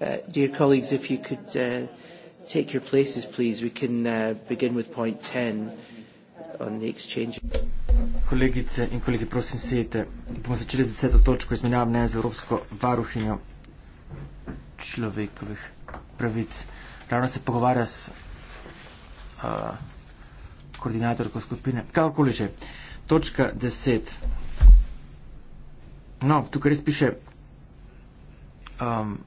Uh, dear colleagues, if you could uh, take your places, please. We can uh, begin with point 10 on the exchange. Kolegice in kolegi, prosim, sejte. Bomo začeli z deseto točko izmenjava mnenja z Evropsko varuhinjo človekovih pravic. Ravno se pogovarja s uh, koordinatorko skupine. Kakorkoli že. Točka deset. No, tukaj res piše, um,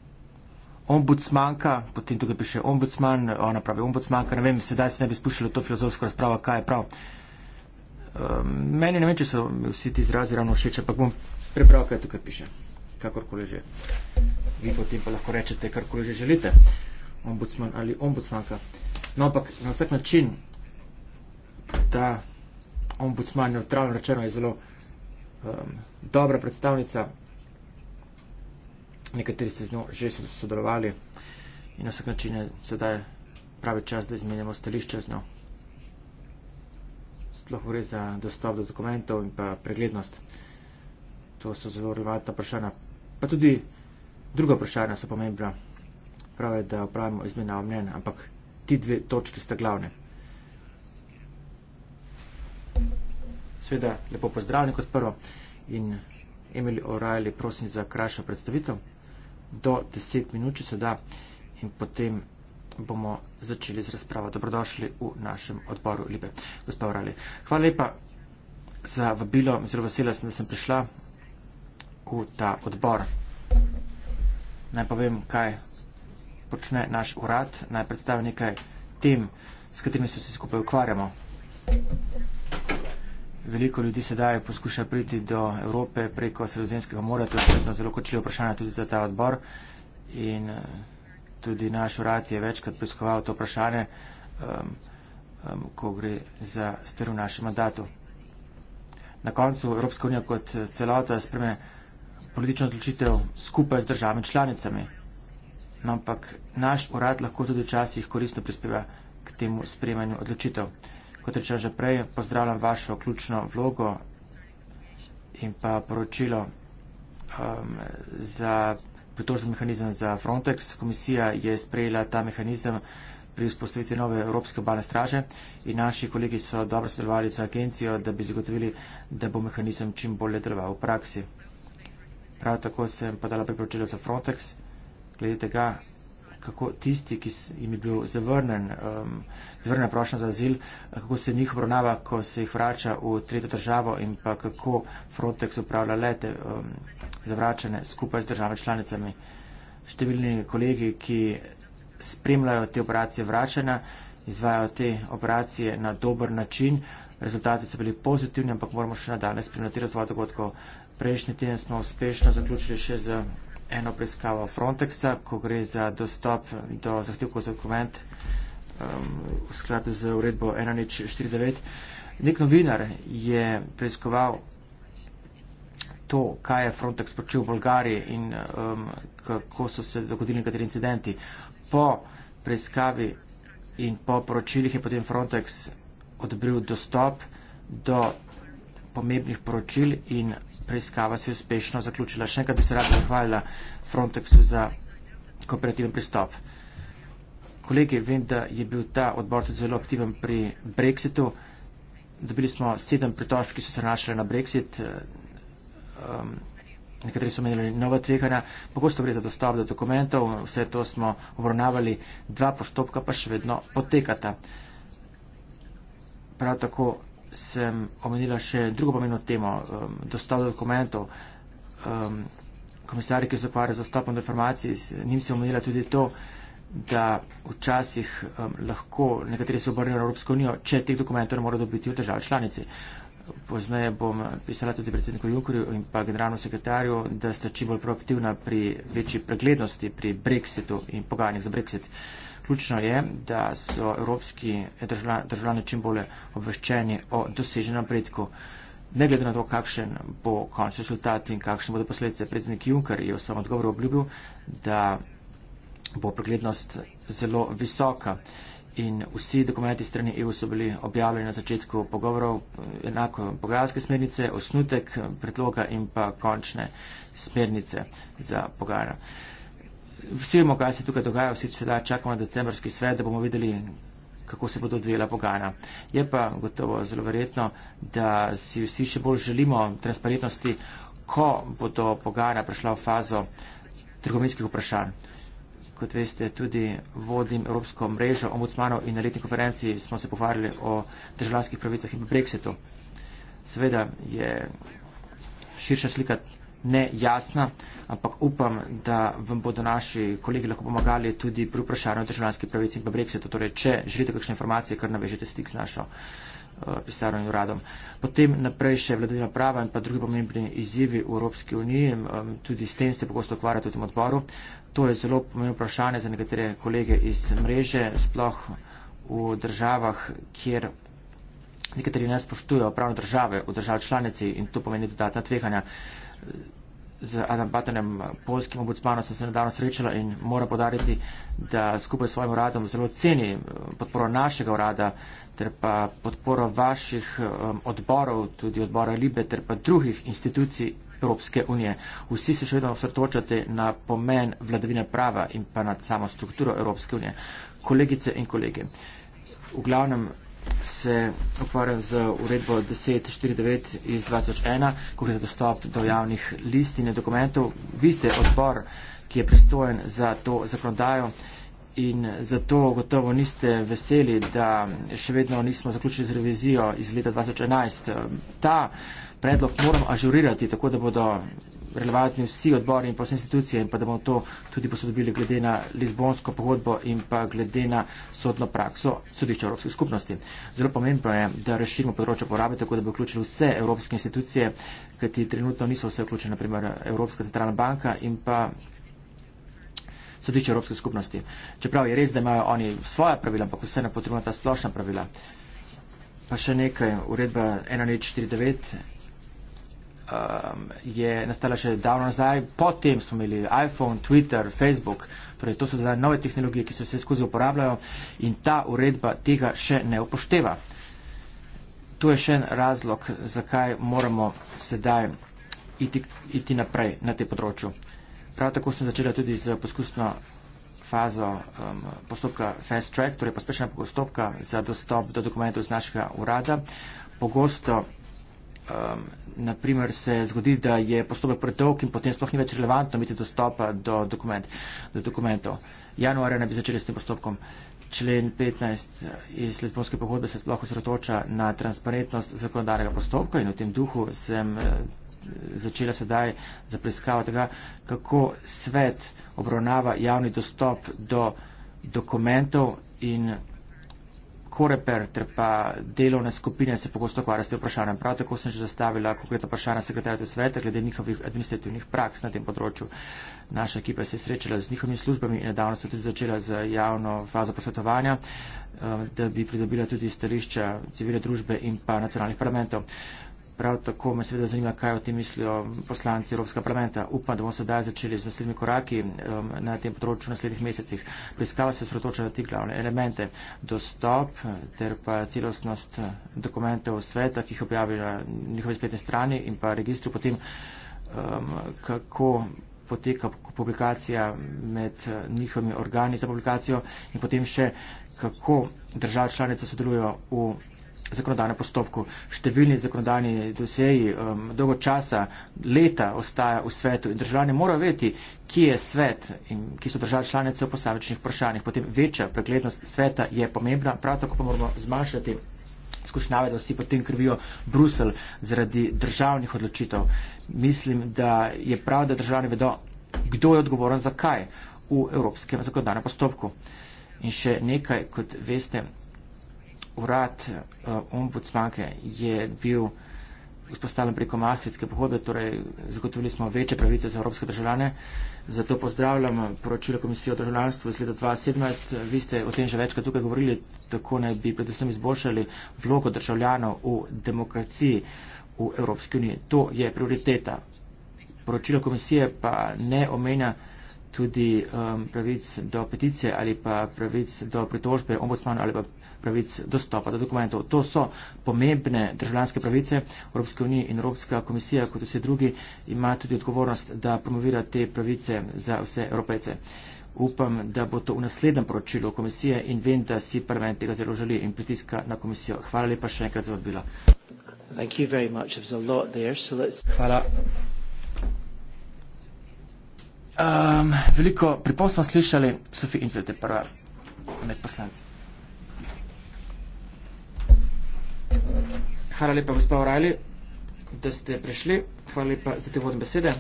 ombudsmanka, potem tukaj piše ombudsman, ona pravi ombudsmanka, ne vem, sedaj se ne bi spuščalo to filozofsko razpravo, kaj je prav. Um, meni ne vem, če so vsi ti izrazi ravno všeč, ampak bom prebral, kaj tukaj piše. Kakorkoli že. Vi potem pa lahko rečete, karkoli že želite. Ombudsman ali ombudsmanka. No, ampak na vsak način ta ombudsman, neutralno rečeno, je zelo um, dobra predstavnica nekateri ste z njo že sodelovali in na vsak način je sedaj pravi čas, da izmenjamo stališče z njo. Sploh gre za dostop do dokumentov in pa preglednost. To so zelo relevantna vprašanja. Pa tudi druga vprašanja so pomembna. Prav je, da upravimo izmenjavo mnen, ampak ti dve točke sta glavne. Sveda, lepo pozdravljeni kot prvo in Emil O'Reilly, prosim za krajšo predstavitev, do 10 minut, če se da, in potem bomo začeli z razpravo. Dobrodošli v našem odboru, Libe, gospod O'Reilly. Hvala lepa za vabilo, zelo vesela sem, da sem prišla v ta odbor. Naj povem, kaj počne naš urad, naj predstavim nekaj tem, s katerimi se vsi skupaj ukvarjamo. Thank you. Veliko ljudi sedaj poskuša priti do Evrope preko Sredozemskega mora, to je vedno zelo kočljivo vprašanje tudi za ta odbor in eh, tudi naš urad je večkrat preiskoval to vprašanje, um, um, ko gre za str v našem mandatu. Na koncu Evropska unija kot eh, celota spreme politično odločitev skupaj z državami članicami, ampak naš urad lahko tudi včasih koristno prispeva k temu spremanju odločitev kot rečem že prej, pozdravljam vašo ključno vlogo in pa poročilo um, za pritožni mehanizem za Frontex. Komisija je sprejela ta mehanizem pri vzpostavitvi nove Evropske obalne straže in naši kolegi so dobro sodelovali z agencijo, da bi zagotovili, da bo mehanizem čim bolje deloval v praksi. Prav tako sem podala priporočilo za Frontex, glede tega, kako tisti, ki jim je bil zavrnen, um, zavrnen prošnja za azil, kako se njih obravnava, ko se jih vrača v tretjo državo in pa kako Frontex upravlja lete um, zavračene skupaj z državami članicami. Številni kolegi, ki spremljajo te operacije vračanja, izvajo te operacije na dober način. Rezultati so bili pozitivni, ampak moramo še nadalje spremljati razvoj dogodkov. Prejšnji teden smo uspešno zaključili še z eno preiskavo Frontexa, ko gre za dostop do zahtevkov za dokument um, v skladu z uredbo 1.49. Nek novinar je preiskoval to, kaj je Frontex počel v Bolgariji in um, kako so se dogodili nekateri incidenti. Po preiskavi in po poročilih je potem Frontex odobril dostop do pomembnih poročil in preiskava se je uspešno zaključila. Še enkrat bi se rada zahvalila Frontexu za kooperativen pristop. Kolegi, vem, da je bil ta odbor tudi zelo aktiven pri Brexitu. Dobili smo sedem pritožb, ki so se našle na Brexit. Um, nekateri so menili nova tveganja. Pogosto gre za dostop do dokumentov. Vse to smo obravnavali. Dva postopka pa še vedno potekata. Prav tako sem omenila še drugo pomeno temo, um, dostop do dokumentov. Um, komisar, ki se ukvarja z dostopom do informacij, s njim sem omenila tudi to, da včasih um, lahko nekateri se obrnejo na Evropsko unijo, če teh dokumentov ne morejo dobiti v državi članici. Uh, Pozneje bom pisala tudi predsedniku Junkerju in pa generalno sekretarju, da sta čim bolj proaktivna pri večji preglednosti pri Brexitu in pogajanjih za Brexit. Ključno je, da so evropski državljani držla, čim bolj obveščeni o doseženem napredku. Ne glede na to, kakšen bo končni rezultat in kakšne bodo posledice, predsednik Juncker je v svojem odgovoru obljubil, da bo preglednost zelo visoka in vsi dokumenti strani EU so bili objavljeni na začetku pogovorov, enako pogajalske smernice, osnutek predloga in pa končne smernice za pogajanja. Vsi vemo, kaj se tukaj dogaja, vsi se da čakamo na decembrski svet, da bomo videli, kako se bodo odvijela pogajanja. Je pa gotovo zelo verjetno, da si vsi še bolj želimo transparentnosti, ko bodo pogajanja prišla v fazo trgovinskih vprašanj kot veste, tudi vodim Evropsko mrežo ombudsmanov in na letni konferenciji smo se pogovarjali o državljanskih pravicah in brexitu. Seveda je širša slika nejasna, ampak upam, da vam bodo naši kolegi lahko pomagali tudi pri vprašanju državljanskih pravic in brexitu. Torej, če želite kakšne informacije, kar navežite stik z našo eh, pisarno in uradom. Potem naprej še vladavina prava in pa drugi pomembni izzivi v Evropski uniji. Tudi s tem se pogosto ukvarjate v tem odboru. To je zelo pomembno vprašanje za nekatere kolege iz mreže, sploh v državah, kjer nekateri ne spoštujejo pravno države v državi članici in to pomeni dodatna tveganja. Z Adam Batanem, polskim obudsmanom, sem se nedavno srečala in moram podariti, da skupaj s svojim uradom zelo ceni eh, podporo našega urada ter pa podporo vaših eh, odborov, tudi odbora Libe ter pa drugih institucij Evropske unije. Vsi se še vedno osredotočate na pomen vladavine prava in pa nad samo strukturo Evropske unije. Kolegice in kolege, v glavnem se ukvarjam z uredbo 1049 iz 2001, ko gre za dostop do javnih listin in dokumentov. Vi ste odbor, ki je pristojen za to zakonodajo. In zato gotovo niste veseli, da še vedno nismo zaključili z revizijo iz leta 2011. Ta predlog moramo ažurirati, tako da bodo relevantni vsi odbori in vse institucije in pa da bomo to tudi posodobili glede na Lizbonsko pogodbo in pa glede na sodno prakso sodišča Evropske skupnosti. Zelo pomembno je, da razširimo področje porabe, tako da bi vključili vse evropske institucije, kajti trenutno niso vse vključene, naprimer Evropska centralna banka in pa sodišče Evropske skupnosti. Čeprav je res, da imajo oni svoje pravila, ampak vse ne potrebujemo ta splošna pravila. Pa še nekaj, uredba 1.49 um, je nastala še davno nazaj. Potem smo imeli iPhone, Twitter, Facebook. Torej, to so zdaj nove tehnologije, ki se vse skozi uporabljajo in ta uredba tega še ne upošteva. To je še en razlog, zakaj moramo sedaj iti, iti naprej na tem področju. Prav tako sem začela tudi z poskusno fazo um, postopka Fast Track, torej pospešena postopka za dostop do dokumentov z našega urada. Pogosto um, ehm, naprimer se zgodi, da je postopek predolg in potem sploh ni več relevantno imeti dostopa do, dokument, do dokumentov. Januarja naj bi začeli s tem postopkom. Člen 15 eh, iz Lizbonske pogodbe se sploh osredotoča na transparentnost zakonodarnega postopka in v tem duhu sem eh, začela sedaj za preiskavo tega, kako svet obravnava javni dostop do dokumentov in Koreper ter pa delovne skupine se pogosto ukvarja s tem vprašanjem. Prav tako sem že zastavila konkretno vprašanje sekretarja sveta glede njihovih administrativnih praks na tem področju. Naša ekipa se je srečala z njihovimi službami in nedavno so tudi začela z javno fazo posvetovanja, eh, da bi pridobila tudi stališča civile družbe in pa nacionalnih parlamentov. Prav tako me seveda zanima, kaj o tem mislijo poslanci Evropskega parlamenta. Upam, da bomo sedaj začeli z naslednjimi koraki um, na tem področju v naslednjih mesecih. Preiskava se osredotoča na te glavne elemente. Dostop ter pa celostnost dokumentov sveta, ki jih objavijo na njihovi spletni strani in pa registru potem, um, kako poteka publikacija med njihovimi organi za publikacijo in potem še, kako države članice sodelujo v zakonodajnem postopku. Številni zakonodajni doseji um, dolgo časa, leta ostaja v svetu in državljani morajo veti, ki je svet in ki so države članice v posamečnih vprašanjih. Potem večja preglednost sveta je pomembna, prav tako pa moramo zmanjšati skušnjave, da vsi potem krvijo Brusel zaradi državnih odločitev. Mislim, da je prav, da državljani vedo, kdo je odgovoren za kaj v evropskem zakonodajnem postopku. In še nekaj, kot veste, urad eh, ombudsmanke je bil vzpostavljen preko Maastrichtske pogodbe, torej zagotovili smo večje pravice za evropske državljane. Zato pozdravljam poročilo Komisije o državljanstvu iz leta 2017. Vi ste o tem že večkrat tukaj govorili, tako naj bi predvsem izboljšali vlogo državljanov v demokraciji v Evropski uniji. To je prioriteta. Poročilo Komisije pa ne omenja tudi um, pravic do peticije ali pa pravic do pritožbe ombudsmanu ali pa pravic dostopa do dokumentov. To so pomembne državljanske pravice. Evropska unija in Evropska komisija, kot vsi drugi, ima tudi odgovornost, da promovira te pravice za vse evropejce. Upam, da bo to v naslednjem poročilu komisije in vem, da si parlament tega zelo želi in pritiska na komisijo. Hvala lepa še enkrat za odbilo. Hvala. Um, veliko pripomb smo slišali, Sofi in Tvete, prva med poslanci. Hvala lepa, gospa Orali, da ste prišli. Hvala lepa za te vodne besede.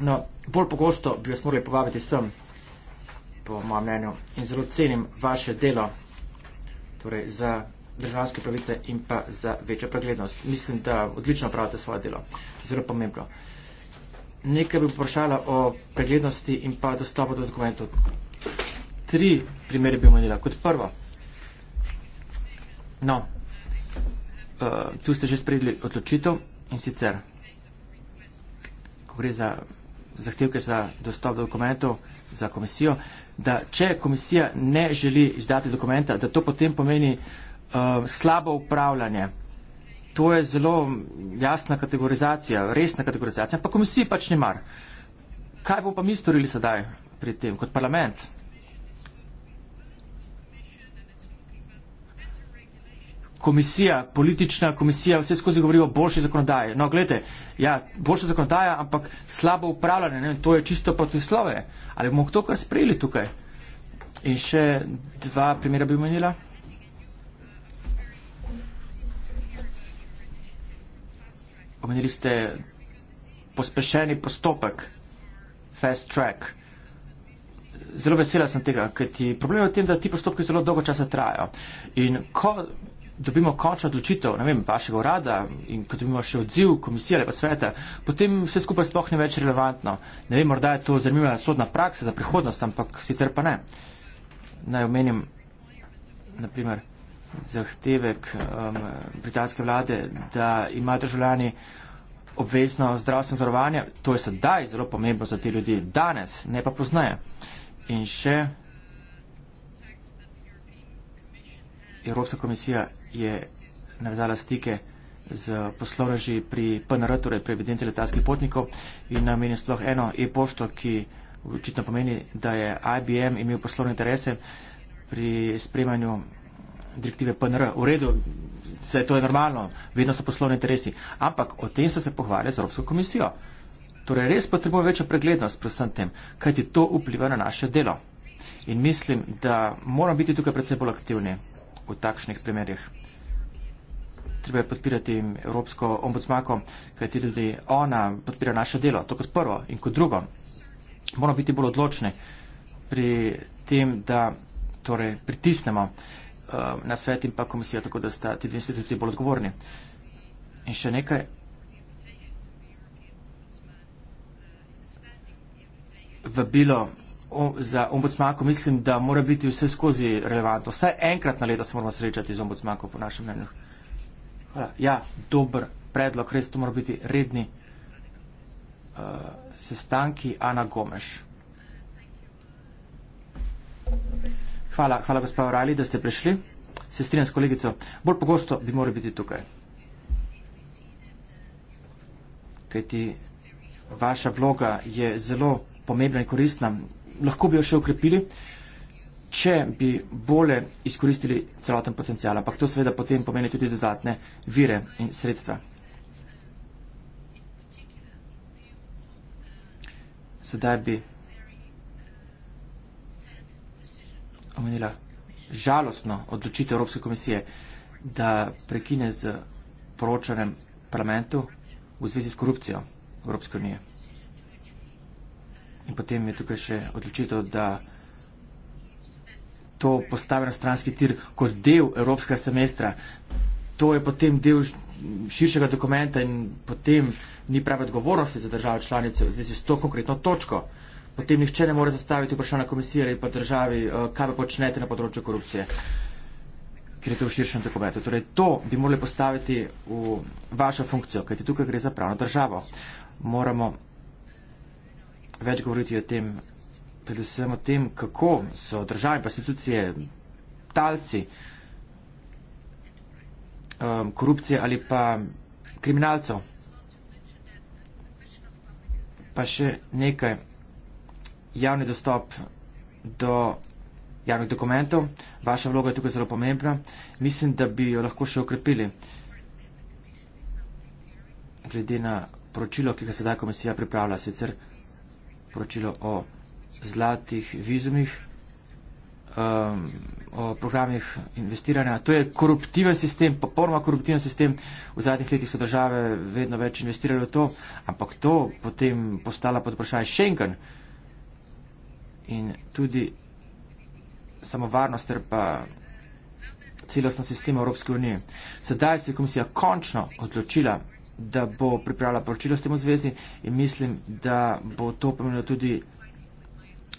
No, bolj pogosto bi vas morali povabiti sem, po mojem mnenju, in zelo cenim vaše delo torej za državljanske pravice in pa za večjo preglednost. Mislim, da odlično pravite svoje delo zelo pomembno. Nekaj bi vprašala o preglednosti in pa dostopu do dokumentov. Tri primere bi omenila. Kot prvo, no, uh, tu ste že sprejeli odločitev in sicer, ko gre za zahtevke za dostop do dokumentov za komisijo, da če komisija ne želi izdati dokumenta, da to potem pomeni uh, slabo upravljanje To je zelo jasna kategorizacija, resna kategorizacija, ampak komisiji pač ne mar. Kaj bomo pa mi storili sedaj pri tem, kot parlament? Komisija, politična komisija, vse skozi govori o boljši zakonodaji. No, gledajte, ja, boljša zakonodaja, ampak slabo upravljanje, ne, to je čisto proti slove. Ali bomo to kar sprejeli tukaj? In še dva primera bi omenila. omenili ste pospešeni postopek, fast track. Zelo vesela sem tega, ker ti problem je v tem, da ti postopki zelo dolgo časa trajajo. In ko dobimo končno odločitev, ne vem, vašega urada in ko dobimo še odziv komisije ali pa sveta, potem vse skupaj sploh ni več relevantno. Ne vem, morda je to zanimiva sodna praksa za prihodnost, ampak sicer pa ne. Naj omenim, naprimer, zahtevek um, britanske vlade, da imajo državljani obvezno zdravstveno zarovanje. To je sedaj zelo pomembno za te ljudi, danes, ne pa poznaje. In še Evropska komisija je navezala stike z posloraži pri PNR, torej pri evidenci letalskih potnikov in namenil sploh eno e-pošto, ki očitno pomeni, da je IBM imel poslovne interese pri spremanju direktive PNR. V redu, vse to je normalno, vedno so poslovni interesi. Ampak o tem so se pohvali z Evropsko komisijo. Torej, res potrebujemo večjo preglednost pri vsem tem, kajti to vpliva na naše delo. In mislim, da moramo biti tukaj predvsem bolj aktivni v takšnih primerjih. Treba je podpirati Evropsko ombudsmako, kajti tudi ona podpira naše delo. To kot prvo in kot drugo. Moramo biti bolj odločni pri tem, da torej, pritisnemo uh, Um, na svet in pa komisija, tako da sta ti dve instituciji bolj odgovorni. In še nekaj. Vabilo za ombudsmanko mislim, da mora biti vse skozi relevantno. Vsaj enkrat na leto se moramo srečati z ombudsmanko po našem mnenju. Hvala. Ja, dober predlog, res to mora biti redni uh, sestanki Ana Gomeš. Thank you. Hvala, hvala gospod Orali, da ste prišli. Se strinjam s kolegico, bolj pogosto bi morali biti tukaj. Kaj ti vaša vloga je zelo pomembna in koristna. Lahko bi jo še ukrepili, če bi bolje izkoristili celoten potencial, ampak to seveda potem pomeni tudi dodatne vire in sredstva. Sedaj bi omenila žalostno odločitev Evropske komisije, da prekine z poročanjem parlamentu v zvezi s korupcijo Evropske unije. In potem je tukaj še odločitev, da to postavi na stranski tir kot del Evropskega semestra. To je potem del širšega dokumenta in potem ni prave odgovornosti za državo članice v zvezi s to konkretno točko potem nihče ne more zastaviti vprašanja komisije ali pa državi, eh, kaj pa počnete na področju korupcije, ker je to v širšem dokumentu. Torej, to bi morali postaviti v vašo funkcijo, kajti tukaj gre za pravno državo. Moramo več govoriti o tem, predvsem o tem, kako so države in institucije talci um, korupcije ali pa kriminalcev. Pa še nekaj javni dostop do javnih dokumentov. Vaša vloga je tukaj zelo pomembna. Mislim, da bi jo lahko še okrepili. Glede na poročilo, ki ga sedaj komisija pripravlja, sicer poročilo o zlatih vizumih, um, o programih investiranja. To je koruptiven sistem, popolnoma koruptiven sistem. V zadnjih letih so države vedno več investirale v to, ampak to potem postala pod vprašanje Schengen in tudi samovarnost ter pa celostna sistema Evropske unije. Sedaj se je komisija končno odločila, da bo pripravila poročilo s tem v zvezi in mislim, da bo to pomenilo tudi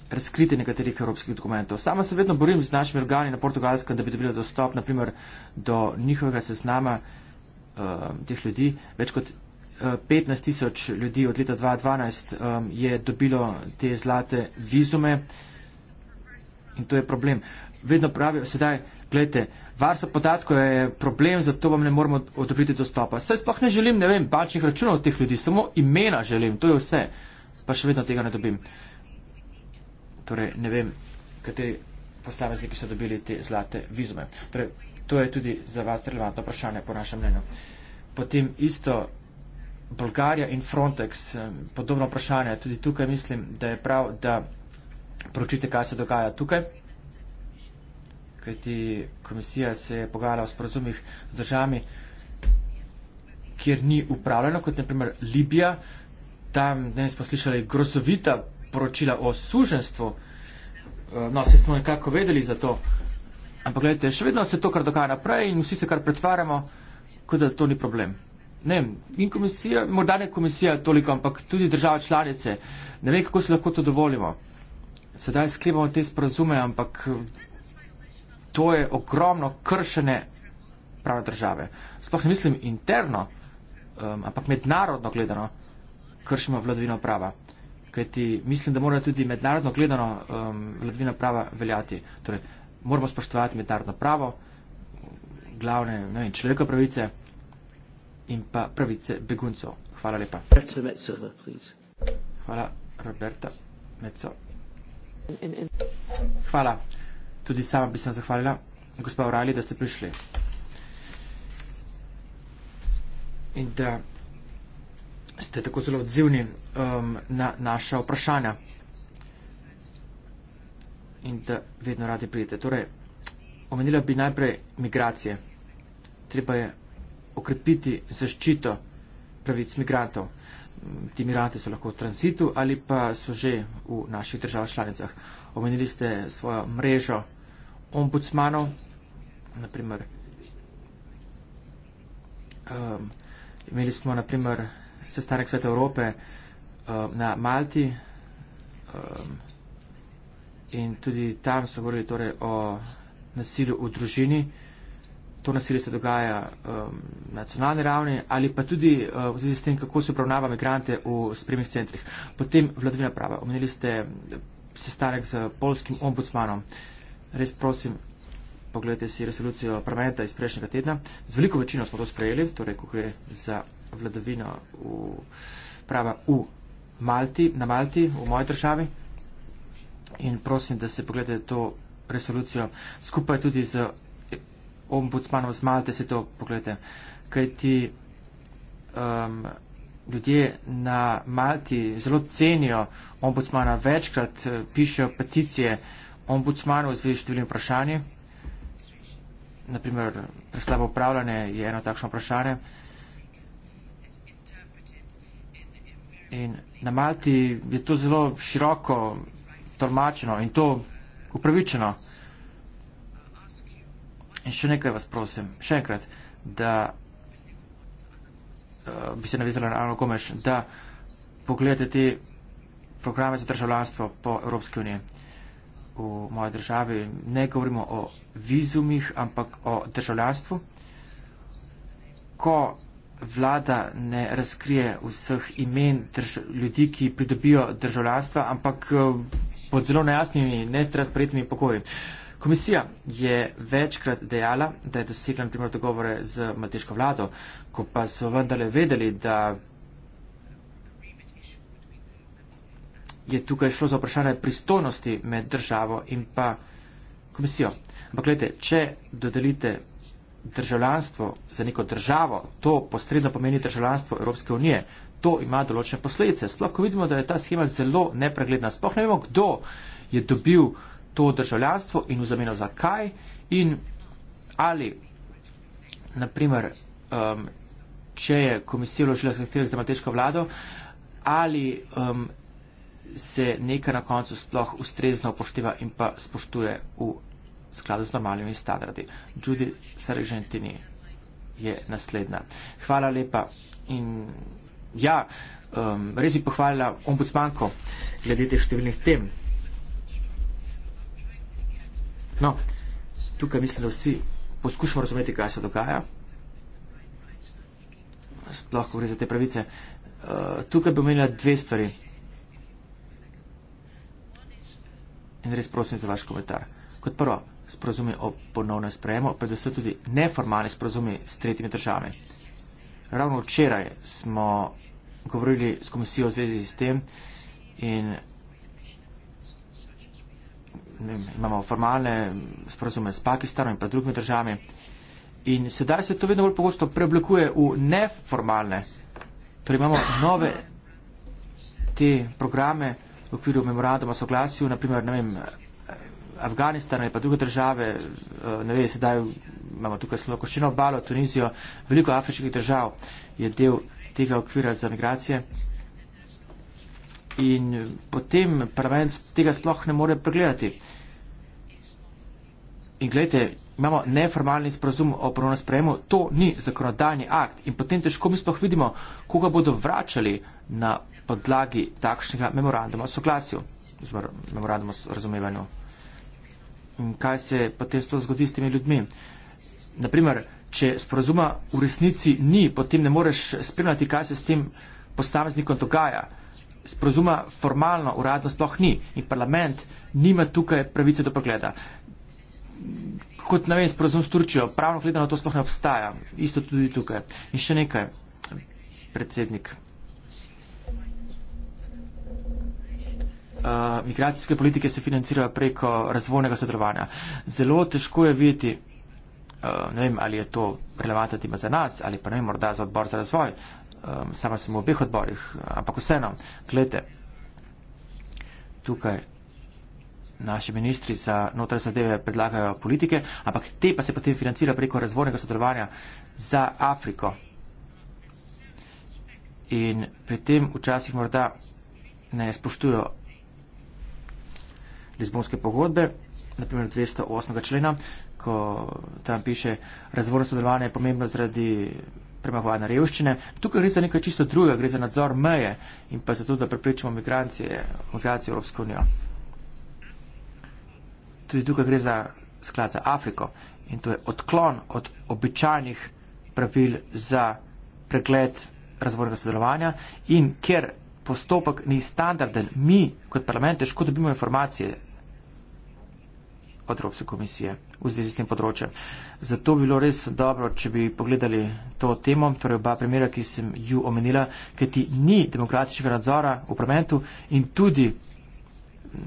razkritje nekaterih evropskih dokumentov. Sama se vedno borim z našimi organi na portugalskem, da bi dobila dostop, naprimer, do njihovega seznama uh, teh ljudi. Več kot 15 tisoč ljudi od leta 2012 um, je dobilo te zlate vizume in to je problem. Vedno pravijo, sedaj, gledajte, varstvo podatkov je problem, zato vam ne moremo odobriti dostopa. Saj sploh ne želim, ne vem, bančnih računov teh ljudi, samo imena želim, to je vse, pa še vedno tega ne dobim. Torej, ne vem, kateri posamezniki so dobili te zlate vizume. Torej, to je tudi za vas relevantno vprašanje, po našem mnenju. Potem isto Bolgarija in Frontex, eh, podobno vprašanje. Tudi tukaj mislim, da je prav, da pročite, kaj se dogaja tukaj. Kajti komisija se je pogajala v sporozumih z državami, kjer ni upravljeno, kot naprimer Libija. Tam danes smo slišali grozovita poročila o suženstvu. Eh, no, se smo nekako vedeli za to. Ampak gledajte, še vedno se to, kar dogaja naprej in vsi se kar pretvarjamo, kot da to ni problem ne vem, in komisija, morda ne komisija toliko, ampak tudi država članice. Ne vem, kako se lahko to dovolimo. Sedaj sklepamo te sporazume, ampak to je ogromno kršene prave države. Sploh ne mislim interno, um, ampak mednarodno gledano kršimo vladvino prava. Kajti mislim, da mora tudi mednarodno gledano um, vladvina prava veljati. Torej, moramo spoštovati mednarodno pravo, glavne človekove pravice in pa pravice beguncov. Hvala lepa. Roberta Metzova, Hvala, Roberta Meco. Hvala. Tudi sama bi se vam zahvalila, gospa Urali, da ste prišli. In da ste tako zelo odzivni um, na naša vprašanja. In da vedno radi pridete. Torej, omenila bi najprej migracije. Treba je okrepiti zaščito pravic migrantov. Ti migranti so lahko v transitu ali pa so že v naših državah članicah. Omenili ste svojo mrežo ombudsmanov, naprimer. Um, imeli smo naprimer sestanek Sveta Evrope um, na Malti um, in tudi tam so govorili torej, o nasilju v družini. Uh, to nasilje se dogaja um, na nacionalni ravni ali pa tudi uh, v zvezi s tem, kako se obravnava migrante v spremnih centrih. Potem vladavina prava. Omenili ste sestanek z polskim ombudsmanom. Res prosim, pogledajte si resolucijo parlamenta iz prejšnjega tedna. Z veliko večino smo to sprejeli, torej ko gre za vladavino v, prava v Malti, na Malti, v moji državi. In prosim, da se pogledajte to resolucijo skupaj tudi z ombudsmanov z Malte se to pogledajte. Kaj ti um, ljudje na Malti zelo cenijo ombudsmana, večkrat eh, pišejo peticije ombudsmanov z številnimi vprašanji. Naprimer, preslabo upravljanje je eno takšno vprašanje. In na Malti je to zelo široko tolmačeno in to upravičeno. In še nekaj vas prosim, še enkrat, da uh, bi se navezali na Arno Gomeš, da pogledate te programe za državljanstvo po Evropski uniji. V moje državi ne govorimo o vizumih, ampak o državljanstvu. Ko vlada ne razkrije vseh imen drž ljudi, ki pridobijo državljanstva, ampak uh, pod zelo nejasnimi, netransparentnimi pokoji. Uh, Komisija je večkrat dejala, da je dosegla naprimer dogovore z malteško vlado, ko pa so vendarle vedeli, da je tukaj šlo za vprašanje pristojnosti med državo in pa komisijo. Ampak gledajte, če dodelite državljanstvo za neko državo, to posredno pomeni državljanstvo Evropske unije. To ima določene posledice. Sploh, ko vidimo, da je ta schema zelo nepregledna, sploh ne vemo, kdo je dobil uh, to državljanstvo in v zameno zakaj in ali, naprimer, um, če je komisija vložila zahtevek za malteško vlado, ali um, se nekaj na koncu sploh ustrezno upošteva in pa spoštuje v skladu z normalnimi standardi. Judy Sargentini je naslednja. Hvala lepa in ja, um, res bi pohvalila ombudsmanko glede teh številnih tem. No, tukaj mislim, da vsi poskušamo razumeti, kaj se dogaja. Sploh, ko gre za te pravice. Uh, tukaj bi omenila dve stvari. In res prosim za vaš komentar. Kot prvo, sprozumi o ponovnem sprejemu, pa da so tudi neformalni sprozumi s tretjimi državami. Ravno včeraj smo govorili s komisijo v zvezi s tem in vem, imamo formalne sporazume s Pakistanom in pa drugimi državami. In sedaj se to vedno bolj pogosto preoblikuje v neformalne. Torej imamo nove te programe v okviru memoranduma soglasju, naprimer, ne vem, Afganistana in pa druge države, eh, ne vem, sedaj imamo tukaj samo koščino obalo, Tunizijo, veliko afriških držav je del tega okvira za migracije. In potem parlament tega sploh ne more pregledati. In gledajte, imamo neformalni sporozum o ponovnem sprejemu, to ni zakonodajni akt in potem težko mi sploh vidimo, koga bodo vračali na podlagi takšnega memoranduma o soglasju, oziroma memoranduma o razumevanju. In kaj se potem sploh zgodi s temi ljudmi? Naprimer, če sporozuma v resnici ni, potem ne moreš spremljati, kaj se s tem posameznikom dogaja. Sporozuma formalno, uradno sploh ni in parlament nima tukaj pravice do pogleda kot ne vem, sporozum s Turčijo, pravno gledano to sploh ne obstaja. Isto tudi tukaj. In še nekaj, predsednik. Uh, migracijske politike se financirajo preko razvojnega sodelovanja. Zelo težko je videti, uh, ne vem, ali je to relevantna tema za nas ali pa ne vem, morda za odbor za razvoj. Uh, sama sem v obeh odborih, ampak vseeno, gledajte, tukaj naši ministri za notranje zadeve predlagajo politike, ampak te pa se potem financira preko razvojnega sodelovanja za Afriko. In pri tem včasih morda ne spoštujo Lizbonske pogodbe, naprimer 208. člena, ko tam piše, razvojno sodelovanje je pomembno zaradi premahovanja revščine. Tukaj gre za nekaj čisto drugega, gre za nadzor meje in pa zato, da preprečimo migracije v Evropsko unijo tudi tukaj gre za sklad za Afriko in to je odklon od običajnih pravil za pregled razvojnega sodelovanja in ker postopek ni standarden, mi kot parlament težko dobimo informacije od Evropske komisije v zvezi s tem področjem. Zato bi bilo res dobro, če bi pogledali to temo, torej oba primera, ki sem ju omenila, ker ti ni demokratičnega nadzora v parlamentu in tudi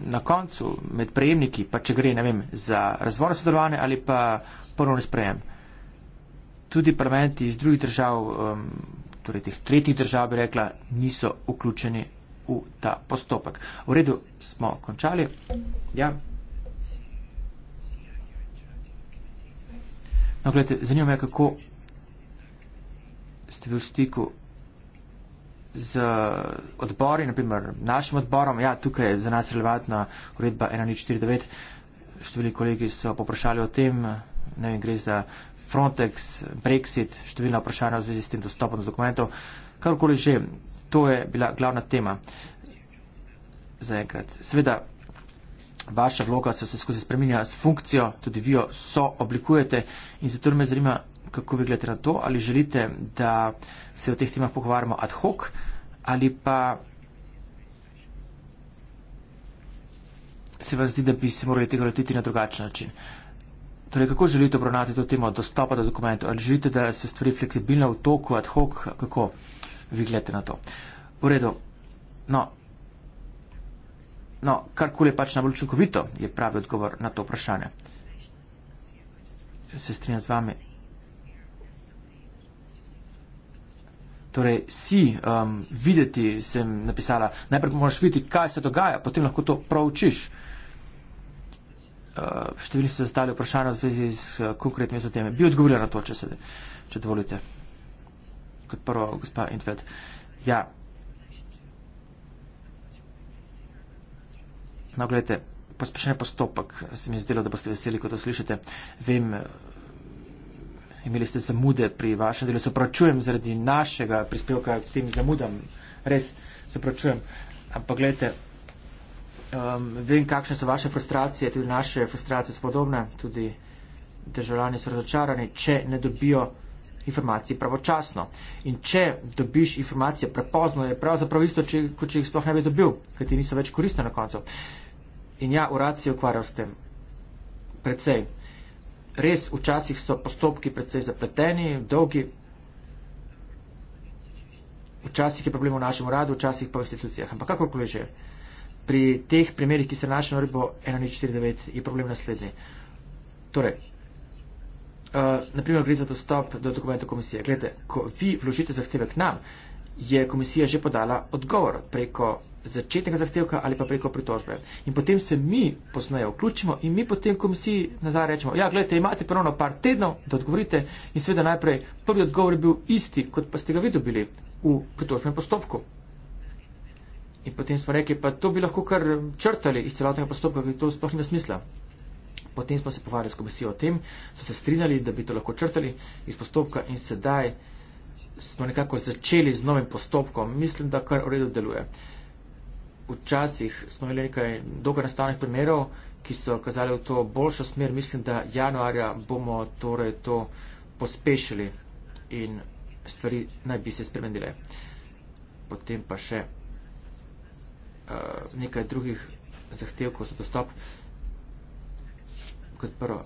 na koncu med prejemniki, pa če gre, ne vem, za razvoj sodelovanja ali pa ponovno sprejem. Tudi parlamenti iz drugih držav, um, torej teh tretjih držav, bi rekla, niso vključeni v ta postopek. V redu, smo končali. Ja. No, gledajte, zanima me, kako ste v stiku z odbori, naprimer našim odborom. Ja, tukaj je za nas relevantna uredba 1049. Številni kolegi so poprašali o tem, ne vem, gre za Frontex, Brexit, številna vprašanja v zvezi s tem dostopom do dokumentov. Karkoli že, to je bila glavna tema za enkrat. Sveda, vaša vloga se skozi spreminja s funkcijo, tudi vi jo so oblikujete in zato me zanima, kako vi gledate na to, ali želite, da se o teh temah pogovarjamo ad hoc ali pa se vam zdi, da bi se morali tega lotiti na drugačen način. Torej, kako želite obravnati to temo dostopa do dokumentov? Ali želite, da se stvari fleksibilno v toku ad hoc, kako vi gledate na to? V redu, no, no karkoli je pač najbolj učinkovito, je pravi odgovor na to vprašanje. Se strinjam z vami. Torej, si um, videti, sem napisala, najprej moraš videti, kaj se dogaja, potem lahko to pravčiš. Uh, številni ste zastavili vprašanje v zvezi s uh, konkretnimi zateme. Bi odgovorila na to, če se, če dovolite. Kot prvo, gospa Intved. Ja. No, gledajte, pospešen postopek, se mi je zdelo, da boste veseli, ko to slišite. Vem, uh, imeli ste zamude pri vašem delu. Se opravičujem zaradi našega prispevka k tem zamudam. Res se opravičujem. Ampak gledajte, um, vem, kakšne so vaše frustracije, tudi naše frustracije so podobne, tudi državljani so razočarani, če ne dobijo informacij pravočasno. In če dobiš informacije prepozno, je pravzaprav isto, če, kot če jih sploh ne bi dobil, ker ti niso več koristne na koncu. In ja, urad se je ukvarjal s tem. Predvsej res včasih so postopki predvsej zapleteni, dolgi, včasih je problem v našem uradu, včasih pa v institucijah. Ampak kakorkoli že, pri teh primerih, ki se našli na uredbo 149, je problem naslednji. Torej, uh, eh, naprimer, gre za dostop do dokumenta komisije. Glede, ko vi vložite zahtevek nam, uh, je komisija že podala odgovor preko začetnega zahtevka ali pa preko pritožbe. In potem se mi posneje vključimo in mi potem komisiji nazaj rečemo, ja, gledajte, imate ponovno par tednov, da odgovorite in seveda najprej prvi odgovor je bil isti, kot pa ste ga vi dobili v pritožbenem postopku. In potem smo rekli, pa to bi lahko kar črtali iz celotnega postopka, ker to sploh nima smisla. Potem smo se povarjali s komisijo o tem, so se strinjali, da bi to lahko črtali iz postopka in sedaj smo nekako začeli z novim postopkom, mislim, da kar v redu deluje. Včasih smo imeli nekaj dolgo nastavnih primerov, ki so kazali v to boljšo smer. Mislim, da januarja bomo torej to pospešili in stvari naj bi se spremenile. Potem pa še uh, nekaj drugih zahtevkov za dostop. Kot prvo,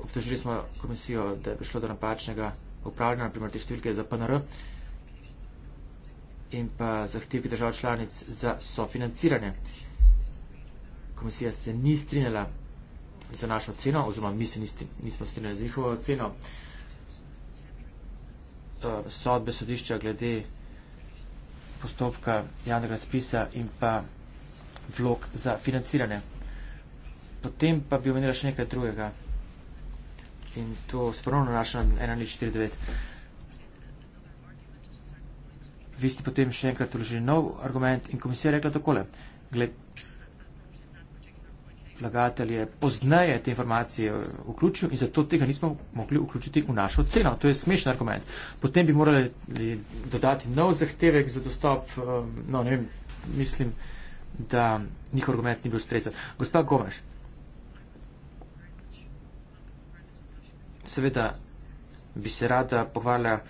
obtožili smo komisijo, da je prišlo do napačnega upravljena, naprimer te številke za PNR in pa zahtevki držav članic za sofinanciranje. Komisija se ni strinjala za našo ceno, oziroma mi se nismo strinjali za njihovo ceno. Eh, sodbe sodišča glede postopka javnega razpisa in pa vlog za financiranje. Potem pa bi omenila še nekaj drugega in to se pravno nanaša na 1.49. Vi ste potem še enkrat vložili nov argument in komisija je rekla takole. Gled, vlagatelj je poznaje te informacije vključil in zato tega nismo mogli vključiti v našo ceno. To je smešen argument. Potem bi morali dodati nov zahtevek za dostop, eh, no ne vem, mislim, da njihov argument ni bil ustrezan. Gospa Gomeš, seveda bi se rada pohvalila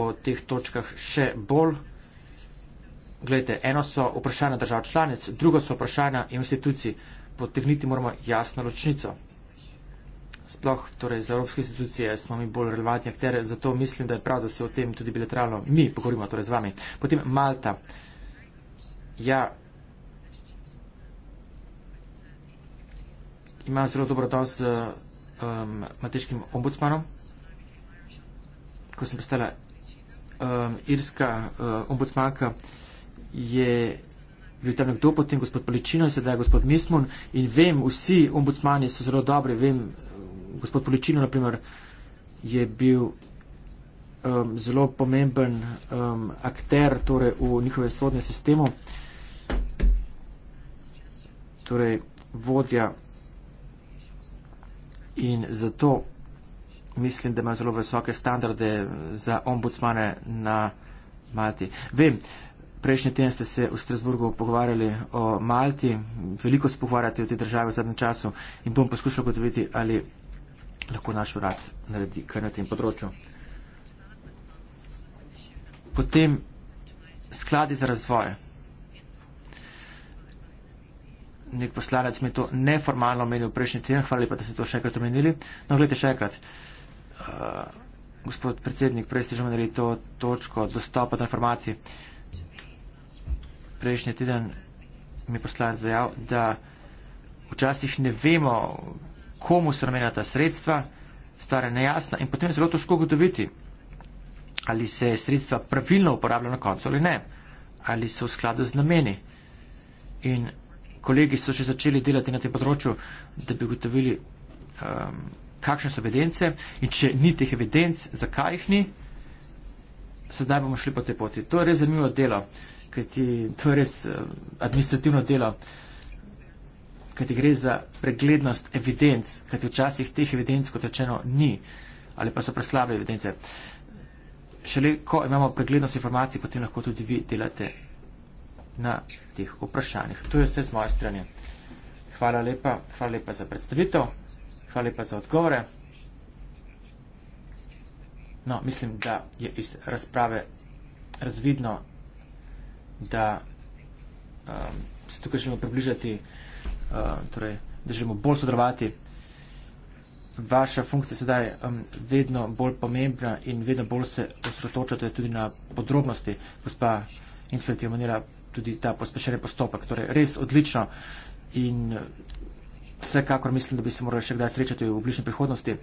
o teh točkah še bolj. Glejte, eno so vprašanja držav članic, drugo so vprašanja institucij. Potegniti moramo jasno ločnico. Sploh torej za evropske institucije smo mi bolj relevantni akteri, zato mislim, da je prav, da se o tem tudi bilateralno mi pogovorimo, torej z vami. Potem Malta. Ja, ima zelo dobro dos um, mateškim ombudsmanom, ko sem postala um, irska um, ombudsmanka, je bil tam nekdo, potem gospod Poličino, sedaj gospod Mismun in vem, vsi ombudsmani so zelo dobri, vem, gospod Poličino, naprimer, je bil um, zelo pomemben um, akter torej, v njihovem sodnem sistemu, torej vodja In zato mislim, da ima zelo visoke standarde za ombudsmane na Malti. Vem, prejšnji teden ste se v Strasburgu pogovarjali o Malti, veliko se pogovarjate o tej državi v zadnjem času in bom poskušal gotoviti, ali lahko naš urad naredi kaj na tem področju. Potem skladi za razvoj nek poslanec mi to neformalno omenil prejšnji teden, hvala lepa, da ste to še enkrat omenili. No, gledajte še enkrat, uh, gospod predsednik, prej ste že omenili to točko dostopa do informacij. Prejšnji teden mi je poslanec dejal, da včasih ne vemo, komu so namenjena ta sredstva, stvar je nejasna in potem je zelo težko ugotoviti, ali se sredstva pravilno uporabljajo na koncu ali ne, ali so v skladu z nameni. In kolegi so še začeli delati na tem področju, da bi ugotovili, um, kakšne so evidence in če ni teh evidenc, zakaj jih ni, sedaj bomo šli po tej poti. To je res zanimivo delo, kajti to je res eh, administrativno delo, kajti gre za preglednost evidenc, kajti včasih teh evidenc, kot rečeno, ni ali pa so preslabe evidence. Šele ko imamo preglednost informacij, potem lahko tudi vi delate na teh vprašanjih. To je vse z moje strani. Hvala lepa, hvala lepa za predstavitev, hvala lepa za odgovore. No, mislim, da je iz razprave razvidno, da um, se tukaj želimo približati, uh, torej, da želimo bolj sodelovati. Vaša funkcija sedaj je um, vedno bolj pomembna in vedno bolj se osredotočate tudi na podrobnosti, gospa Infeld je omenila tudi ta pospešen postopek. Torej, res odlično in vsekakor mislim, da bi se morali še kdaj srečati v bližnji prihodnosti.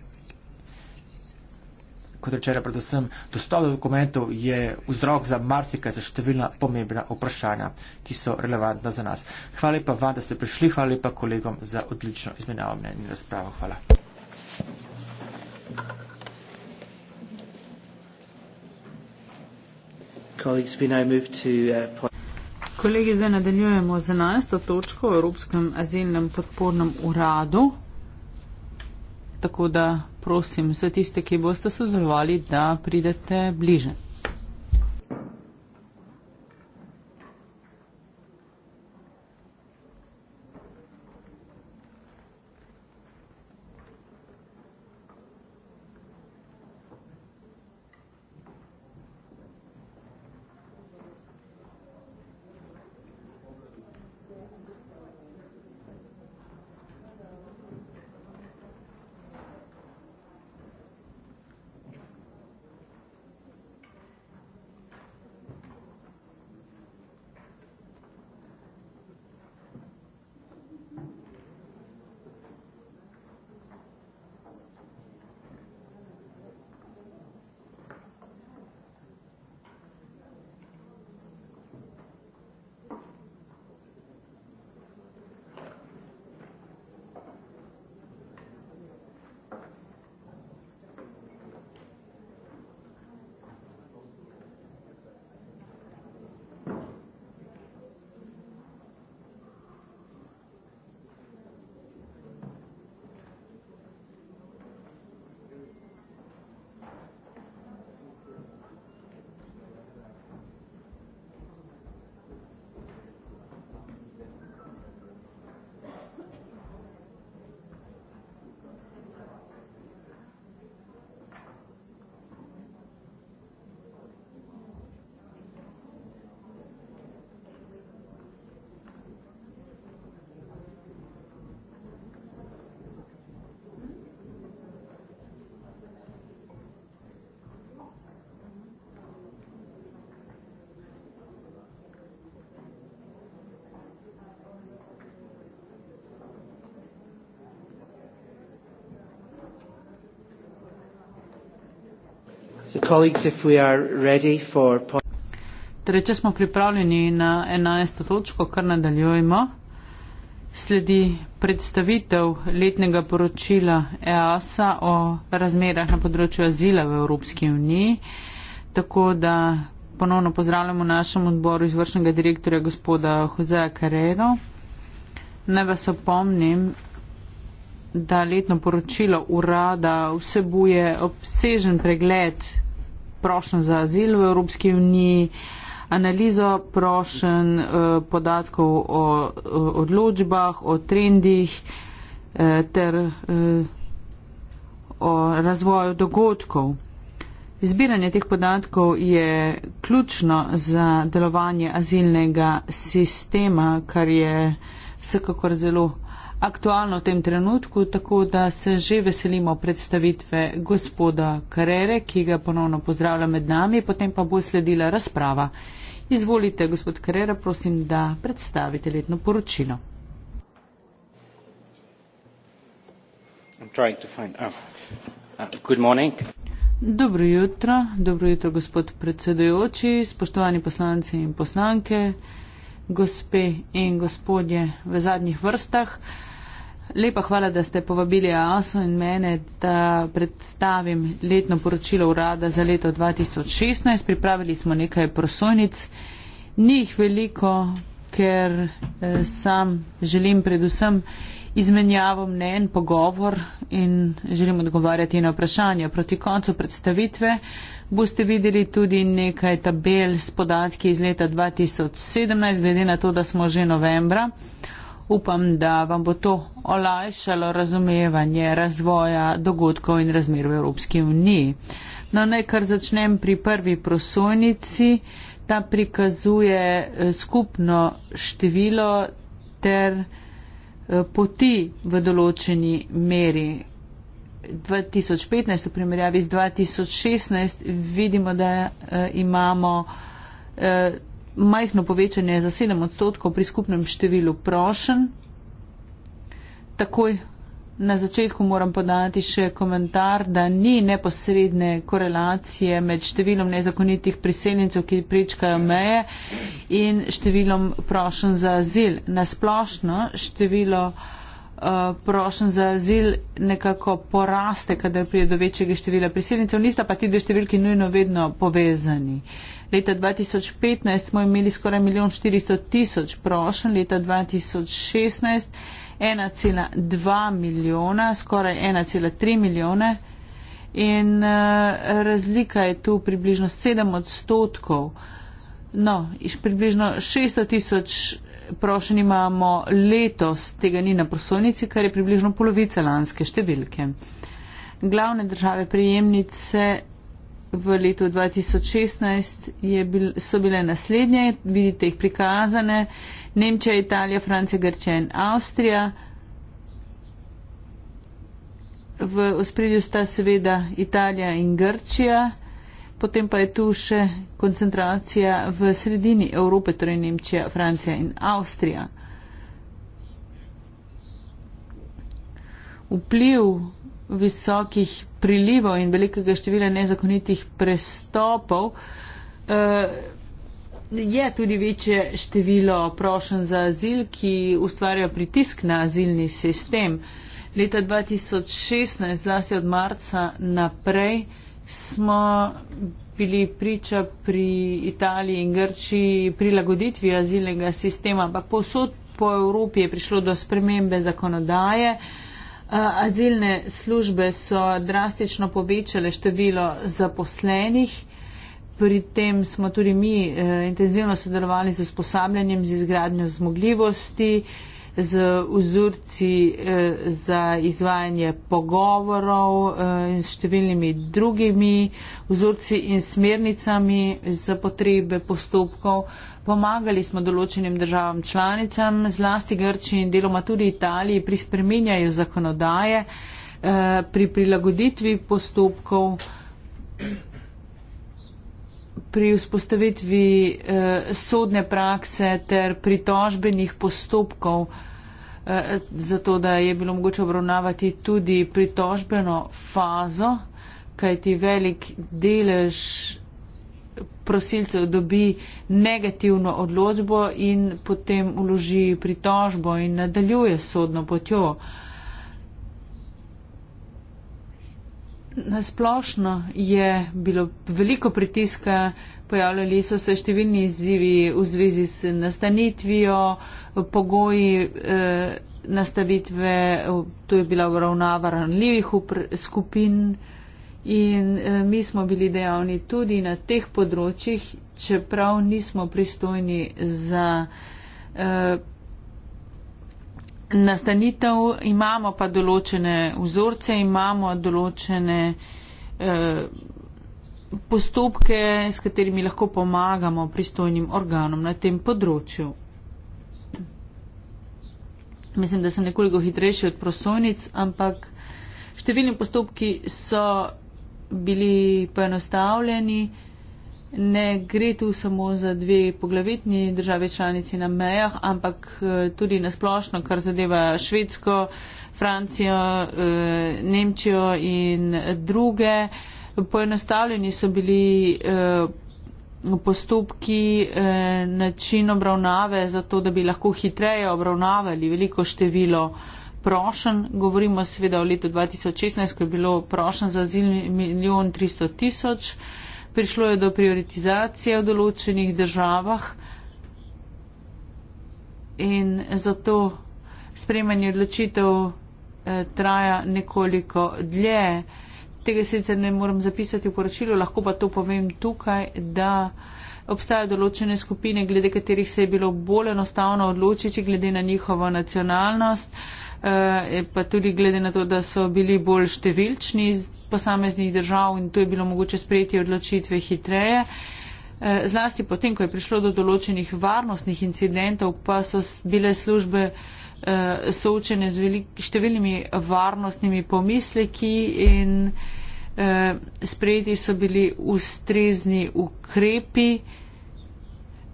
Kot rečeno, predvsem dostop do dokumentov je vzrok za marsikaj, za številna pomembna vprašanja, ki so relevantna za nas. Hvala pa vam, da ste prišli, hvala pa kolegom za odlično izmenjavo mnenja in razpravo. Hvala. Colleagues, we now move to uh, point. Kolegi, zdaj nadaljujemo z 11. točko o Evropskem azilnem podpornem uradu. Tako da prosim vse tiste, ki boste sodelovali, da pridete bliže. Torej, če smo pripravljeni na 11. točko, kar nadaljujemo, sledi predstavitev letnega poročila EASA o razmerah na področju azila v Evropski uniji. Tako da ponovno pozdravljamo našem odboru izvršnega direktorja gospoda Joseja Carrero. Ne vas opomnim, da letno poročilo urada vsebuje obsežen pregled prošen za azil v Evropski uniji, analizo prošen eh, podatkov o odločbah, o trendih eh, ter eh, o razvoju dogodkov. Izbiranje teh podatkov je ključno za delovanje azilnega sistema, kar je vsekakor zelo aktualno v tem trenutku, tako da se že veselimo predstavitve gospoda Karere, ki ga ponovno pozdravlja med nami, potem pa bo sledila razprava. Izvolite, gospod Karere, prosim, da predstavite letno poročilo. Oh. Uh, dobro jutro, dobro jutro, gospod predsedujoči, spoštovani poslanci in poslanke, gospe in gospodje v zadnjih vrstah. Uh, Lepa hvala, da ste povabili Aso in mene, da predstavim letno poročilo urada za leto 2016. Pripravili smo nekaj prosojnic, njih veliko, ker eh, sam želim predvsem izmenjavo mnen, pogovor in želim odgovarjati na vprašanja. Proti koncu predstavitve boste videli tudi nekaj tabel s podatki iz leta 2017, glede na to, da smo že novembra upam, da vam bo to olajšalo razumevanje razvoja dogodkov in razmer v Evropski uniji. No, naj kar začnem pri prvi prosojnici. Ta prikazuje eh, skupno število ter eh, poti v določeni meri. 2015 v primerjavi z 2016 vidimo, da eh, imamo majhno povečanje za 7 odstotkov pri skupnem številu prošen. Takoj na začetku moram podati še komentar, da ni neposredne korelacije med številom nezakonitih priseljencev, ki prečkajo meje in številom prošen za azil. Nasplošno število Eh, prošen za azil nekako poraste, kadar prije do večjega števila priseljencev, nista pa ti dve številki nujno vedno povezani. Leta 2015 smo imeli skoraj 1 400 tisoč prošen, leta 2016 1,2 milijona, skoraj 1,3 milijone in eh, razlika je tu približno 7 odstotkov. No, približno 600 tisoč prošen imamo letos, tega ni na prosojnici, kar je približno polovica lanske številke. Glavne države prijemnice v letu 2016 je bil, so bile naslednje, vidite jih prikazane, Nemčija, Italija, Francija, Grčija in Avstrija. V ospredju sta seveda Italija in Grčija potem pa je tu še koncentracija v sredini Evrope, torej Nemčija, Francija in Avstrija. Vpliv visokih prilivov in velikega števila nezakonitih prestopov eh, je tudi večje število prošen za azil, ki ustvarja pritisk na azilni sistem. Leta 2016, zlasti od marca naprej, smo bili priča pri Italiji in Grčiji prilagoditvi azilnega sistema, ampak posod po Evropi je prišlo do spremembe zakonodaje. Azilne službe so drastično povečale število zaposlenih, pri tem smo tudi mi eh, intenzivno sodelovali z usposabljanjem, z izgradnjo zmogljivosti, z vzorci eh, za izvajanje pogovorov eh, in številnimi drugimi vzorci in smernicami za potrebe postopkov. Pomagali smo določenim državam članicam, zlasti Grčiji in deloma tudi Italiji, pri spreminjanju zakonodaje, eh, pri prilagoditvi postopkov, pri vzpostavitvi sodne prakse ter pritožbenih postopkov. Eh, zato da je bilo mogoče obravnavati tudi pritožbeno fazo, kajti velik delež prosilcev dobi negativno odločbo in potem uloži pritožbo in nadaljuje sodno potjo. Nasplošno je bilo veliko pritiska Pojavljali so se številni izzivi v zvezi s nastanitvijo, pogoji eh, nastavitve, tu je bila obravnava ranljivih skupin in eh, mi smo bili dejavni tudi na teh področjih, čeprav nismo pristojni za. Eh, Nastanitev imamo pa določene vzorce, imamo določene eh, postopke, s katerimi lahko pomagamo pristojnim organom na tem področju. Mislim, da sem nekoliko hitrejši od prosojnic, ampak številni postopki so bili poenostavljeni. Ne gre tu samo za dve poglavitni države članici na mejah, ampak eh, tudi na splošno, kar zadeva Švedsko, Francijo, eh, Nemčijo in druge poenostavljeni so bili eh, postopki, eh, način obravnave za to, da bi lahko hitreje obravnavali veliko število prošen. Govorimo seveda o letu 2016, ko je bilo prošen za azil milijon 300 tisoč. Prišlo je do prioritizacije v določenih državah in zato sprejmanje odločitev eh, traja nekoliko dlje tega sicer ne moram zapisati v poročilu, lahko pa to povem tukaj, da obstajajo določene skupine, glede katerih se je bilo bolj enostavno odločiti, glede na njihovo nacionalnost, eh, pa tudi glede na to, da so bili bolj številčni iz posameznih držav in to je bilo mogoče sprejeti odločitve hitreje. Eh, zlasti potem, ko je prišlo do določenih varnostnih incidentov, pa so bile službe Eh, soočene z velik, številnimi varnostnimi pomisleki in eh, sprejeti so bili ustrezni ukrepi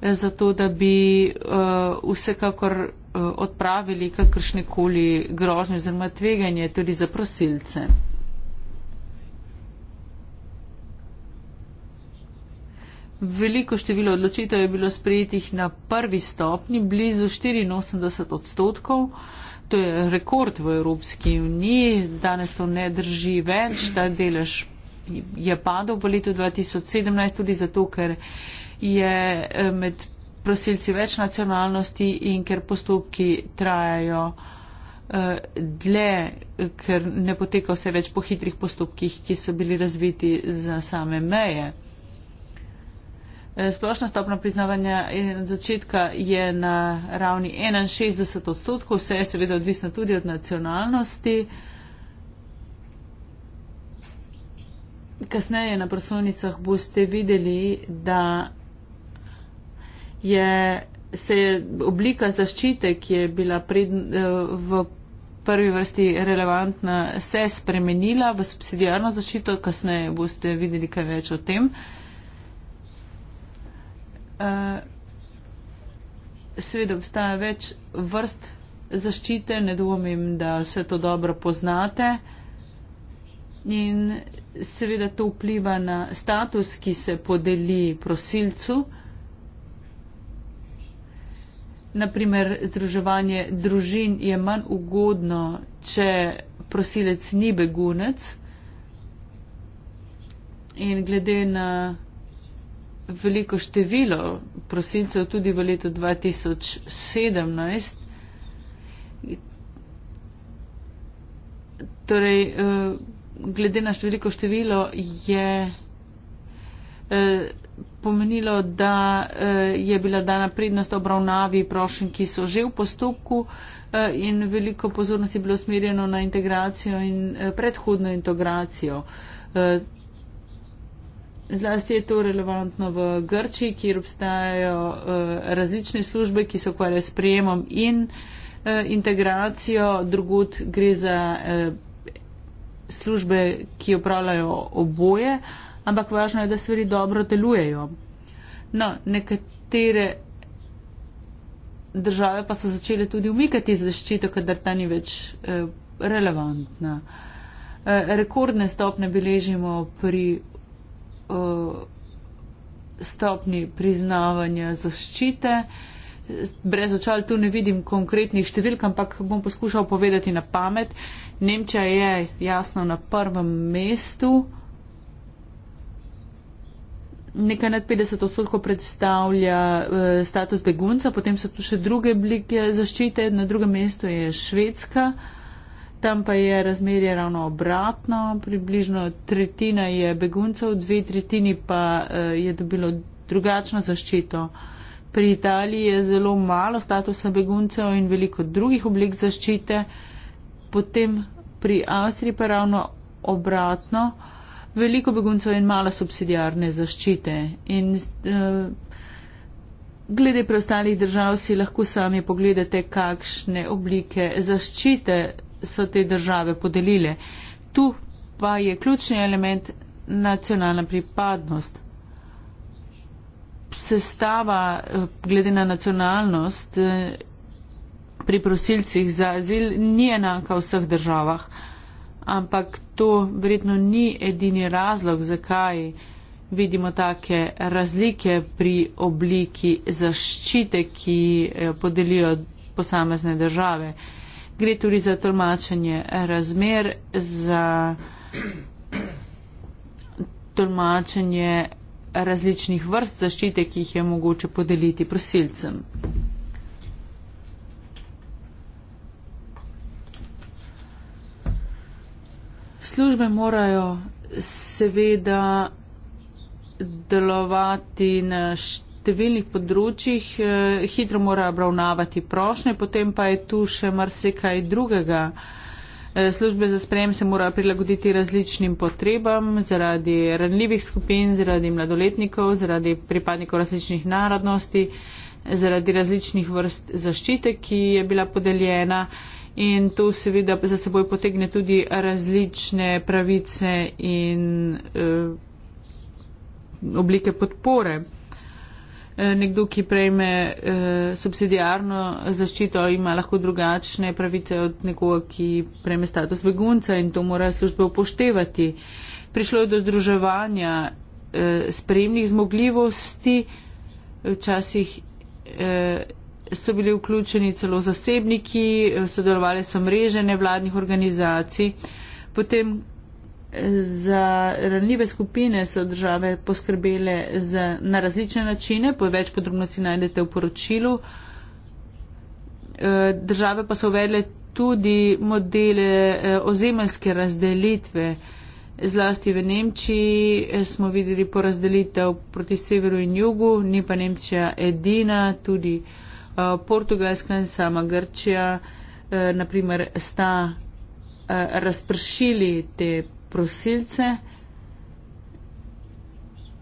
eh, za to, da bi vsekakor odpravili kakršne koli grožnje oziroma tveganje tudi za prosilce. Veliko število odločitev je bilo sprejetih na prvi stopni, blizu 84 odstotkov. To je rekord v Evropski uniji, danes to ne drži več, ta delež je padel v letu 2017 tudi zato, ker je eh, med prosilci več nacionalnosti in ker postopki trajajo eh, dlje, ker ne poteka vse več po hitrih postopkih, ki so bili razviti za same meje. Eh, splošna stopna priznavanja od začetka je na ravni 61 odstotkov, vse je seveda odvisno tudi od nacionalnosti. Kasneje na prosovnicah boste videli, da je, se je oblika zaščite, ki je bila pred, eh, v prvi vrsti relevantna, se spremenila v subsidijarno zaščito, kasneje boste videli kaj več o tem. Uh, Eh, seveda obstaja več vrst zaščite, ne dvomim, da vse to dobro poznate. In seveda to vpliva na status, ki se podeli prosilcu. Naprimer, združevanje družin je manj ugodno, če prosilec ni begunec. In glede na veliko število prosilcev tudi v letu 2017. Torej, eh, glede na veliko število je eh, pomenilo, da eh, je bila dana prednost obravnavi prošen, ki so že v postopku in veliko pozornosti je bilo smerjeno na integracijo in predhodno integracijo. Zlasti je to relevantno v Grči, kjer obstajajo uh, različne službe, ki se ukvarjajo s prijemom in uh, integracijo, drugot gre za uh, službe, ki upravljajo oboje, ampak važno je, da stvari dobro delujejo. No, nekatere države pa so začele tudi umikati zaščito, kadar ta ni več uh, relevantna. Uh, rekordne stopne beležimo pri o stopni priznavanja zaščite. Brez očal tu ne vidim konkretnih številk, ampak bom poskušal povedati na pamet. Nemčija je jasno na prvem mestu. Nekaj nad 50 odstotkov predstavlja eh, status begunca, potem so tu še druge oblike zaščite, na drugem mestu je Švedska. Eh, tam pa je razmerje ravno obratno, približno tretjina je beguncev, dve tretjini pa eh, je dobilo drugačno zaščito. Pri Italiji je zelo malo statusa beguncev in veliko drugih oblik zaščite, potem pri Avstriji pa ravno obratno, veliko beguncev in malo subsidijarne zaščite. In, eh, Glede preostalih držav si lahko sami pogledate, kakšne oblike zaščite so te države podelile. Tu pa je ključni element nacionalna pripadnost. Sestava eh, glede na nacionalnost eh, pri prosilcih za azil ni enaka v vseh državah, ampak to verjetno ni edini razlog, zakaj vidimo take razlike pri obliki zaščite, ki podelijo posamezne države gre tudi za tolmačenje razmer, za tolmačenje različnih vrst zaščite, ki jih je mogoče podeliti prosilcem. Službe morajo seveda delovati na štiri številnih področjih, eh, hitro mora obravnavati prošnje, potem pa je tu še marsikaj drugega. Eh, službe za sprejem se morajo prilagoditi različnim potrebam zaradi ranljivih skupin, zaradi mladoletnikov, zaradi pripadnikov različnih narodnosti, zaradi različnih vrst zaščite, ki je bila podeljena in to seveda za seboj potegne tudi različne pravice in eh, oblike podpore. Eh, nekdo, ki prejme eh, subsidijarno zaščito, ima lahko drugačne pravice od nekoga, ki prejme status begunca in to mora službe upoštevati. Prišlo je do združevanja eh, sprejemnih zmogljivosti, včasih eh, so bili vključeni celo zasebniki, eh, sodelovali so mreže nevladnih organizacij. Potem, Za ranljive skupine so države poskrbele za, na različne načine, po več podrobnosti najdete v poročilu. Eh, države pa so uvedle tudi modele eh, ozemljske razdelitve. Zlasti v Nemčiji eh, smo videli porazdelitev proti severu in jugu, ni pa Nemčija edina, tudi Portugalska in sama Grčija, naprimer, sta razpršili te prosilce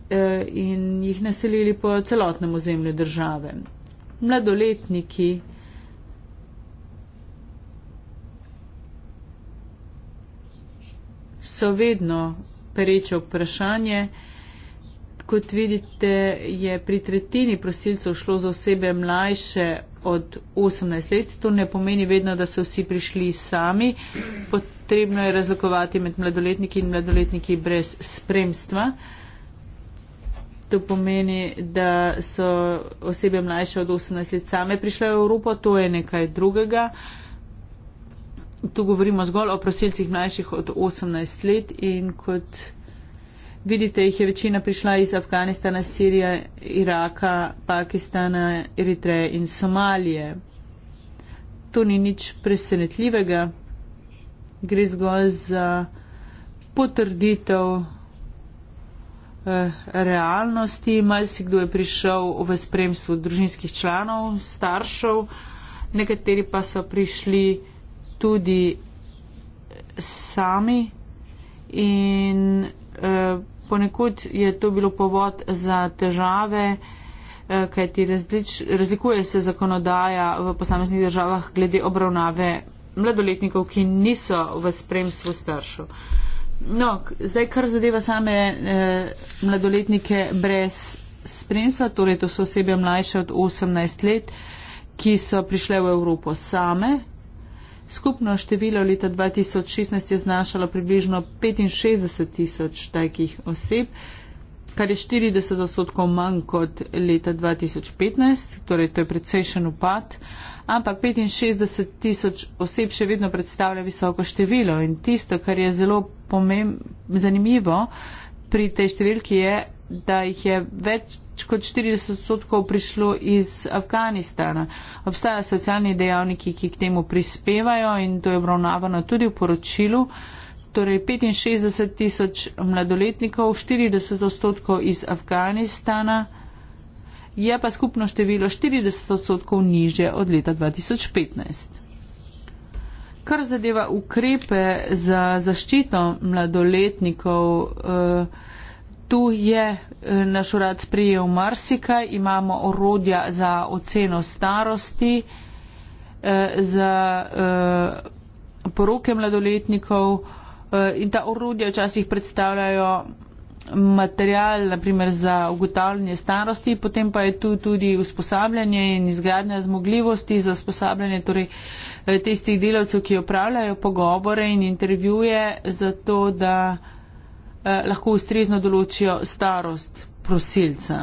eh, in jih naselili po celotnem ozemlju države. Mladoletniki so vedno pereče vprašanje. Kot vidite, je pri tretjini prosilcev šlo za osebe mlajše od 18 let. To ne pomeni vedno, da so vsi prišli sami. Potrebno je razlikovati med mladoletniki in mladoletniki brez spremstva. To pomeni, da so osebe mlajše od 18 let same prišle v Evropo, to je nekaj drugega. Tu govorimo zgolj o prosilcih mlajših od 18 let in kot Vidite, jih je večina prišla iz Afganistana, Sirije, Iraka, Pakistana, Eritreje in Somalije. To ni nič presenetljivega, gre zgolj za potrditev eh, realnosti. Malce kdo je prišel v spremstvu družinskih članov, staršev, nekateri pa so prišli tudi sami in Eh, ponekud je to bilo povod za težave, eh, kajti različ, razlikuje se zakonodaja v posameznih državah glede obravnave mladoletnikov, ki niso v spremstvu staršev. No, zdaj, kar zadeva same eh, mladoletnike brez spremstva, torej to so osebe mlajše od 18 let, ki so prišle v Evropo same, Skupno število leta 2016 je znašalo približno 65 tisoč takih oseb, kar je 40 odstotkov manj kot leta 2015, torej to je precejšen upad, ampak 65 tisoč oseb še vedno predstavlja visoko število in tisto, kar je zelo pomemb, zanimivo pri tej številki je, da jih je več kot 40 odstotkov prišlo iz Afganistana. Obstajajo socialni dejavniki, ki k temu prispevajo in to je obravnavano tudi v poročilu. Torej 65 tisoč mladoletnikov, 40 odstotkov iz Afganistana, je pa skupno število 40 odstotkov niže od leta 2015. Kar zadeva ukrepe za zaščito mladoletnikov, eh, tu je eh, naš urad sprijel marsikaj, imamo orodja za oceno starosti, eh, za eh, poroke mladoletnikov in ta orodja včasih predstavljajo material, naprimer za ugotavljanje starosti, potem pa je tu tudi usposabljanje in izgradnja zmogljivosti za usposabljanje torej, tistih delavcev, ki opravljajo pogovore in intervjuje za to, da eh, lahko ustrezno določijo starost prosilca.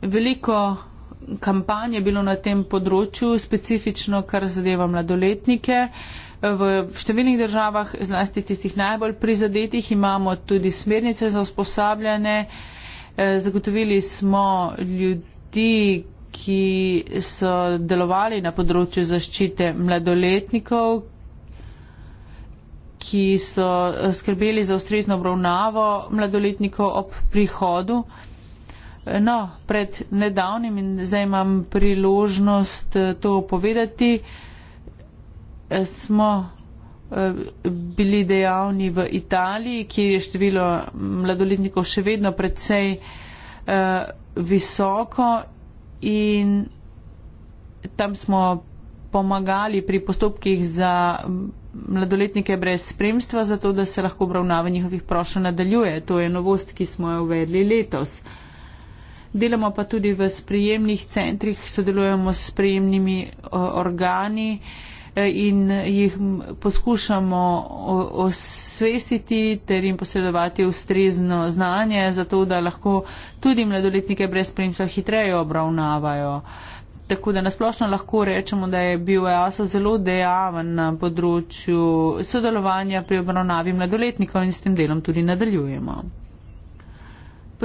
Veliko kampanj je bilo na tem področju, specifično kar zadeva mladoletnike. V številnih državah, zlasti tistih najbolj prizadetih, imamo tudi smernice za usposabljanje. Eh, zagotovili smo ljudi, ki so delovali na področju zaščite mladoletnikov, ki so eh, skrbeli za ustrezno obravnavo mladoletnikov ob prihodu. Eh, no, pred nedavnim in zdaj imam priložnost eh, to povedati, smo bili dejavni v Italiji, kjer je število mladoletnikov še vedno predvsej visoko in tam smo pomagali pri postopkih za mladoletnike brez spremstva, zato da se lahko obravnava njihovih prošenj nadaljuje. To je novost, ki smo jo uvedli letos. Delamo pa tudi v sprejemnih centrih, sodelujemo s sprejemnimi organi e, in jih poskušamo osvestiti ter jim posredovati ustrezno znanje, zato da lahko tudi mladoletnike brez spremstva hitreje obravnavajo. Tako da nasplošno lahko rečemo, da je bil EASO zelo dejaven na področju sodelovanja pri obravnavi mladoletnikov in s tem delom tudi nadaljujemo.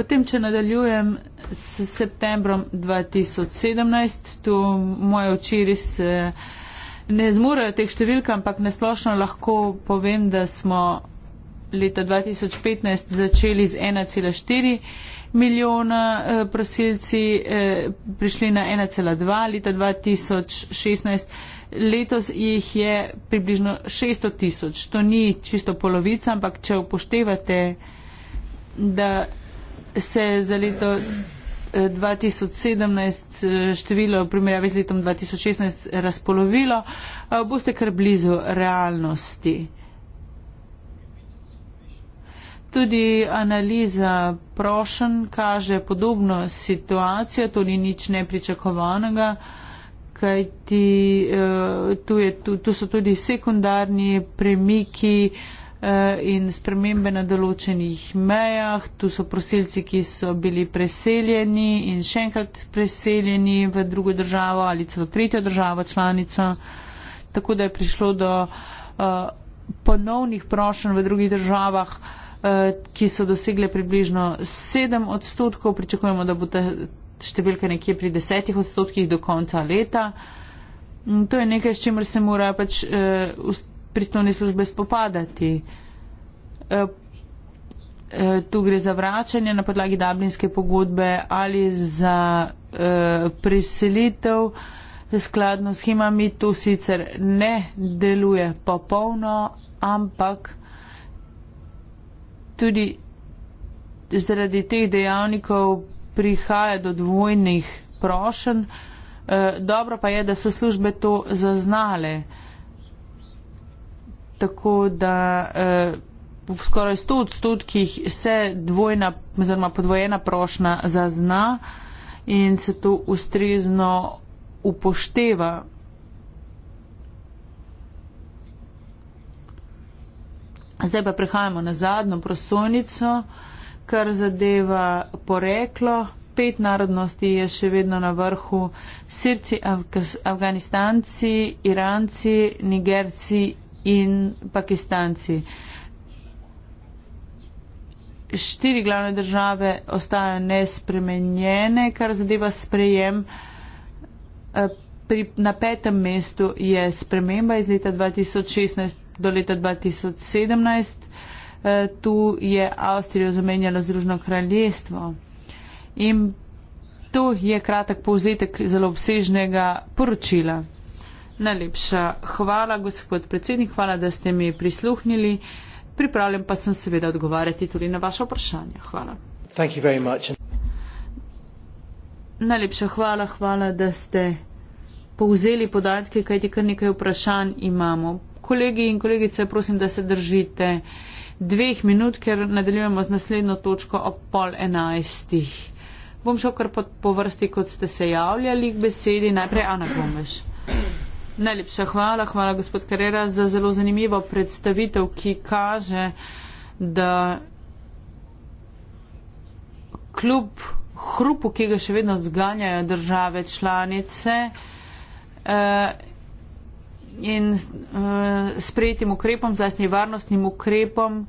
Potem, če nadaljujem s septembrom 2017, tu moje očiri se ne zmorejo teh številk, ampak nasplošno lahko povem, da smo leta 2015 začeli z 1,4 milijona eh, prosilci, eh, prišli na 1,2 leta 2016. Letos jih je približno 600 tisoč. To ni čisto polovica, ampak če upoštevate, da se za leto 2017 eh, eh, število v primerjavi z letom 2016 razpolovilo, eh, boste kar blizu realnosti. Tudi analiza prošen kaže podobno situacijo, to ni nič nepričakovanega, kajti eh, tu, je, tu, tu so tudi sekundarni premiki eh, in spremembe na določenih mejah, tu so prosilci, ki so bili preseljeni in še enkrat preseljeni v drugo državo ali celo tretjo državo članico, tako da je prišlo do uh, ponovnih prošen v drugih državah. Uh, Eh, ki so dosegle približno 7 odstotkov, pričakujemo, da bo ta številka nekje pri 10 odstotkih do konca leta. Mm, to je nekaj, s čimer se morajo pač eh, pristovne službe spopadati. Eh, tu gre za vračanje na podlagi dablinske pogodbe ali za priselitev. Skladno s himami to sicer ne deluje popolno, ampak tudi zaradi teh dejavnikov prihaja do dvojnih prošen. E, eh, dobro pa je, da so službe to zaznale. Tako da e, v skoraj 100 odstotkih se dvojna oziroma podvojena prošna zazna in se to ustrezno upošteva. Zdaj pa prehajamo na zadnjo prosojnico, kar zadeva poreklo. Pet narodnosti je še vedno na vrhu. Sirci, Afganistanci, Iranci, Nigerci in Pakistanci. Štiri glavne države ostajajo nespremenjene, kar zadeva sprejem. Eh, pri, na petem mestu je sprememba iz leta 2016 do leta 2017. Eh, tu je Avstrijo zamenjalo Združeno kraljestvo. In to je kratek povzetek zelo obsežnega poročila. Najlepša hvala, gospod predsednik, hvala, da ste mi prisluhnili. Pripravljam pa sem seveda odgovarjati tudi na vaše vprašanje. Hvala. Najlepša hvala, hvala, da ste povzeli podatke, kajti kar nekaj vprašanj imamo kolegi in kolegice, prosim, da se držite dveh minut, ker nadaljujemo z naslednjo točko ob pol enajstih. Bom šel kar po vrsti, kot ste se javljali k besedi. Najprej Ana Gomeš. Najlepša hvala, hvala gospod Karera za zelo zanimivo predstavitev, ki kaže, da kljub hrupu, ki ga še vedno zganjajo države članice, eh, in uh, sprejetim ukrepom, zdajšnjim varnostnim ukrepom,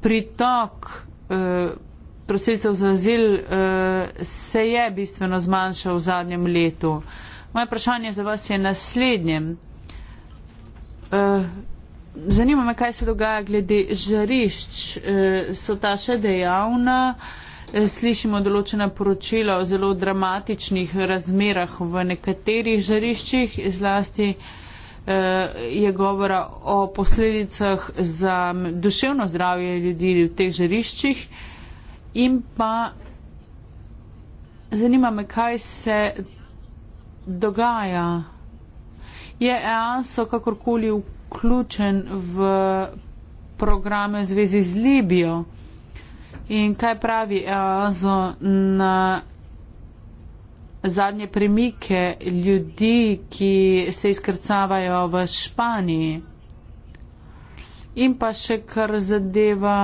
pritok uh, prosilcev za azil uh, se je bistveno zmanjšal v zadnjem letu. Moje vprašanje za vas je naslednje. Uh, zanima me, kaj se dogaja glede žarišč. Uh, so ta še dejavna? Slišimo določena poročila o zelo dramatičnih razmerah v nekaterih žariščih, zlasti uh, Eh, je govora o posledicah za duševno zdravje ljudi v teh žariščih in pa zanima me, kaj se dogaja. Je EASO kakorkoli vključen v programe v zvezi z Libijo in kaj pravi EASO na zadnje premike ljudi, ki se izkrcavajo v Španiji. In pa še kar zadeva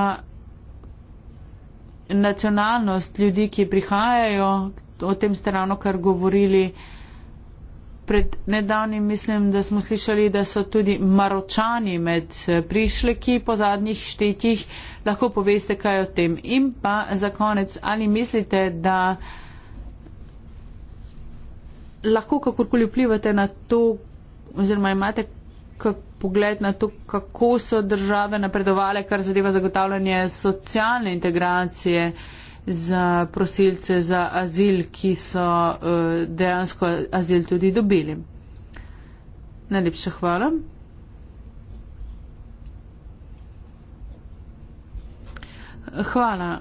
nacionalnost ljudi, ki prihajajo, o tem ste ravno kar govorili. Pred nedavnim mislim, da smo slišali, da so tudi maročani med eh, prišleki po zadnjih štetjih. Lahko poveste kaj o tem. In pa za konec, ali mislite, da lahko kakorkoli vplivate na to, oziroma imate kak pogled na to, kako so države napredovale, kar zadeva zagotavljanje socialne integracije za prosilce za azil, ki so uh, dejansko azil tudi dobili. Najlepša hvala. Hvala.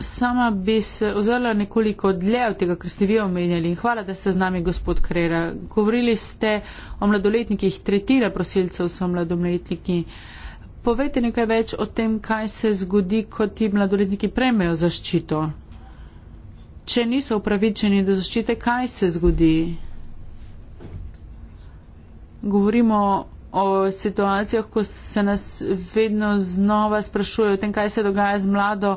Sama bi se ozrla nekoliko dlje od tega, kar ste vi omenjali in hvala, da ste z nami, gospod Krera. Govorili ste o mladoletnikih, tretjina prosilcev so mladoletniki. Povejte nekaj več o tem, kaj se zgodi, ko ti mladoletniki prejmejo zaščito. Če niso upravičeni do zaščite, kaj se zgodi? Govorimo o situacijah, ko se nas vedno znova sprašuje o tem, kaj se dogaja z mlado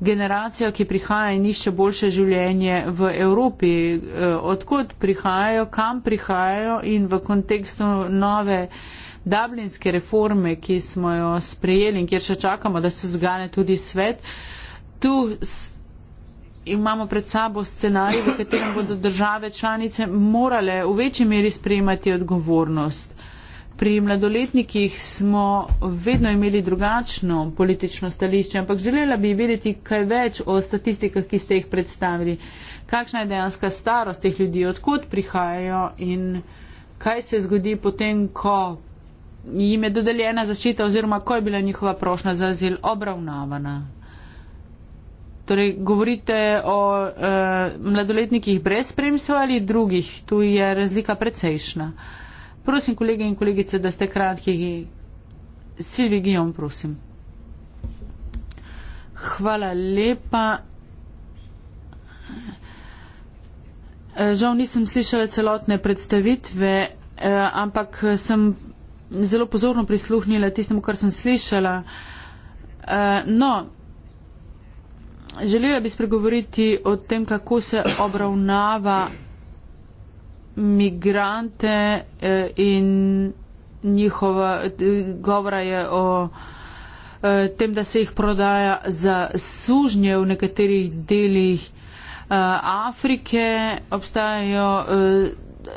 generacijo, ki prihaja in išče boljše življenje v Evropi. E, Odkud prihajajo, kam prihajajo in v kontekstu nove dublinske reforme, ki smo jo sprejeli in kjer še čakamo, da se zgane tudi svet. Tu imamo pred sabo scenarij, v katerem bodo države članice morale v večji meri sprejemati odgovornost. Pri mladoletnikih smo vedno imeli drugačno politično stališče, ampak želela bi vedeti kaj več o statistikah, ki ste jih predstavili. Kakšna je dejanska starost teh ljudi, odkot prihajajo in kaj se zgodi potem, ko jim je dodeljena zaščita oziroma ko je bila njihova prošnja za azil obravnavana. Torej, govorite o e, mladoletnikih brez spremstva ali drugih, tu je razlika precejšna. Prosim, kolege in kolegice, da ste kratki. Silvi Gijom, prosim. Hvala lepa. Eh, žal nisem slišala celotne predstavitve, eh, ampak sem zelo pozorno prisluhnila tistemu, kar sem slišala. Eh, no, želela bi spregovoriti o tem, kako se obravnava migrante eh, in njihova, govora je o eh, tem, da se jih prodaja za sužnje v nekaterih delih eh, Afrike. Obstajajo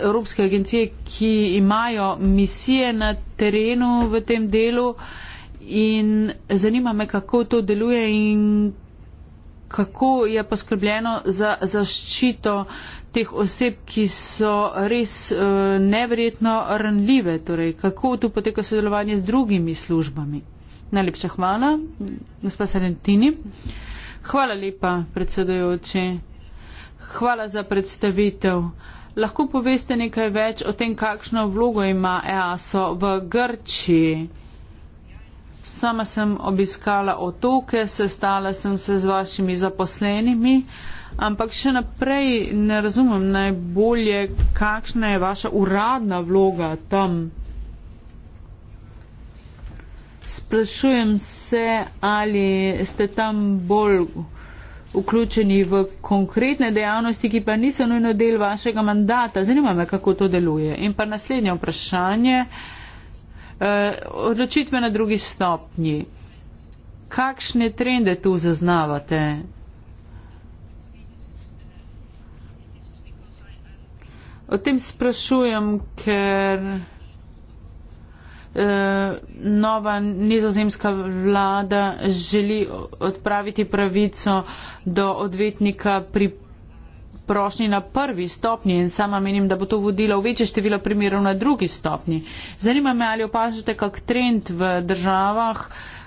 evropske agencije, ki imajo misije na terenu v tem delu in zanima me, kako to deluje in kako je poskrbljeno za zaščito teh oseb, ki so res uh, neverjetno ranljive, torej kako tu poteka sodelovanje z drugimi službami. Najlepša hvala, gospa Salentini. Hvala lepa, predsedojoči. Hvala za predstavitev. Lahko poveste nekaj več o tem, kakšno vlogo ima EASO v Grčiji? Sama sem obiskala otoke, sestala sem se z vašimi zaposlenimi, ampak še naprej ne razumem najbolje, kakšna je vaša uradna vloga tam. Sprašujem se, ali ste tam bolj vključeni v konkretne dejavnosti, ki pa niso nujno del vašega mandata. Zanima me, kako to deluje. In pa naslednje vprašanje. Uh, Eh, odločitve na drugi stopnji. Kakšne trende tu zaznavate? O tem sprašujem, ker eh, nova nizozemska vlada želi odpraviti pravico do odvetnika pri prošnji na prvi stopnji in sama menim, da bo to vodilo v večje število primerov na drugi stopnji. Zanima me, ali opažate kak trend v državah,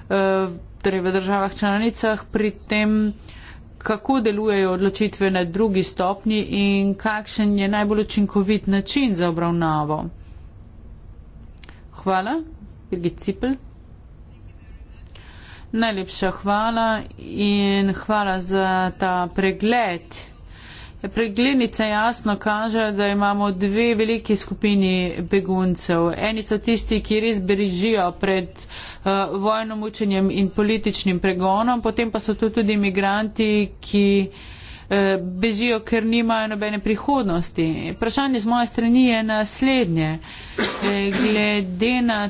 eh, torej v državah članicah pri tem, kako delujejo odločitve na drugi stopnji in kakšen je najbolj učinkovit način za obravnavo. Hvala, Birgit Cipel. Najlepša hvala in hvala za ta pregled. Preglednice jasno kaže, da imamo dve veliki skupini beguncev. Eni so tisti, ki res brežijo pred uh, eh, vojnom učenjem in političnim pregonom, potem pa so tu tudi imigranti, ki eh, bežijo, ker nimajo nobene prihodnosti. Vprašanje z moje strani je naslednje. Eh, glede na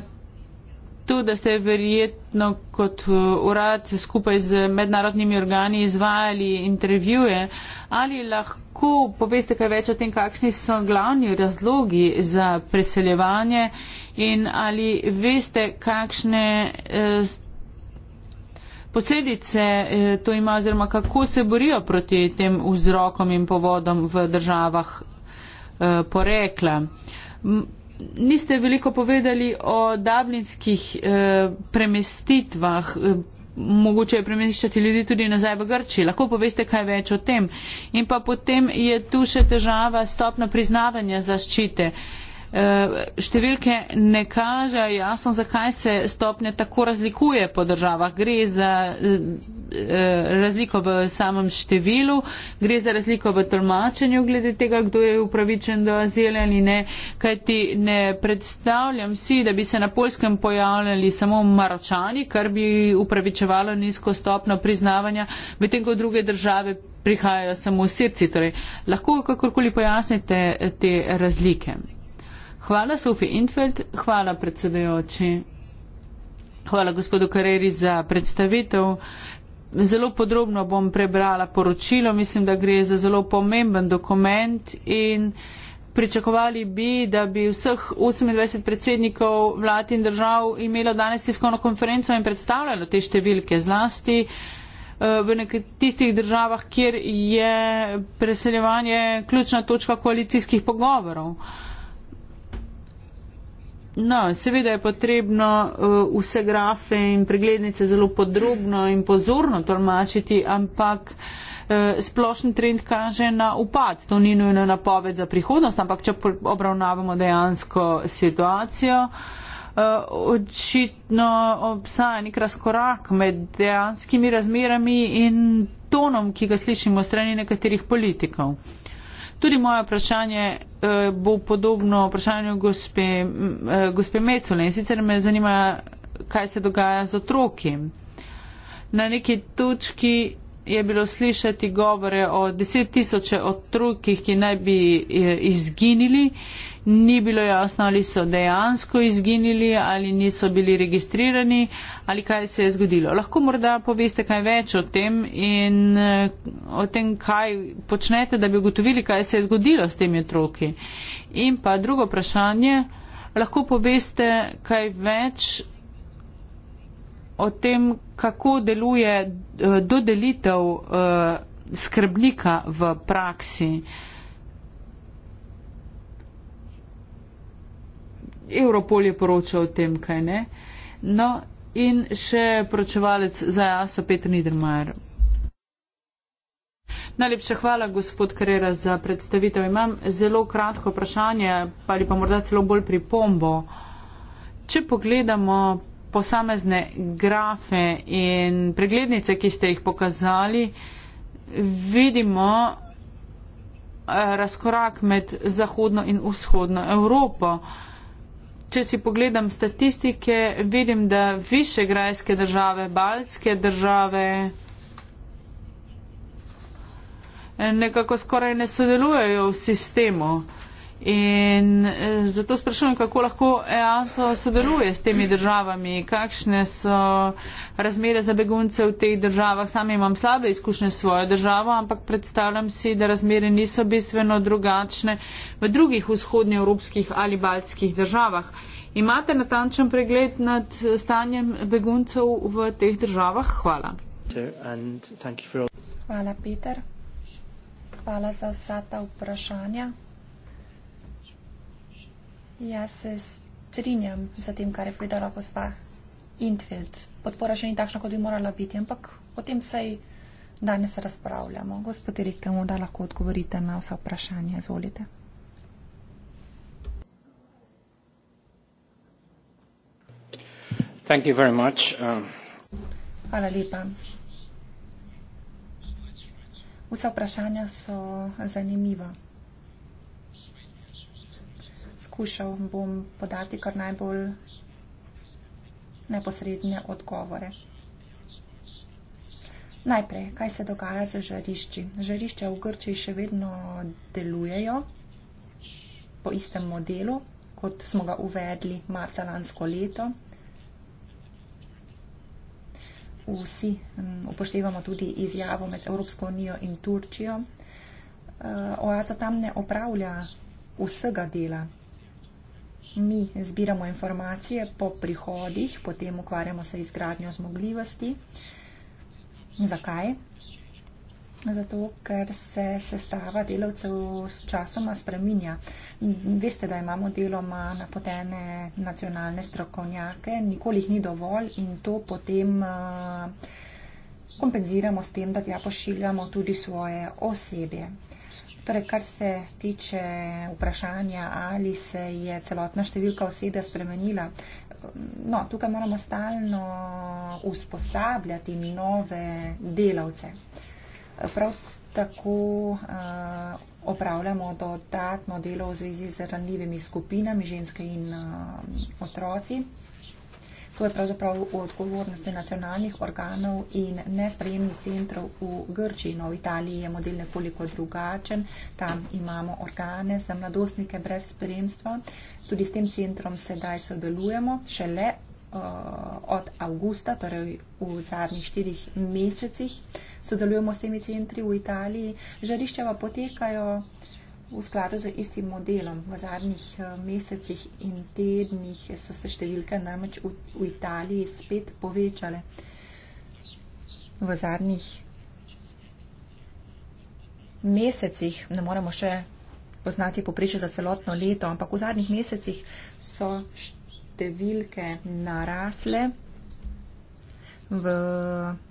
tu, da ste verjetno kot uh, urad skupaj z mednarodnimi organi izvajali intervjuje. Ali lahko poveste kaj več o tem, kakšni so glavni razlogi za preseljevanje in ali veste, kakšne eh, posledice eh, to ima oziroma kako se borijo proti tem vzrokom in povodom v državah eh, porekla niste veliko povedali o dublinskih eh, premestitvah. Eh, mogoče je premeščati ljudi tudi nazaj v Grči. Lahko poveste kaj več o tem. In pa potem je tu še težava stopna priznavanja zaščite. Eh, Eh, številke ne kažejo jasno, zakaj se stopnja tako razlikuje po državah. Gre za eh, razliko v samem številu, gre za razliko v tolmačenju glede tega, kdo je upravičen do azile ali ne, kajti ne predstavljam si, da bi se na Poljskem pojavljali samo maročani, kar bi upravičevalo nizko stopno priznavanja, medtem ko druge države prihajajo samo v srci. Torej, lahko kakorkoli pojasnite te razlike. Hvala, Sofi Infeld. Hvala, predsedajoči. Hvala, gospodu Kareri, za predstavitev. Zelo podrobno bom prebrala poročilo. Mislim, da gre za zelo pomemben dokument in pričakovali bi, da bi vseh 28 predsednikov vlad in držav imelo danes tiskovno konferenco in predstavljalo te številke zlasti eh, v tistih državah, kjer je preseljevanje ključna točka koalicijskih pogovorov. Uh, No, seveda je potrebno uh, vse grafe in preglednice zelo podrobno in pozorno tolmačiti, ampak uh, splošni trend kaže na upad. To ni nujno napoved za prihodnost, ampak če obravnavamo dejansko situacijo, uh, očitno obstaja nek razkorak med dejanskimi razmerami in tonom, ki ga slišimo strani nekaterih politikov. Uh, Tudi moje vprašanje eh, bo podobno vprašanju gospe, eh, gospe Mecole in sicer me zanima, kaj se dogaja z otroki. Na neki točki je bilo slišati govore o deset tisoče otrokih, ki naj bi eh, izginili. Ni bilo jasno, ali so dejansko izginili, ali niso bili registrirani, ali kaj se je zgodilo. Lahko morda poveste kaj več o tem in eh, o tem, kaj počnete, da bi ugotovili, kaj se je zgodilo s temi otroki. In pa drugo vprašanje, lahko poveste kaj več o tem, kako deluje eh, dodelitev eh, skrbnika v praksi. Europol je poročal o tem, kaj ne. No, in še poročevalec za ASO Petr Niedermayer. Najlepša hvala, gospod Karera, za predstavitev. Imam zelo kratko vprašanje ali pa morda celo bolj pripombo. Če pogledamo posamezne grafe in preglednice, ki ste jih pokazali, vidimo eh, razkorak med zahodno in vzhodno Evropo. Če si pogledam statistike, vidim, da više grajske države, baltske države eh, nekako skoraj ne sodelujejo v sistemu. In e, zato sprašujem, kako lahko EASO sodeluje s temi državami, kakšne so razmere za begunce v teh državah. Sam imam slabe izkušnje s svojo državo, ampak predstavljam si, da razmere niso bistveno drugačne v drugih vzhodnjevropskih ali baltskih državah. Imate natančen pregled nad stanjem beguncev v teh državah? Hvala. Hvala, Peter. Hvala za vsa ta vprašanja. Jaz se strinjam z tem, kar je povedala gospa Intfeld. Podpora še ni takšna, kot bi morala biti, ampak o tem sej danes razpravljamo. Gospod direktor, morda lahko odgovorite na vsa vprašanja. Izvolite. Thank you very much. Um, Hvala lepa. Vsa vprašanja so zanimiva poskušal bom podati kar najbolj neposredne odgovore. Najprej, kaj se dogaja z žarišči? Žarišča v Grčiji še vedno delujejo po istem modelu, kot smo ga uvedli marca lansko leto. Vsi upoštevamo tudi izjavo med Evropsko unijo in Turčijo. Eh, OASO tam ne opravlja vsega dela, Mi zbiramo informacije po prihodih, potem ukvarjamo se izgradnjo zmogljivosti. Zakaj? Zato, ker se sestava delavcev s časoma spreminja. Veste, da imamo deloma napotene nacionalne strokovnjake, nikoli jih ni dovolj in to potem kompenziramo s tem, da tja pošiljamo tudi svoje osebje. Torej, kar se tiče vprašanja, ali se je celotna številka osebe spremenila, no, tukaj moramo stalno usposabljati nove delavce. Prav tako uh, opravljamo dodatno delo v zvezi z ranljivimi skupinami, ženske in uh, otroci. To je pravzaprav v odgovornosti nacionalnih organov in nesprejemnih centrov v Grčiji. No, v Italiji je model nekoliko drugačen. Tam imamo organe za mladostnike brez spremstva. Tudi s tem centrom sedaj sodelujemo. Šele eh, od avgusta, torej v zadnjih štirih mesecih, sodelujemo s temi centri v Italiji. Žariščeva potekajo v skladu z istim modelom. V zadnjih eh, mesecih in tednih so se številke namreč v, v Italiji spet povečale. V zadnjih mesecih, ne moremo še poznati poprečje za celotno leto, ampak v zadnjih mesecih so številke narasle. V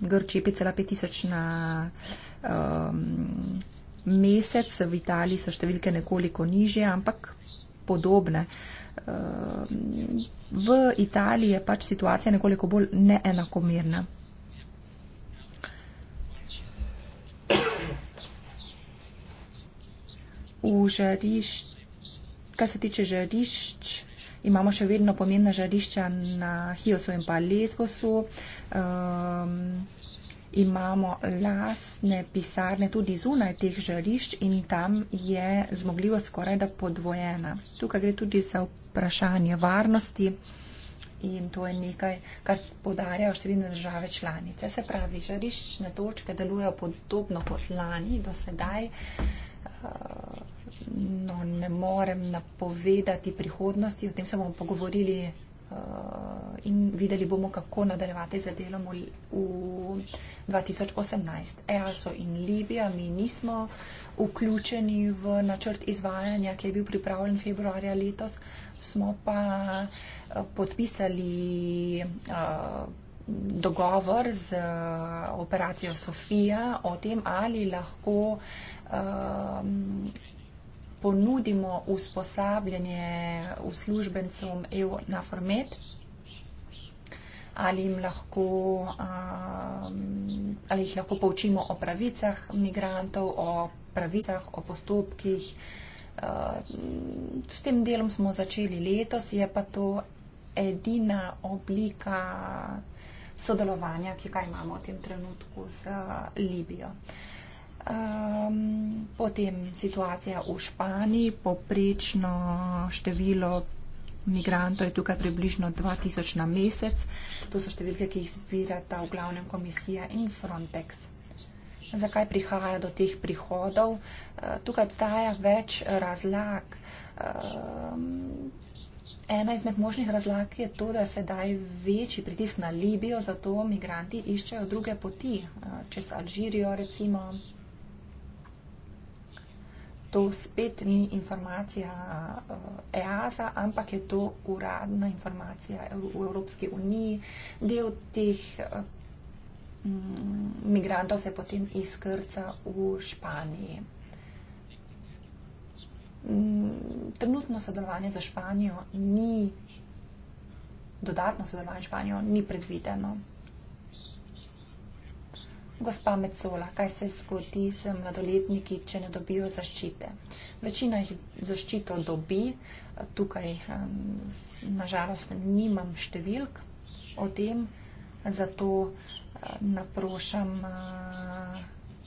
Grčiji 5,5 tisoč na um, mesec, v Italiji so številke nekoliko nižje, ampak podobne. Ehm, v Italiji je pač situacija nekoliko bolj neenakomerna. V žarišč, kar se tiče žarišč, imamo še vedno pomembna žarišča na Hiosu in pa Lesbosu. Um, ehm, imamo lasne pisarne tudi zunaj teh žarišč in tam je zmogljivost skoraj da podvojena. Tukaj gre tudi za vprašanje varnosti in to je nekaj, kar podarjajo številne države članice. Se pravi, žariščne točke delujejo podobno kot lani do sedaj. Eh, no, ne morem napovedati prihodnosti, o tem se bomo pogovorili Eh, in videli bomo, kako nadaljevati z delom v 2018. EASO in Libija, mi nismo vključeni v načrt izvajanja, ki je bil pripravljen februarja letos, smo pa eh, podpisali eh, dogovor z operacijo Sofija o tem, ali lahko ponudimo usposabljanje uslužbencem EU na format, ali, lahko, um, ali jih lahko poučimo o pravicah migrantov, o pravicah, o postopkih. Uh, s tem delom smo začeli letos, je pa to edina oblika sodelovanja, ki ga imamo v tem trenutku z uh, Libijo. Uh, Um, potem situacija v Španiji, poprečno število migrantov je tukaj približno 2000 na mesec. To so številke, ki jih zbirata v glavnem komisija in Frontex. Zakaj prihaja do teh prihodov? Uh, tukaj obstaja več razlag. Um, Ena izmed možnih razlag je to, da se daj večji pritisk na Libijo, zato migranti iščejo druge poti, eh, čez Alžirijo recimo to spet ni informacija EASA, eh, e ampak je to uradna informacija v Evropski uniji. Del teh eh, mm, migrantov se potem izkrca v Španiji. Mm, trenutno sodelovanje za Španijo ni, dodatno sodelovanje za Španijo ni predvideno. Gospa Mecola, kaj se zgodi z mladoletniki, če ne dobijo zaščite? Večina jih zaščito dobi, tukaj nažalost nimam številk o tem, zato naprošam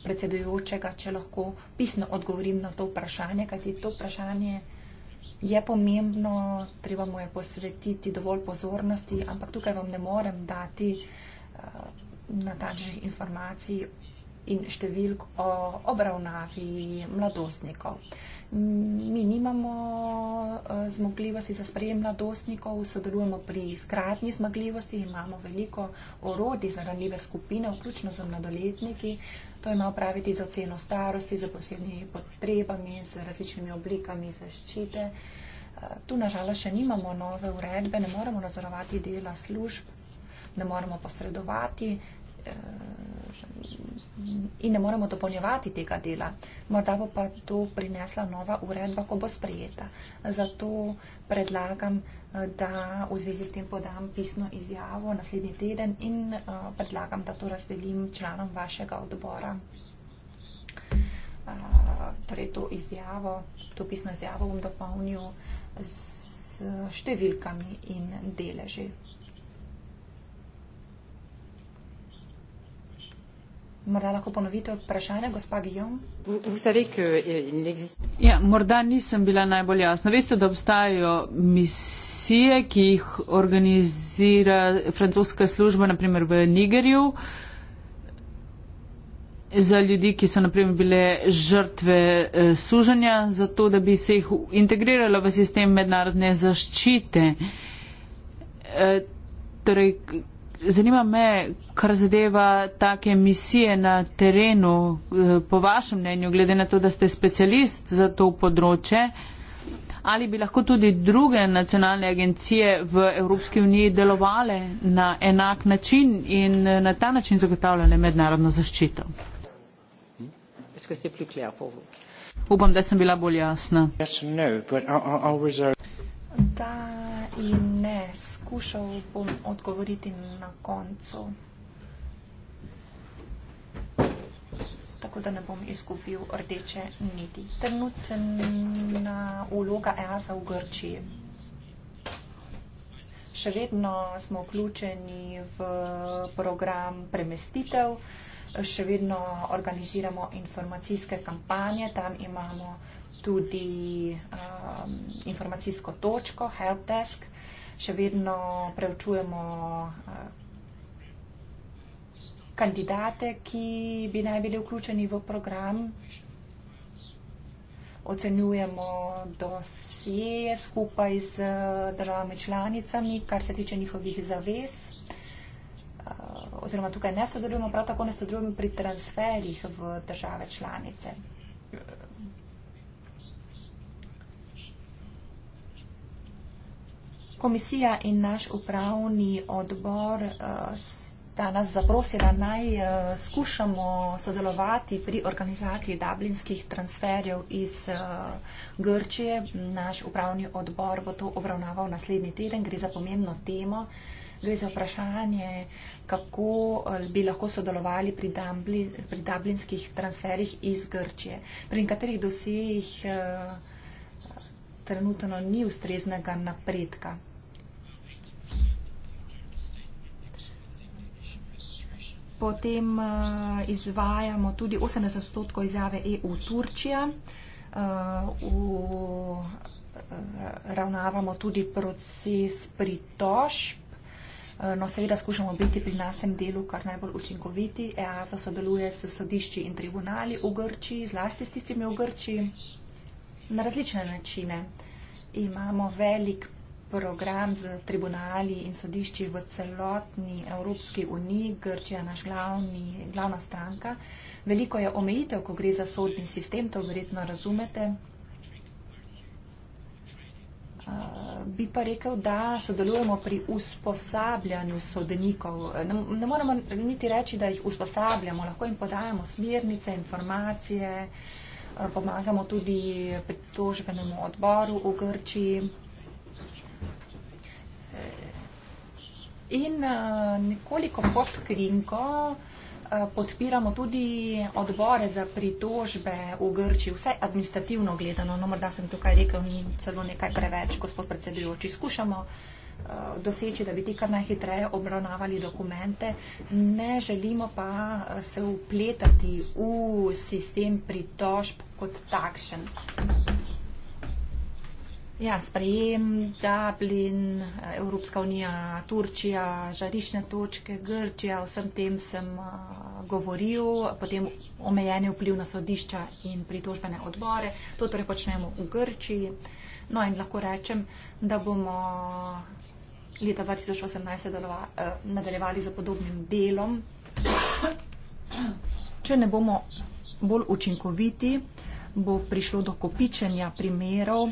predsedujočega, če lahko pisno odgovorim na to vprašanje, kajti to vprašanje je pomembno, treba mu je posvetiti dovolj pozornosti, ampak tukaj vam ne morem dati pozornosti, natančnih informacij in številk o obravnavi mladostnikov. Mi nimamo eh, zmogljivosti za sprejem mladostnikov, sodelujemo pri skratni zmogljivosti, imamo veliko orodij za ranljive skupine, vključno z mladoletniki. To ima opraviti za oceno starosti, za posebnimi potrebami, z različnimi oblikami zaščite. Eh, tu nažalost še nimamo nove uredbe, ne moremo nadzorovati dela služb, ne moremo posredovati eh, in ne moremo dopolnjevati tega dela. Morda bo pa to prinesla nova uredba, ko bo sprejeta. Zato predlagam, eh, da v zvezi s tem podam pisno izjavo naslednji teden in eh, predlagam, da to razdelim članom vašega odbora. Torej, to izjavo, to pisno izjavo bom dopolnil s številkami in deleži. Morda lahko ponovite vprašanje, gospa Guillaume? Eh, ja, morda nisem bila najbolj jasna. Veste, da obstajajo misije, ki jih organizira francoska služba, naprimer v Nigerju, za ljudi, ki so naprimer bile žrtve eh, suženja, zato da bi se jih integriralo v sistem mednarodne zaščite. E, torej, zanima me, kar zadeva take misije na terenu, eh, po vašem mnenju, glede na to, da ste specialist za to področje, ali bi lahko tudi druge nacionalne agencije v Evropski uniji delovale na enak način in eh, na ta način zagotavljale mednarodno zaščito. Upam, da sem bila bolj jasna. Yes, no, I'll, I'll da in ne, skušal bom odgovoriti na koncu. Tako da ne bom izgubil rdeče niti. Trenutna uloga EASA v Grčiji. Še vedno smo vključeni v program premestitev še vedno organiziramo informacijske kampanje, tam imamo tudi um, informacijsko točko, helpdesk, še vedno preučujemo uh, kandidate, ki bi naj bili vključeni v program, ocenjujemo dosje skupaj z uh, državami članicami, kar se tiče njihovih zavez. Eh, oziroma tukaj ne sodelujemo, prav tako ne sodelujemo pri transferjih v države članice. Komisija in naš upravni odbor eh, sta nas zaprosila, naj eh, skušamo sodelovati pri organizaciji dublinskih transferjev iz Grčije. Naš upravni odbor bo to obravnaval naslednji teden, gre za pomembno temo gre za vprašanje, kako eh, bi lahko sodelovali pri, Dublin, pri dublinskih transferih iz Grčije. Pri nekaterih dosejih eh, trenutno ni ustreznega napredka. Potem eh, izvajamo tudi 80% izjave EU Turčija. Ravnavamo tudi proces pritožb. Eh, no, seveda skušamo biti pri nasem delu kar najbolj učinkoviti. EASO sodeluje s sodišči in tribunali v Grči, zlasti s tistimi v Grči, na različne načine. Imamo velik program z tribunali in sodišči v celotni Evropski uniji. Grčija je naš glavni, glavna stranka. Veliko je omejitev, ko gre za sodni sistem, to verjetno razumete. Eh, bi pa rekel, da sodelujemo pri usposabljanju sodnikov. Eh, ne, ne moramo niti reči, da jih usposabljamo, lahko jim podajamo smernice, informacije, eh, pomagamo tudi pritožbenemu odboru v Grči. In nekoliko pod krinko. Eh, podpiramo tudi odbore za pritožbe v Grčiji, vse administrativno gledano. No, morda sem tukaj rekel, ni celo nekaj preveč, gospod predsedujoči. Skušamo eh, doseči, da bi ti kar najhitreje obravnavali dokumente. Ne želimo pa eh, se upletati v sistem pritožb kot takšen. Ja, sprejem Dublin, Evropska unija, Turčija, žarišne točke, Grčija, vsem tem sem uh, govoril, potem omejeni vpliv na sodišča in pritožbene odbore. To torej počnemo v Grčiji. No in lahko rečem, da bomo leta 2018 eh, nadaljevali za podobnim delom. Če ne bomo bolj učinkoviti, bo prišlo do kopičenja primerov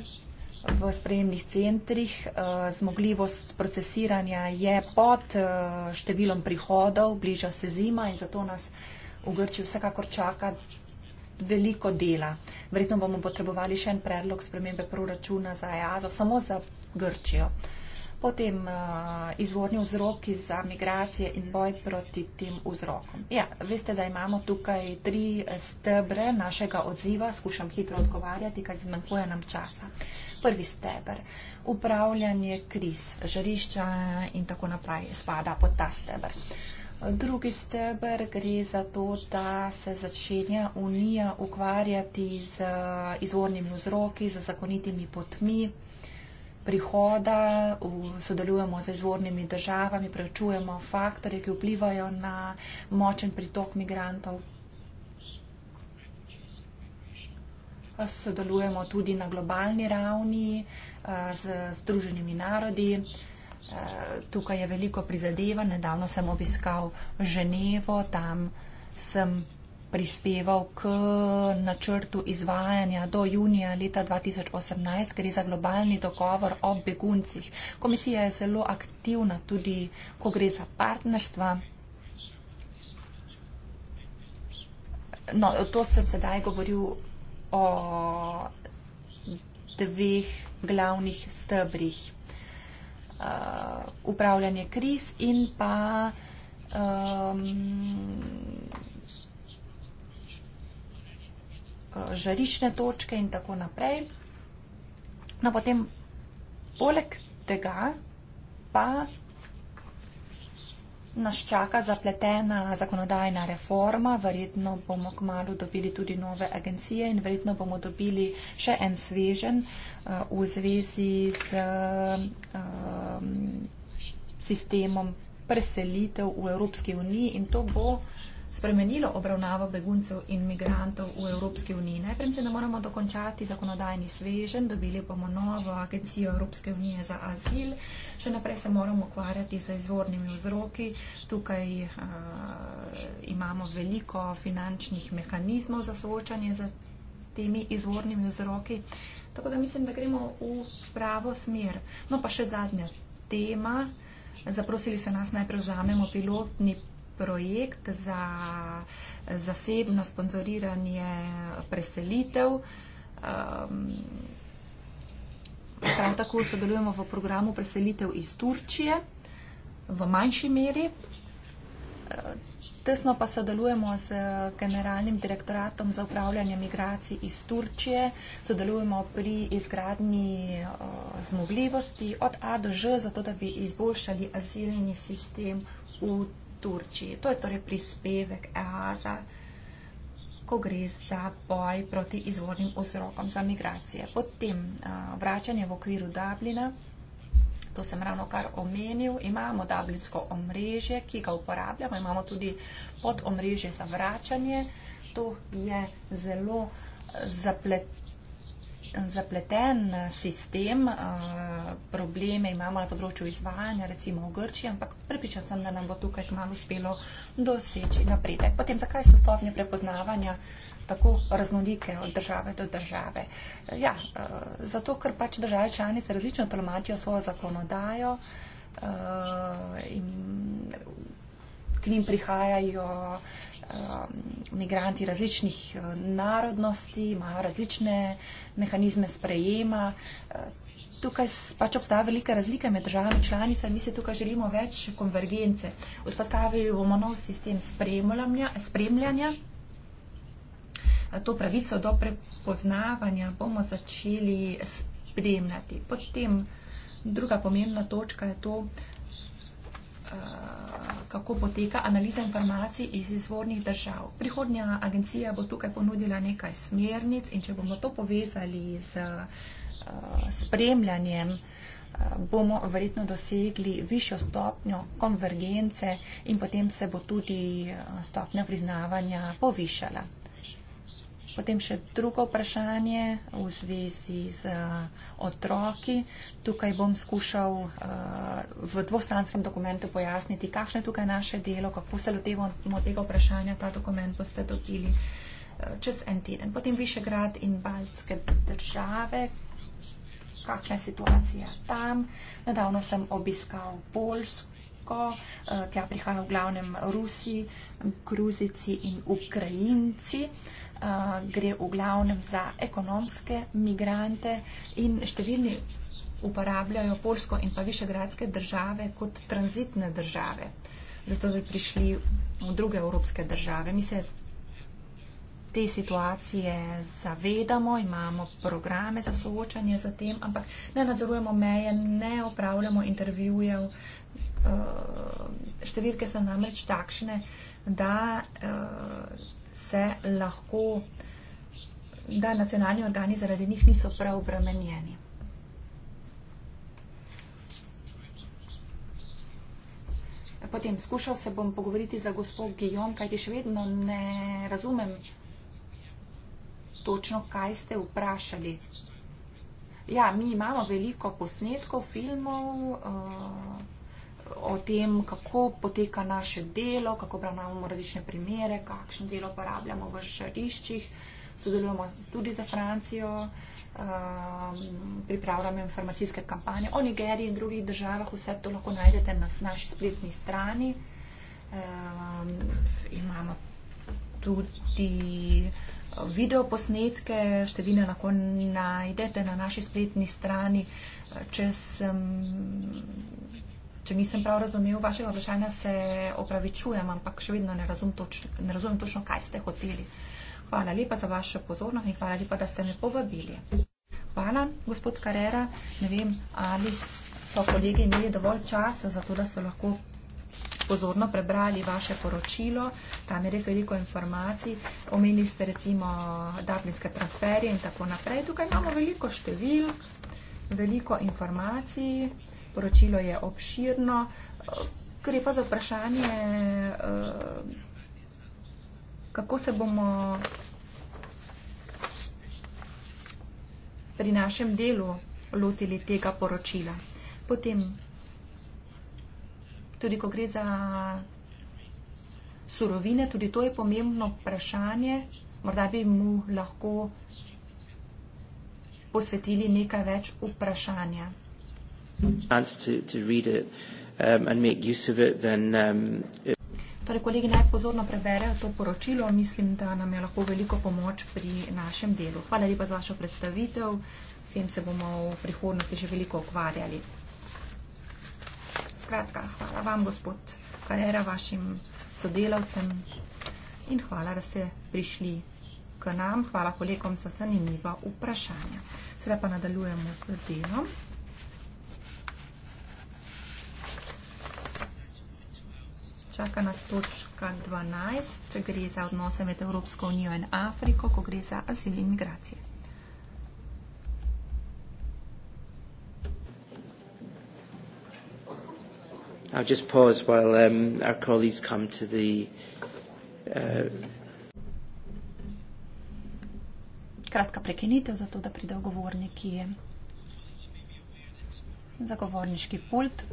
v sprejemnih centrih. Eh, zmogljivost procesiranja je pod eh, številom prihodov, bliža se zima in zato nas v Grčiji vsekakor čaka veliko dela. Verjetno bomo potrebovali še en predlog spremembe proračuna za EASO, samo za Grčijo. Potem uh, izvorni vzroki za migracije in boj proti tem vzrokom. Ja, veste, da imamo tukaj tri stebre našega odziva, skušam hitro odgovarjati, kaj zmanjkuje nam časa. Uh, prvi steber. Upravljanje kriz, žarišča in tako naprej spada pod ta steber. Drugi steber gre za to, da se začenja Unija ukvarjati z eh, izvornimi vzroki, z zakonitimi potmi prihoda, sodelujemo z izvornimi državami, preučujemo faktorje, ki vplivajo na močen pritok migrantov sodelujemo tudi na globalni ravni eh, z Združenimi narodi. Eh, tukaj je veliko prizadeva. Nedavno sem obiskal Ženevo, tam sem prispeval k načrtu izvajanja do junija leta 2018. Gre za globalni dogovor o beguncih. Komisija je zelo aktivna tudi, ko gre za partnerstva. No, to sem sedaj govoril o dveh glavnih stebrih. Uh, upravljanje kriz in pa um, uh, žarične točke in tako naprej. No, potem poleg tega pa nas čaka zapletena zakonodajna reforma, verjetno bomo k malu dobili tudi nove agencije in verjetno bomo dobili še en svežen eh, v zvezi z eh, sistemom preselitev v Evropski uniji in to bo spremenilo obravnavo beguncev in migrantov v Evropski uniji. Najprej mislim, da moramo dokončati zakonodajni svežen, dobili bomo novo agencijo Evropske unije za azil, še naprej se moramo ukvarjati z izvornimi vzroki. Tukaj uh, imamo veliko finančnih mehanizmov za soočanje z temi izvornimi vzroki. Tako da mislim, da gremo v pravo smer. No pa še zadnja tema. Zaprosili so nas najprej vzamemo pilotni projekt za zasebno sponzoriranje preselitev. Ehm, prav tako sodelujemo v programu preselitev iz Turčije v manjši meri. Ehm, tesno pa sodelujemo z Generalnim direktoratom za upravljanje migracij iz Turčije. Sodelujemo pri izgradnji ehm, zmogljivosti od A do Ž, zato da bi izboljšali azilni sistem v Turčiji. Turčiji. To je torej prispevek EASA, ko gre za boj proti izvornim vzrokom za migracije. Potem eh, vračanje v okviru Dublina, to sem ravno kar omenil, imamo dublinsko omrežje, ki ga uporabljamo, imamo tudi pod omrežje za vračanje. To je zelo zapleteno zapleten sistem, eh, probleme imamo na področju izvajanja, recimo v Grčiji, ampak prepričal sem, da nam bo tukaj malo uspelo doseči napredek. Potem, zakaj so stopnje prepoznavanja tako raznolike od države do države? Ja, eh, zato, ker pač države članice različno tolmačijo svojo zakonodajo eh, in k njim prihajajo um, migranti različnih uh, narodnosti, imajo različne mehanizme sprejema. Uh, tukaj pač obstaja velika razlika med državami članicami, mi se tukaj želimo več konvergence. Vzpostavili bomo nov sistem spremljanja. To pravico do prepoznavanja bomo začeli spremljati. Potem druga pomembna točka je to, uh, Eh, kako poteka analiza informacij iz izvornih držav. Prihodnja agencija bo tukaj ponudila nekaj smernic in če bomo to povezali z eh, spremljanjem, eh, bomo verjetno dosegli višjo stopnjo konvergence in potem se bo tudi stopnja priznavanja povišala. Potem še drugo vprašanje v zvezi z eh, otroki. Tukaj bom skušal eh, v dvostranskem dokumentu pojasniti, kakšno je tukaj naše delo, kako se lotevamo tega vprašanja. Ta dokument boste dobili eh, čez en teden. Potem Višegrad in Baltske države. Kakšna je situacija tam? Nedavno sem obiskal Polsko, tja prihajajo v glavnem Rusi, Gruzici in Ukrajinci gre v glavnem za ekonomske migrante in številni uporabljajo Polsko in pa višegradske države kot tranzitne države. Zato da prišli v druge evropske države. Mi se te situacije zavedamo, imamo programe za soočanje za tem, ampak ne nadzorujemo meje, ne opravljamo intervjujev. E, številke so namreč takšne, da e, se lahko, da nacionalni organi zaradi njih niso prav obremenjeni. Potem skušal se bom pogovoriti za gospod Gijom, kajti še vedno ne razumem točno, kaj ste vprašali. Ja, mi imamo veliko posnetkov, filmov, uh, o tem, kako poteka naše delo, kako obravnavamo različne primere, kakšno delo uporabljamo v žariščih. Sodelujemo tudi za Francijo, um, pripravljamo informacijske kampanje o Nigeriji in drugih državah. Vse to lahko najdete na naši spletni strani. Um, imamo tudi uh, video posnetke, številne lahko najdete na naši spletni strani. Uh, če sem Če nisem prav razumel vašega vprašanja, se opravičujem, ampak še vedno ne razumem točno, ne razumem točno kaj ste hoteli. Hvala lepa za vašo pozornost in hvala lepa, da ste me povabili. Hvala, gospod Karera. Ne vem, ali so kolegi imeli dovolj časa za to, da so lahko pozorno prebrali vaše poročilo. Tam je res veliko informacij. Omenili ste recimo dublinske transferje in tako naprej. Tukaj imamo veliko števil, veliko informacij poročilo je obširno, gre eh, pa za vprašanje, eh, kako se bomo pri našem delu lotili tega poročila. Potem, tudi ko gre za surovine, tudi to je pomembno vprašanje, morda bi mu lahko posvetili nekaj več vprašanja chance to, to read it um, and make use of it, then. Um, it Torej, kolegi naj pozorno preberejo to poročilo, mislim, da nam je lahko veliko pomoč pri našem delu. Hvala lepa za vašo predstavitev, s tem se bomo v prihodnosti še veliko ukvarjali. Skratka, hvala vam, gospod Karera, vašim sodelavcem in hvala, da ste prišli k nam. Hvala kolegom za zanimiva vprašanja. Sedaj pa nadaljujemo z delom. čaka nas točka 12, gre za odnose med Evropsko unijo in Afriko, ko gre za azil in migracije. I'll just pause while um, our colleagues come to the. Uh, Kratka prekinitev, zato da pride govornik, ki je zagovorniški pult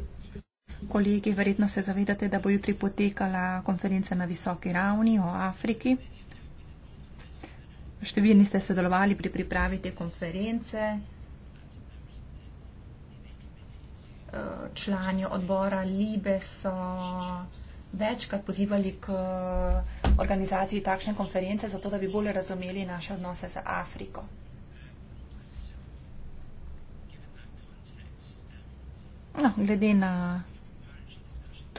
kolegi, verjetno se zavedate, da bo jutri potekala konferenca na visoki ravni o Afriki. Številni ste sodelovali pri pripravi te konference. E, člani odbora Libe so večkrat pozivali k organizaciji takšne konference, zato da bi bolje razumeli naše odnose z Afriko. No, glede na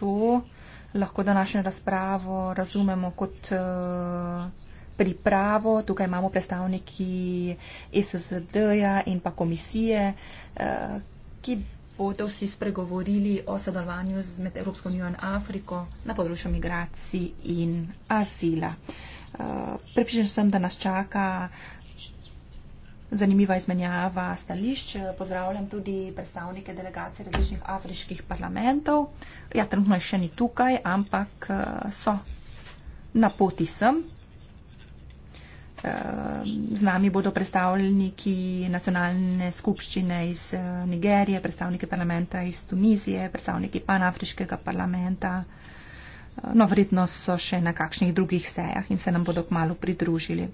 to lahko današnjo razpravo razumemo kot eh, pripravo. Tukaj imamo predstavniki SSD-ja in pa komisije, eh, ki bodo vsi spregovorili o sodelovanju med Evropsko unijo in Afriko na področju migracij in azila. Eh, prepričan sem, da nas čaka Zanimiva izmenjava stališč. Pozdravljam tudi predstavnike delegacij različnih afriških parlamentov. Ja, trenutno še ni tukaj, ampak eh, so na poti sem. Eh, z nami bodo predstavniki nacionalne skupščine iz eh, Nigerije, predstavniki parlamenta iz Tunizije, predstavniki panafriškega parlamenta. No, verjetno so še na kakšnih drugih sejah in se nam bodo kmalo pridružili.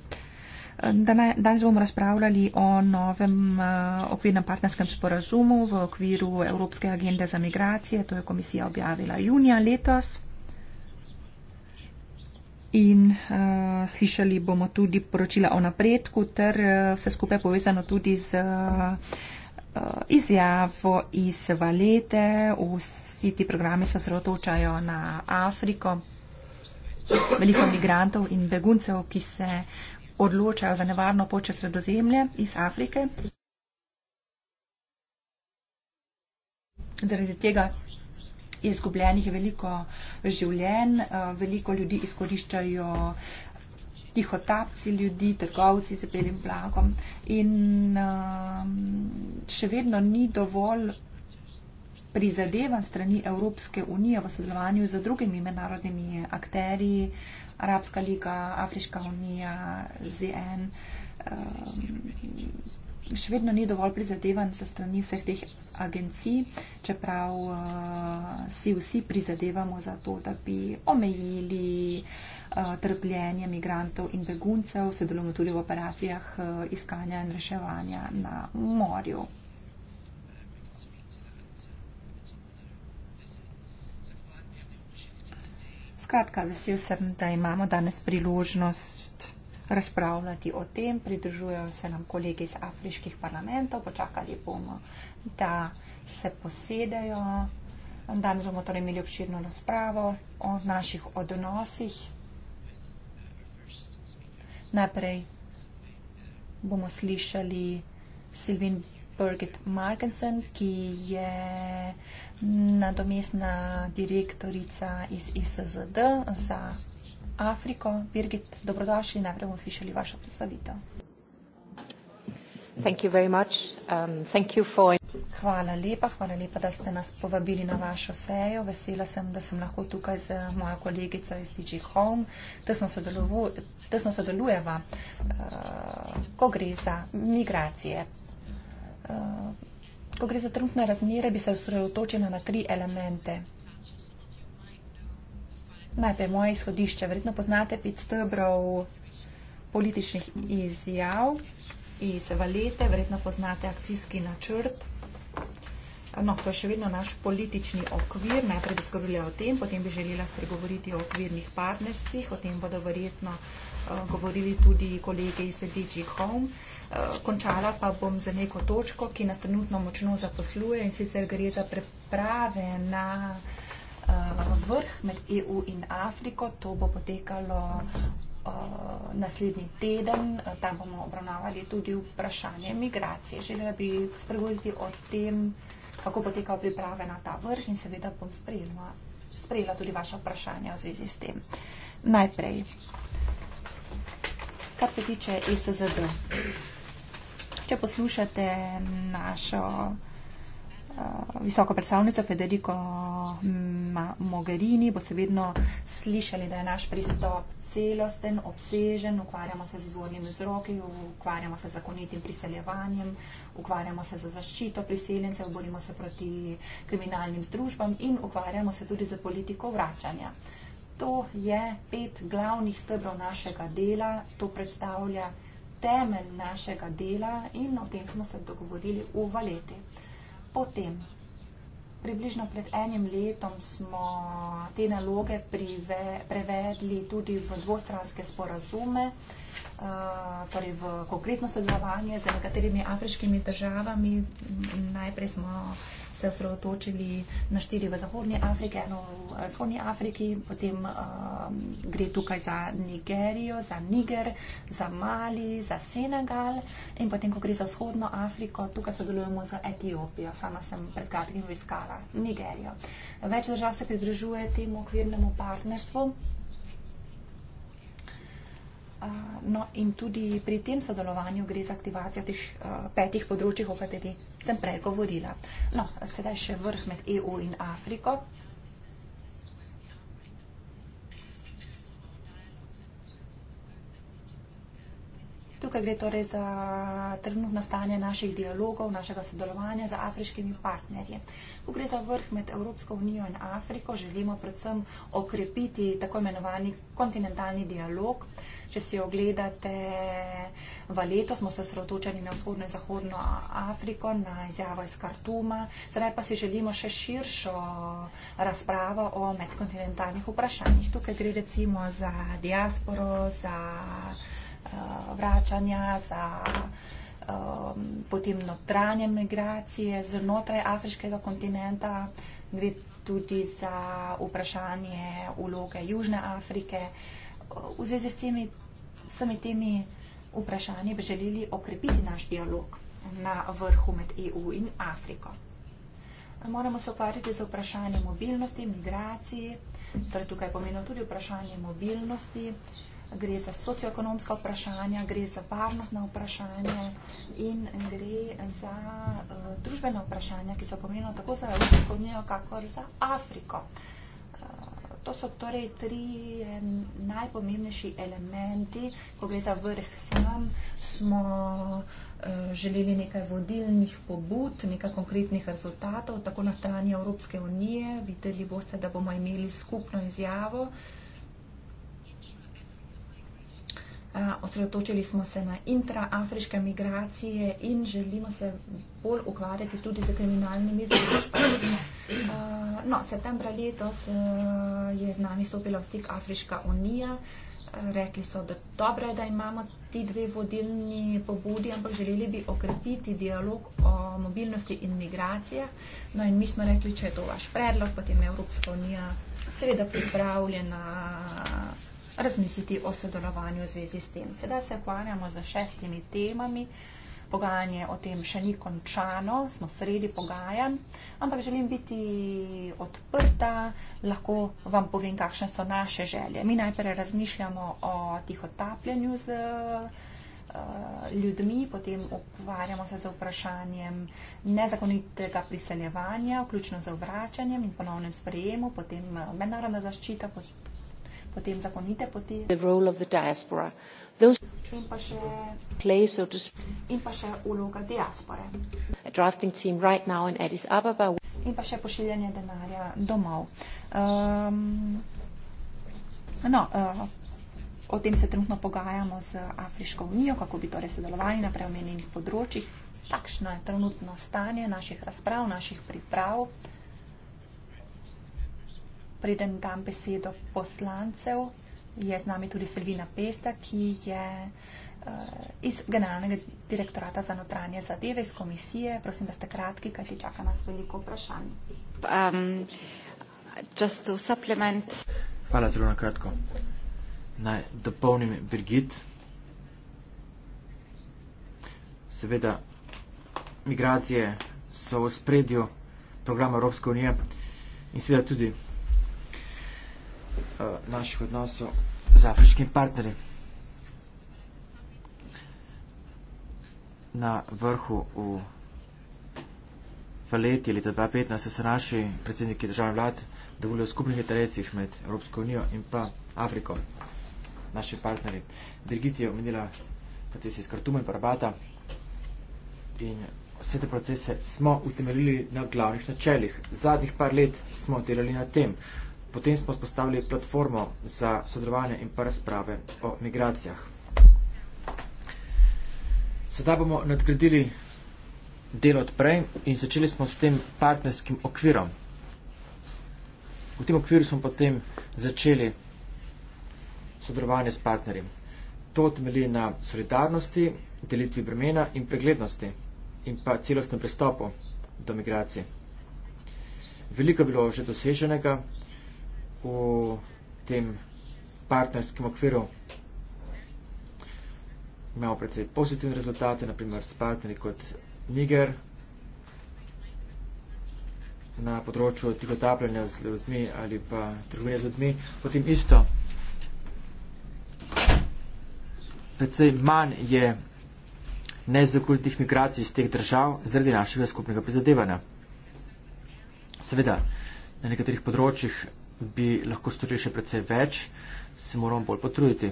Danes bomo razpravljali o novem eh, okvirnem partnerskem sporazumu v okviru Evropske agende za migracije. To je komisija objavila junija letos. In uh, slišali bomo tudi poročila o napredku, ter uh, vse skupaj povezano tudi z uh, izjavo iz Valete. Vsi ti programi se osredotočajo na Afriko. Veliko migrantov in beguncev, ki se odločajo za nevarno počje sredozemlje iz Afrike. Zaradi tega je izgubljenih veliko življenj, eh, veliko ljudi izkoriščajo tihotapci ljudi, trgovci z belim blagom in ehm, še vedno ni dovolj prizadevan strani Evropske unije v sodelovanju z drugimi mednarodnimi akterji, Арабская лига, Африка уния, ЗН. Še vedno ni dovolj prizadevan sa strani vseh teh agencij, čeprav uh, si vsi prizadevamo za to, da bi omejili uh, trpljenje migrantov in beguncev, sodelujemo tudi v operacijah uh, iskanja in reševanja na morju. Skratka, vesel sem, da imamo danes priložnost razpravljati o tem. Pridružujejo se nam kolegi iz afriških parlamentov, počakali bomo, da se posedejo. Danes bomo torej imeli obširno razpravo o naših odnosih. Najprej bomo slišali Silvin Birgit Markensen, ki je uh, nadomestna direktorica iz ISZD za Afriko. Birgit, dobrodošli, najprej bomo slišali vašo predstavitev. Um, hvala lepa, hvala lepa, da ste nas povabili na vašo sejo. Vesela sem, da sem lahko tukaj z mojo kolegico iz DG Home. Tesno sodelujeva, uh, ko gre za migracije. Uh, Ko gre za trenutne razmere, bi se osredotočila na tri elemente. Najprej moje izhodišče. Verjetno poznate pet stebrov političnih izjav iz valete, verjetno poznate akcijski načrt. No, to je še vedno naš politični okvir. Najprej bi skorili o tem, potem bi želela spregovoriti o okvirnih partnerstvih. O tem bodo verjetno uh, govorili tudi kolege iz Digi Home. Uh, Eh, končala pa bom za neko točko, ki nas trenutno močno zaposluje in sicer gre za preprave na eh, vrh med EU in Afriko. To bo potekalo eh, naslednji teden. Tam bomo obravnavali tudi vprašanje migracije. Želela bi spregovoriti o tem, kako potekajo priprave na ta vrh in seveda bom sprejela, sprejela tudi vaše vprašanje v zvezi s tem. Najprej, kar se tiče ISZD. E Če poslušate našo uh, visoko predstavnico Federico Mogherini, boste vedno slišali, da je naš pristop celosten, obsežen, ukvarjamo se z izvornimi vzroki, ukvarjamo se z zakonitim priseljevanjem, ukvarjamo se za zaščito priseljencev, borimo se proti kriminalnim združbam in ukvarjamo se tudi za politiko vračanja. To je pet glavnih stebrov našega dela, to predstavlja temelj našega dela in o tem smo se dogovorili v valeti. Potem, približno pred enim letom smo te naloge prive, prevedli tudi v dvostranske sporazume, eh, torej v konkretno sodelovanje z nekaterimi afriškimi državami. Najprej smo se osredotočili na štiri v Zahodnji Afriki, eno v eh, Vzhodnji Afriki, potem um, gre tukaj za Nigerijo, za Niger, za Mali, za Senegal in potem, ko gre za Vzhodno Afriko, tukaj sodelujemo z Etiopijo. Sama sem pred kratkim iskala Nigerijo. Več držav se pridružuje temu okvirnemu partnerstvu. No, in tudi pri tem sodelovanju gre za aktivacijo teh petih področjih, o katerih sem prej govorila. No, sedaj še vrh med EU in Afriko. Tukaj gre torej za trenutno stanje naših dialogov, našega sodelovanja z afriškimi partnerji. Ko gre za vrh med Evropsko unijo in Afriko, želimo predvsem okrepiti tako imenovani kontinentalni dialog. Če si ogledate v leto, smo se sredotočeni na vzhodno in zahodno Afriko, na izjavo iz Kartuma, zdaj pa si želimo še širšo razpravo o medkontinentalnih vprašanjih. Tukaj gre recimo za diasporo, za Eh, vračanja, za eh, potem notranje migracije znotraj afriškega kontinenta, gre tudi za vprašanje uloge Južne Afrike. V zvezi s temi, vsemi temi vprašanji bi želeli okrepiti naš dialog na vrhu med EU in Afriko. Moramo se ukvarjati z vprašanjem mobilnosti, migraciji, torej tukaj je pomenilo tudi vprašanje mobilnosti, gre za socioekonomska vprašanja, gre za varnostna vprašanja in gre za uh, družbena vprašanja, ki so pomenila tako za Evropsko unijo, kakor za Afriko. Eh, to so torej tri eh, najpomembnejši elementi, ko gre za vrh sam, smo želeli nekaj vodilnih pobud, nekaj konkretnih rezultatov, tako na strani Evropske unije. Videli boste, da bomo imeli skupno izjavo, osredotočili smo se na intraafriške migracije in želimo se bolj ukvarjati tudi z kriminalnimi združbami. No, septembra letos je z nami stopila v stik Afriška unija. Rekli so, da dobro je, da imamo ti dve vodilni pobudi, ampak želeli bi okrepiti dialog o mobilnosti in migracijah. No in mi smo rekli, če je to vaš predlog, potem je Evropska unija seveda pripravljena razmisliti o sodelovanju v zvezi s tem. Sedaj se ukvarjamo z šestimi temami. Pogajanje o tem še ni končano, smo sredi pogajanj, ampak želim biti odprta, lahko vam povem, kakšne so naše želje. Mi najprej razmišljamo o tihotapljanju z eh, ljudmi, potem ukvarjamo se z vprašanjem nezakonitega priseljevanja, vključno z vračanjem in ponovnem sprejemu, potem eh, mednarodna zaščita, potem potem zakonite poti. In pa, še, play, so to speak, in pa še uloga diaspore. Team right now in, Addis Ababa. in pa še pošiljanje denarja domov. Um, no, uh, o tem se trenutno pogajamo z Afriško unijo, kako bi torej sodelovali na preomenjenih področjih. Takšno je trenutno stanje naših razprav, naših priprav preden dam besedo poslancev, je z nami tudi Selvina Pesta, ki je uh, iz Generalnega direktorata za notranje zadeve iz komisije. Prosim, da ste kratki, kajti čaka nas veliko vprašanj. Um, just to supplement. Hvala zelo na kratko. Naj dopolnim Birgit. Seveda, migracije so v spredju programa Evropske unije in seveda tudi uh, naših odnosov z afriškim partnerjem. Na vrhu v Valeti leta 2015 so se naši predsedniki državne vlade dovolili o skupnih interesih med Evropsko unijo in pa Afriko, naši partnerji. Brigiti je omenila procese iz Kartuma in Parabata in vse te procese smo utemeljili na glavnih načeljih. Zadnjih par let smo delali na tem. Potem smo spostavili platformo za sodelovanje in pa razprave o migracijah. Sedaj bomo nadgradili delo odprej in začeli smo s tem partnerskim okvirom. V tem okviru smo potem začeli sodelovanje s partnerji. To temelji na solidarnosti, delitvi bremena in preglednosti in pa celostnem pristopu do migracije. Veliko je bilo že doseženega, v tem partnerskem okviru. Imamo precej pozitivne rezultate, naprimer s partnerji kot Niger na področju tihotapljanja z ljudmi ali pa trgovine z ljudmi. Potem isto, precej manj je nezakonitih migracij iz teh držav zaradi našega skupnega prizadevanja. Seveda, na nekaterih področjih bi lahko storili še precej več, se moramo bolj potruditi.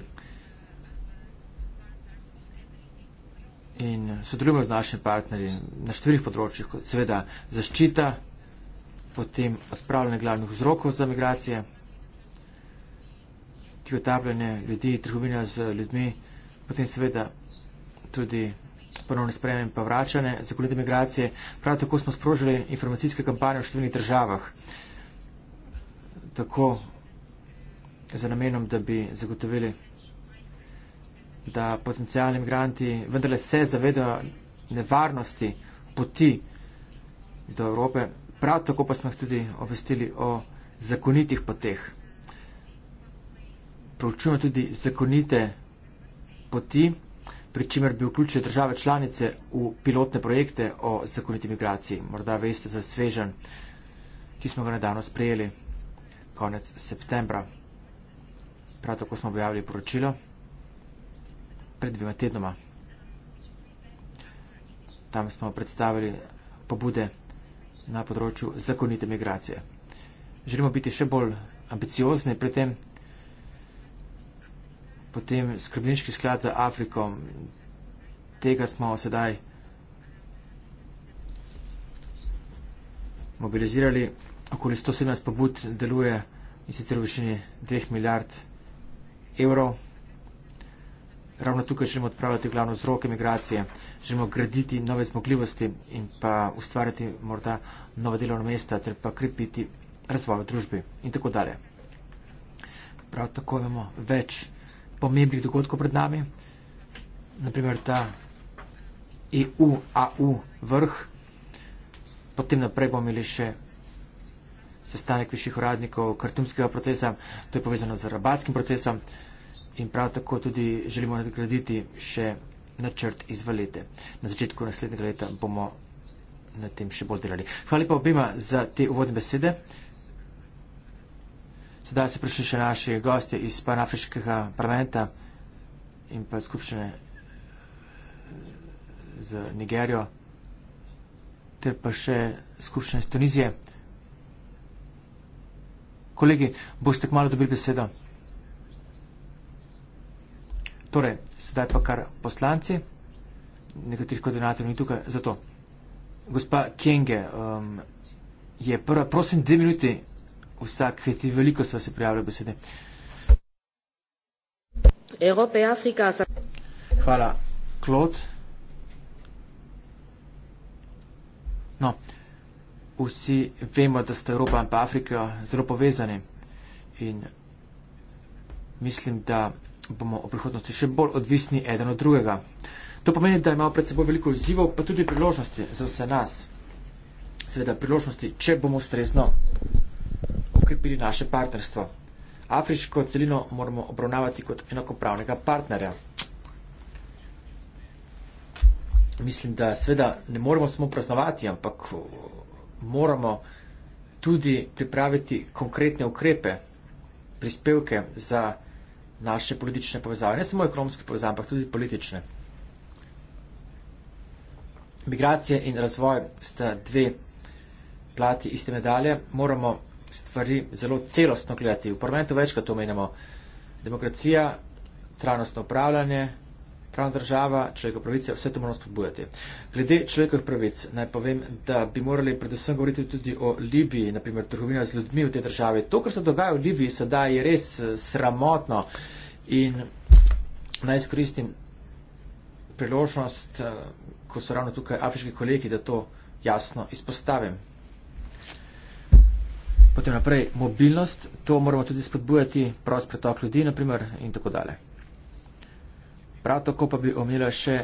In sodelujemo z našimi partnerji na številnih področjih, kot seveda zaščita, potem odpravljanje glavnih vzrokov za migracije, tihotapljanje ljudi, trgovina z ljudmi, potem seveda tudi ponovno sprejemanje in pa vračanje zakonite migracije. Prav tako smo sprožili informacijske kampanje v številnih državah tako za namenom, da bi zagotovili, da potencijalni migranti vendarle se zavedajo nevarnosti poti do Evrope. Prav tako pa smo jih tudi obvestili o zakonitih poteh. Proučujemo tudi zakonite poti, pri čemer bi vključili države članice v pilotne projekte o zakoniti migraciji. Morda veste za svežen, ki smo ga nedavno sprejeli konec septembra. Prav tako smo objavili poročilo pred dvema tednoma. Tam smo predstavili pobude na področju zakonite migracije. Želimo biti še bolj ambiciozni pri tem. Potem skrbniški sklad za Afriko, tega smo sedaj mobilizirali okoli 117 pobud deluje in sicer v višini 2 milijard evrov. Ravno tukaj želimo odpravljati glavno vzroke migracije, želimo graditi nove zmogljivosti in pa ustvarjati morda nove delovne mesta ter pa krepiti razvoj v družbi in tako dalje. Prav tako imamo več pomembnih dogodkov pred nami, naprimer ta EU-AU vrh, potem naprej bomo imeli še sestanek višjih uradnikov kartumskega procesa, to je povezano z rabatskim procesom in prav tako tudi želimo nadgraditi še načrt iz valete. Na začetku naslednjega leta bomo na tem še bolj delali. Hvala pa obima za te uvodne besede. Sedaj so prišli še naši gosti iz Panafriškega parlamenta in pa skupščine z Nigerijo ter pa še skupščine iz Tunizije. Kolegi, boste kmalo dobili besedo. Torej, sedaj pa kar poslanci, nekaterih koordinatorjev ni tukaj, zato. Gospa Kenge, um, je prva, prosim, dve minuti vsak, ker ti veliko so se prijavljali besede. Evrope, Afrika, za... Hvala. Klod. No vsi vemo, da sta Evropa in pa Afrika zelo povezani. In mislim, da bomo v prihodnosti še bolj odvisni eden od drugega. To pomeni, da imamo pred seboj veliko izzivov, pa tudi priložnosti za vse nas. Seveda priložnosti, če bomo ustrezno okrepili naše partnerstvo. Afriško celino moramo obravnavati kot enakopravnega partnerja. Mislim, da seveda ne moremo samo praznovati, ampak moramo tudi pripraviti konkretne ukrepe, prispevke za naše politične povezave, ne samo ekonomske povezave, ampak tudi politične. Migracija in razvoj sta dve plati iste medalje. Moramo stvari zelo celostno gledati. V parlamentu večkrat omenjamo demokracija, trajnostno upravljanje, pravna država, človekove pravice, vse to moramo spodbujati. Glede človekovih pravic, naj povem, da bi morali predvsem govoriti tudi o Libiji, naprimer trgovina z ljudmi v tej državi. To, kar se dogaja v Libiji, sedaj je res eh, sramotno in naj izkoristim priložnost, eh, ko so ravno tukaj afriški kolegi, da to jasno izpostavim. Potem naprej mobilnost, to moramo tudi spodbujati, prost pretok ljudi, naprimer, in tako dalje. Prav tako pa bi omela še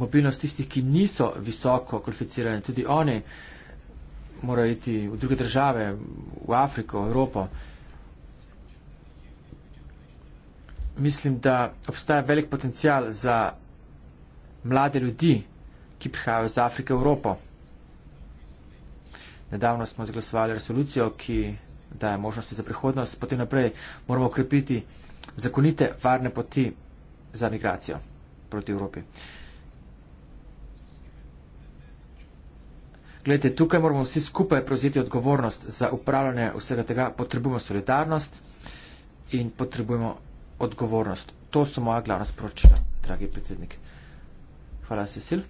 mobilnost tistih, ki niso visoko kvalificirani. Tudi oni morajo iti v druge države, v Afriko, v Evropo. Mislim, da obstaja velik potencial za mlade ljudi, ki prihajajo iz Afrike v Evropo. Nedavno smo zaglasovali resolucijo, ki daje možnosti za prihodnost. Potem naprej moramo okrepiti zakonite varne poti za migracijo proti Evropi. Glede, tukaj moramo vsi skupaj prevzeti odgovornost za upravljanje vsega tega. Potrebujemo solidarnost in potrebujemo odgovornost. To so moja glavna sporočila, dragi predsednik. Hvala, Cecil.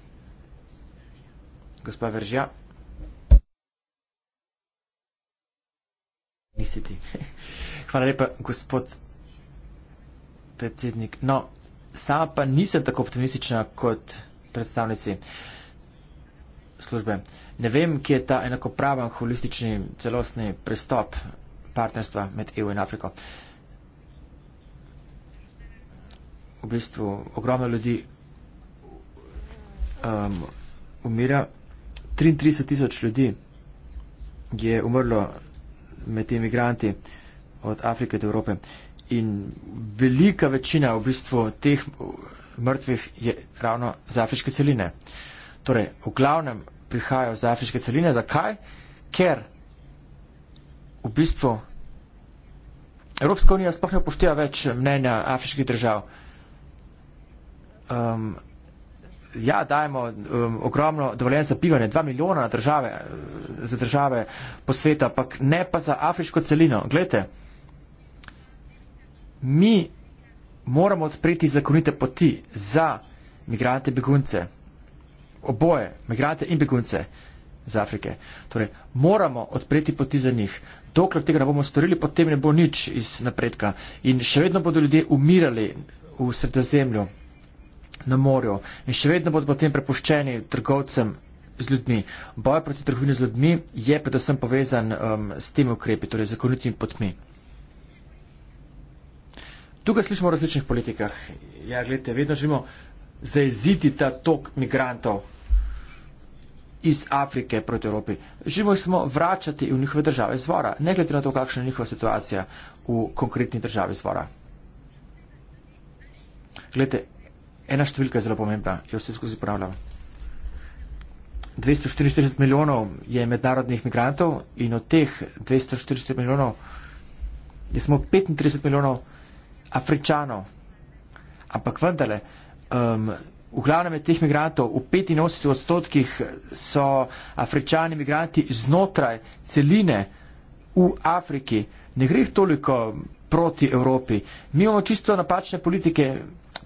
Gospa Veržija. Nisi ti. Hvala lepa, gospod predsednik. No, sama pa nisem tako optimistična kot predstavnici službe. Ne vem, kje je ta enakopraven, holistični, celostni pristop partnerstva med EU in Afriko. V bistvu ogromno ljudi um, umira. 33 tisoč ljudi je umrlo med imigranti od Afrike do Evrope in velika večina v bistvu teh mrtvih je ravno z afriške celine. Torej, v glavnem prihajajo z afriške celine. Zakaj? Ker v bistvu Evropska unija sploh ne upošteva več mnenja afriških držav. Um, ja, dajemo um, ogromno dovoljenje za pivanje, dva milijona države, za države po sveta, ampak ne pa za afriško celino. Glejte, mi moramo odpreti zakonite poti za migrante, begunce, oboje, migrante in begunce iz Afrike. Torej, moramo odpreti poti za njih. Dokler tega ne bomo storili, potem ne bo nič iz napredka. In še vedno bodo ljudje umirali v sredozemlju, na morju. In še vedno bodo potem prepuščeni trgovcem z ljudmi. Boj proti trgovini z ljudmi je predvsem povezan um, s temi ukrepi, torej zakonitimi potmi. Tukaj slišimo o različnih politikah. Ja, gledajte, vedno želimo zaeziti ta tok migrantov iz Afrike proti Evropi. Želimo jih samo vračati v njihove države izvora, ne glede na to, kakšna je njihova situacija v konkretni državi izvora. Glede, ena številka je zelo pomembna, jo vse skozi ponavljam. 244 milijonov je mednarodnih migrantov in od teh 244 milijonov je samo 35 milijonov Afričanov. Ampak vendarle, um, v glavnem je teh migrantov, v 85 odstotkih so Afričani migranti znotraj celine v Afriki. Ne gre jih toliko proti Evropi. Mi imamo čisto napačne politike,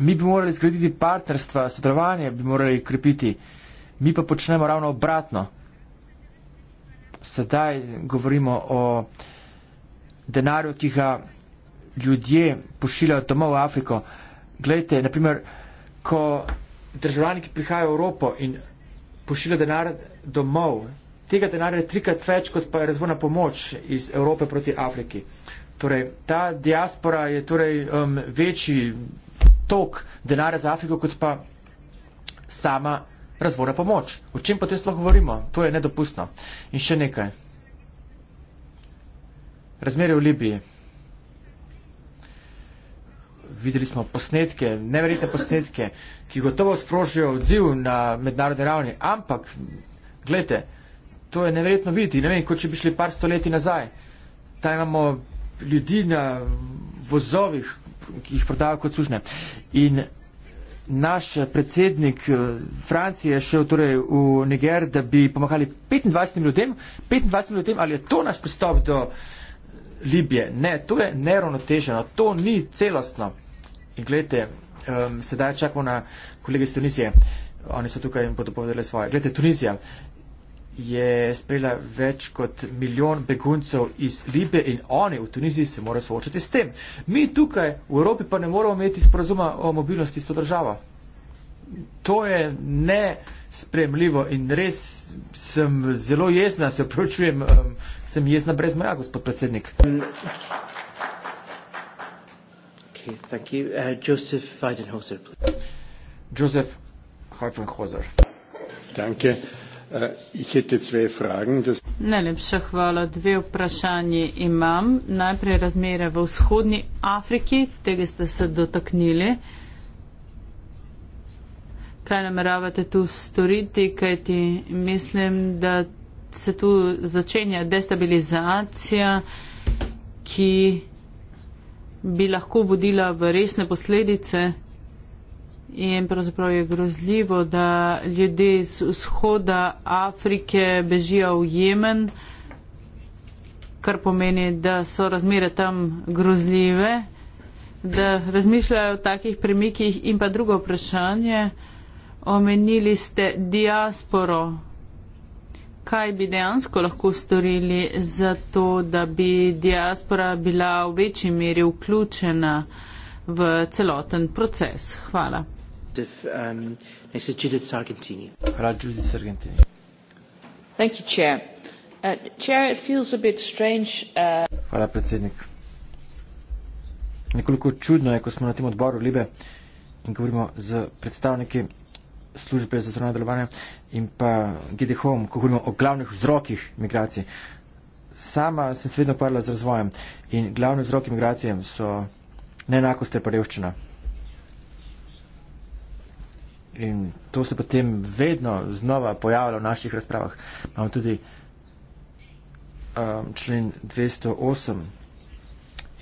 mi bi morali zgraditi partnerstva, sodelovanje bi morali krepiti, mi pa počnemo ravno obratno. Sedaj govorimo o denarju, ki ga ljudje pošiljajo domov v Afriko. Glejte, naprimer, ko državljani, ki prihajajo v Evropo in pošiljajo denar domov, tega denarja je trikrat več, kot pa je razvojna pomoč iz Evrope proti Afriki. Torej, ta diaspora je torej um, večji tok denarja za Afriko, kot pa sama razvojna pomoč. O čem potem sploh govorimo? To je nedopustno. In še nekaj. Razmere v Libiji videli smo posnetke, neverjete posnetke, ki gotovo sprožijo odziv na mednarodni ravni, ampak, gledajte, to je neverjetno videti, ne vem, kot če bi šli par stoletij nazaj. Ta imamo ljudi na vozovih, ki jih prodajo kot sužne. In naš predsednik eh, Francije je šel torej v Niger, da bi pomagali 25 ljudem, 25 ljudem, ali je to naš pristop do Libije. Ne, to je neravnoteženo, to ni celostno. In gledajte, um, sedaj čakamo na kolege iz Tunizije. Oni so tukaj in bodo povedali svoje. Gledajte, Tunizija je sprejela več kot milijon beguncev iz Libije in oni v Tuniziji se morajo soočati s tem. Mi tukaj v Evropi pa ne moramo imeti sporazuma o mobilnosti s to državo. To je nespremljivo in res sem zelo jezna, se opročujem, um, sem jezna brez moja, gospod predsednik. Mm. Okay, thank you. Uh, Joseph Weidenhauser, please. Joseph Heufenhauser. Danke. Uh, Najlepša hvala. Dve vprašanji imam. Najprej razmere v vzhodni Afriki, tega ste se dotaknili. Kaj nameravate tu storiti, kaj ti mislim, da se tu začenja destabilizacija, ki bi lahko vodila v resne posledice. In pravzaprav je grozljivo, da ljudje z vzhoda Afrike bežijo v Jemen, kar pomeni, da so razmere tam grozljive, da razmišljajo o takih premikih. In pa drugo vprašanje, omenili ste diasporo kaj bi dejansko lahko storili za to, da bi diaspora bila v večji meri vključena v celoten proces. Hvala. Um, uh, uh, Hvala, predsednik. Nekoliko čudno je, ko smo na tem odboru Libe in govorimo z predstavniki službe za zrovna delovanja in pa GDHOM, ko govorimo o glavnih vzrokih migracij. Sama sem se vedno parila z razvojem in glavni vzroki migracije so neenakost revščina. In to se potem vedno znova pojavlja v naših razpravah. Imamo tudi um, člen 208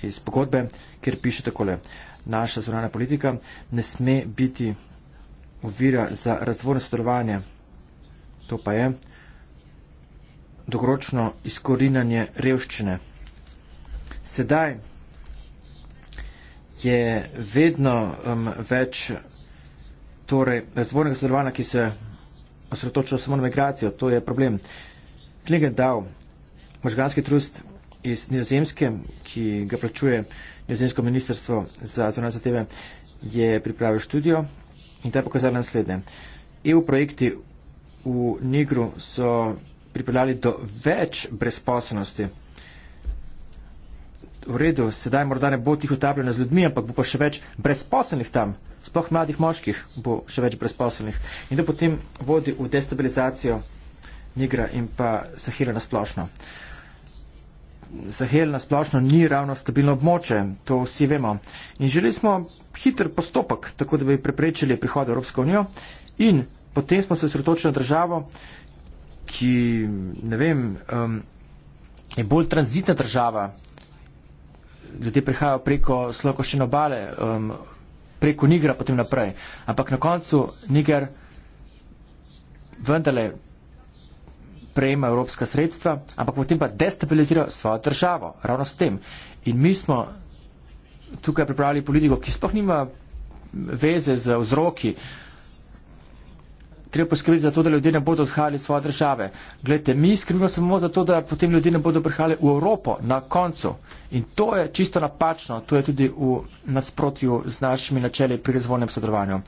iz pogodbe, kjer piše takole. Naša zunanja politika ne sme biti ovira za razvojno sodelovanje. To pa je dogoročno izkorinanje revščine. Sedaj je vedno um, več torej, razvojnega sodelovanja, ki se osredotoča samo na migracijo. To je problem. Klinge dal možganski trust iz Nizozemske, ki ga plačuje Nizozemsko ministrstvo za zvonanje za tebe, je pripravil študijo in ta je pokazala naslednje. EU projekti v Nigru so pripeljali do več brezposobnosti. V redu, sedaj morda ne bo tih utapljeno z ljudmi, ampak bo pa še več brezposobnih tam, sploh mladih moških bo še več brezposobnih. In to potem vodi v destabilizacijo Nigra in pa Sahira nasplošno. Sahel nasplošno ni ravno stabilno območje, to vsi vemo. In želeli smo hiter postopek, tako da bi preprečili prihod Evropske unije. In potem smo se sredotočili na državo, ki vem, um, je bolj tranzitna država. Ljudje prihajajo preko Slovakošene obale, um, preko Nigra potem naprej. Ampak na koncu Niger vendarle prejema evropska sredstva, ampak potem pa destabilizira svojo državo, ravno s tem. In mi smo tukaj pripravili politiko, ki sploh nima veze z vzroki. Treba poskrbeti za to, da ljudje ne bodo odhajali svoje države. Glejte, mi skrbimo samo za to, da potem ljudje ne bodo prihajali v Evropo na koncu. In to je čisto napačno, to je tudi v nasprotju z našimi načeli pri razvojnem sodelovanju.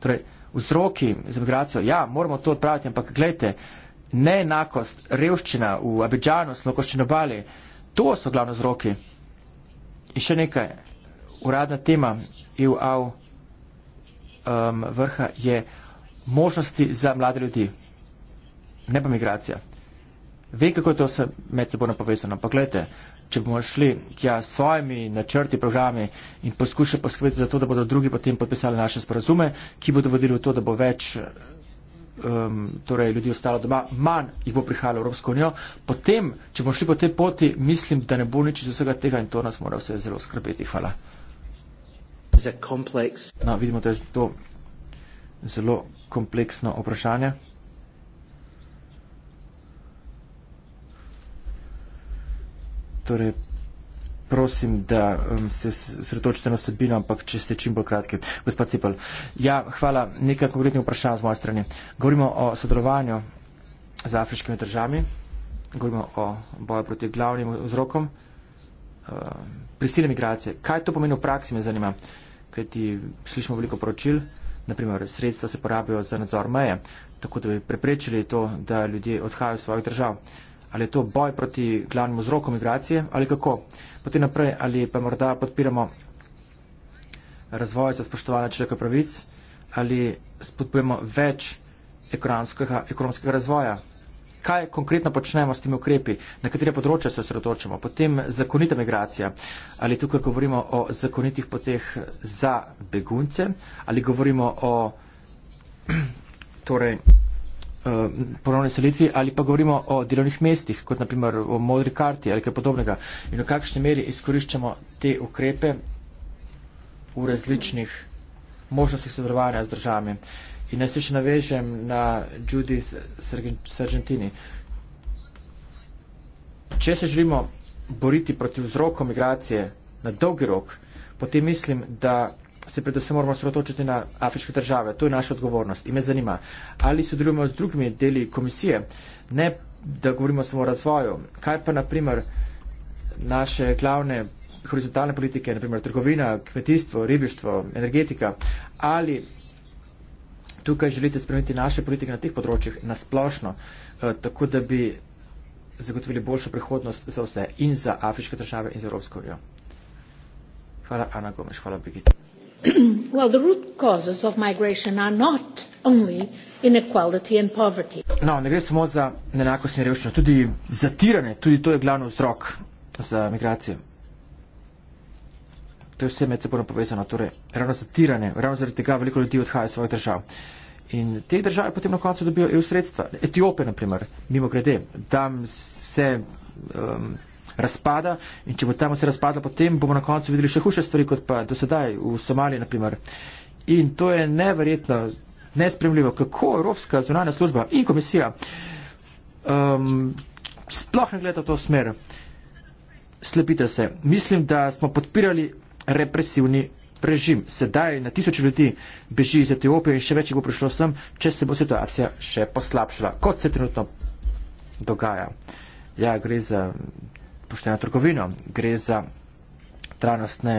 Torej, vzroki za migracijo, ja, moramo to odpraviti, ampak gledajte, neenakost, revščina v Abidžanu, Slokoščino Bali. To so glavno vzroki. In še nekaj, uradna tema EU-AU um, vrha je možnosti za mlade ljudi, ne pa migracija. Vem, kako je to vse med seboj napovezano. Poglejte, če bomo šli tja s svojimi načrti, programi in poskušali poskrbeti za to, da bodo drugi potem podpisali naše sporazume, ki bodo vodili v to, da bo več um, torej ljudi ostalo doma, manj jih bo prihajalo v Evropsko unijo. Potem, če bomo šli po tej poti, mislim, da ne bo nič iz vsega tega in to nas mora vse zelo skrbeti. Hvala. No, vidimo, da je to zelo kompleksno vprašanje. Torej, prosim, da um, se sretočite na sabino, ampak če ste čim bolj kratki. Gospod Cipel, ja, hvala. Nekaj konkretnih vprašanj z moje strani. Govorimo o sodelovanju z afriškimi državami, govorimo o boju proti glavnim vzrokom, um, prisilne migracije. Kaj to pomeni v praksi, me zanima, kaj ti slišimo veliko poročil, naprimer sredstva se porabijo za nadzor meje, tako da bi preprečili to, da ljudje odhajajo iz svojih držav. Uh, Ali je to boj proti glavnemu vzroku migracije ali kako? Potem naprej, ali pa morda podpiramo razvoj za spoštovanje človeka pravic ali spodbujemo več ekonomskega, ekonomskega razvoja. Kaj konkretno počnemo s temi ukrepi, na katere področje se osredotočamo? Potem zakonita migracija. Ali tukaj govorimo o zakonitih poteh za begunce ali govorimo o torej, Eh, ponovne selitvi ali pa govorimo o delovnih mestih, kot naprimer o modri karti ali kaj podobnega. In v kakšni meri izkoriščamo te ukrepe v različnih možnostih sodelovanja z državami. In naj se še navežem na Judith Sargentini. Če se želimo boriti proti vzrokom migracije na dolgi rok, potem mislim, da se predvsem moramo sredotočiti na afriške države. To je naša odgovornost. In me zanima, ali sodelujemo z drugimi deli komisije, ne da govorimo samo o razvoju. Kaj pa naprimer naše glavne horizontalne politike, naprimer trgovina, kmetijstvo, ribištvo, energetika, ali tukaj želite spremeniti naše politike na teh področjih nasplošno, eh, tako da bi zagotovili boljšo prihodnost za vse in za afriške države in za Evropsko unijo. Hvala, Ana Gomes, hvala, Brigitte. well, the root causes of migration are not only inequality and poverty. No, ne gre samo za neenakost in revščino, tudi zatiranje, tudi to je glavni vzrok za migracije. To je vse medsebojno povezano, torej ravno zatiranje, ravno zaradi tega veliko ljudi odhaja iz svojih držav. In te države potem na koncu dobijo EU sredstva. Etiope, naprimer, mimo grede, tam vse um, razpada in če bo tam vse razpadlo, potem bomo na koncu videli še hujše stvari, kot pa do sedaj v Somaliji, naprimer. In to je neverjetno, nespremljivo, kako Evropska zunanja služba in komisija um, sploh ne gleda v to smer. Slepite se. Mislim, da smo podpirali represivni režim. Sedaj na tisoče ljudi beži iz Etiopije in še več bo prišlo sem, če se bo situacija še poslabšala, kot se trenutno dogaja. Ja, gre za odpuščena trgovino, gre za trajnostne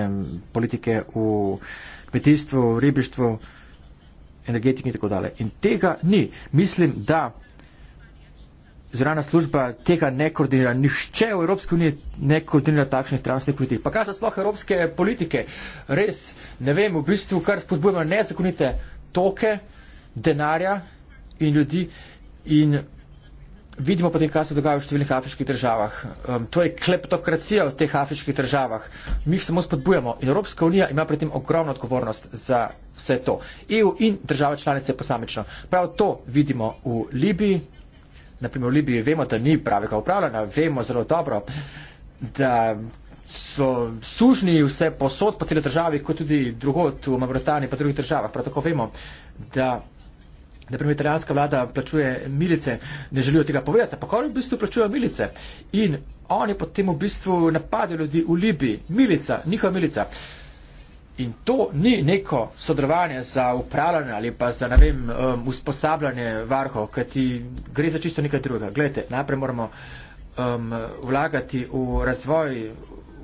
politike v kmetijstvu, ribištvu, energetiki in tako dalje. In tega ni. Mislim, da zorana služba tega ne koordinira. Nihče v Evropski uniji ne koordinira takšnih trajnostnih politik. Pa kaj so sploh evropske politike? Res, ne vem, v bistvu, kar spodbujamo nezakonite toke denarja in ljudi in vidimo potem, kaj se dogaja v številnih afriških državah. Um, to je kleptokracija v teh afriških državah. Mi jih samo spodbujamo. Evropska unija ima pri tem ogromno odgovornost za vse to. EU in države članice posamično. Prav to vidimo v Libiji. Naprimer v Libiji vemo, da ni pravega upravljanja, vemo zelo dobro, da so sužni vse posod po celi državi, kot tudi drugot v Mavrotani, pa drugih državah. Prav tako vemo, da naprimer italijanska vlada plačuje milice, ne želijo tega povedati, pa kar v bistvu plačujejo milice. In oni potem v bistvu napadajo ljudi v Libiji, milica, njihova milica. In to ni neko sodelovanje za upravljanje ali pa za, ne vem, um, usposabljanje varhov, kajti gre za čisto nekaj drugega. Glejte, najprej moramo um, vlagati v razvoj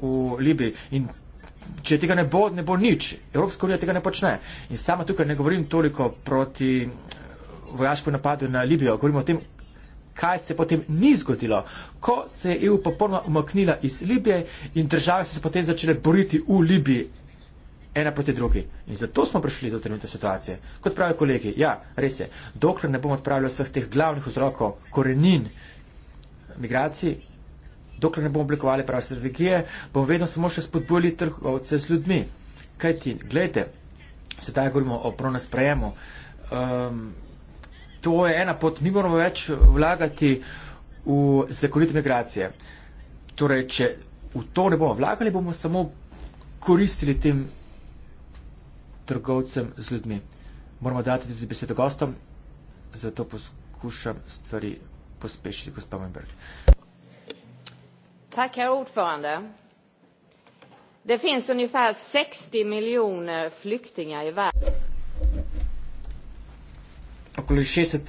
v Libiji in če tega ne bo, ne bo nič. Evropska unija tega ne počne. In sama tukaj ne govorim toliko proti vojaško napadu na Libijo, govorimo o tem, kaj se potem ni zgodilo. Ko se je EU popolnoma umaknila iz Libije in države so se potem začele boriti v Libiji ena proti drugi. In zato smo prišli do trenutne situacije. Kot pravi kolegi, ja, res je, dokler ne bomo odpravili vseh teh glavnih vzrokov, korenin migracij, dokler ne bomo oblikovali prave strategije, bomo vedno samo še spodbujali trgovce z ljudmi. Kaj ti, gledajte, sedaj govorimo o pronasprejemu. Um, ehm, to je ena pot, mi moramo več vlagati v zakonite migracije. Torej, če v to ne bomo vlagali, bomo samo koristili tem trgovcem z ljudmi. Moramo dati tudi besedo gostom, zato poskušam stvari pospešiti, gospod Mojberg. Tack, herr ordförande. Det finns ungefär 60 miljoner flyktingar i världen okoli 60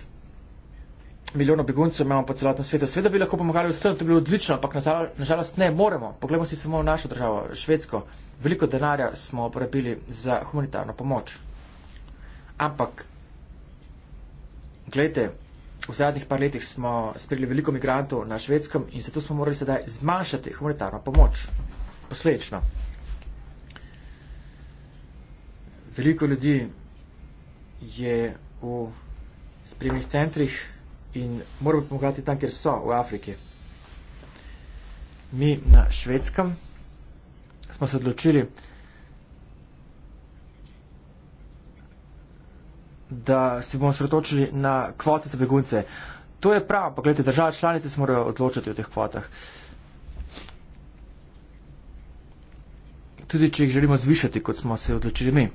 milijonov beguncev imamo po celotnem svetu. Sveda bi lahko pomagali vsem, to bi bilo odlično, ampak nažalost ne moremo. Poglejmo si samo našo državo, Švedsko. Veliko denarja smo uporabili za humanitarno pomoč. Ampak, gledajte, v zadnjih par letih smo sprejeli veliko migrantov na Švedskem in zato smo morali sedaj zmanjšati humanitarno pomoč. Posledično. Veliko ljudi je v spremnih centrih in moramo pomagati tam, kjer so, v Afriki. Mi na švedskem smo se odločili, da se bomo sredotočili na kvote za begunce. To je prav, pa gledajte, države članice se morajo odločiti o teh kvotah. Tudi, če jih želimo zvišati, kot smo se odločili mi.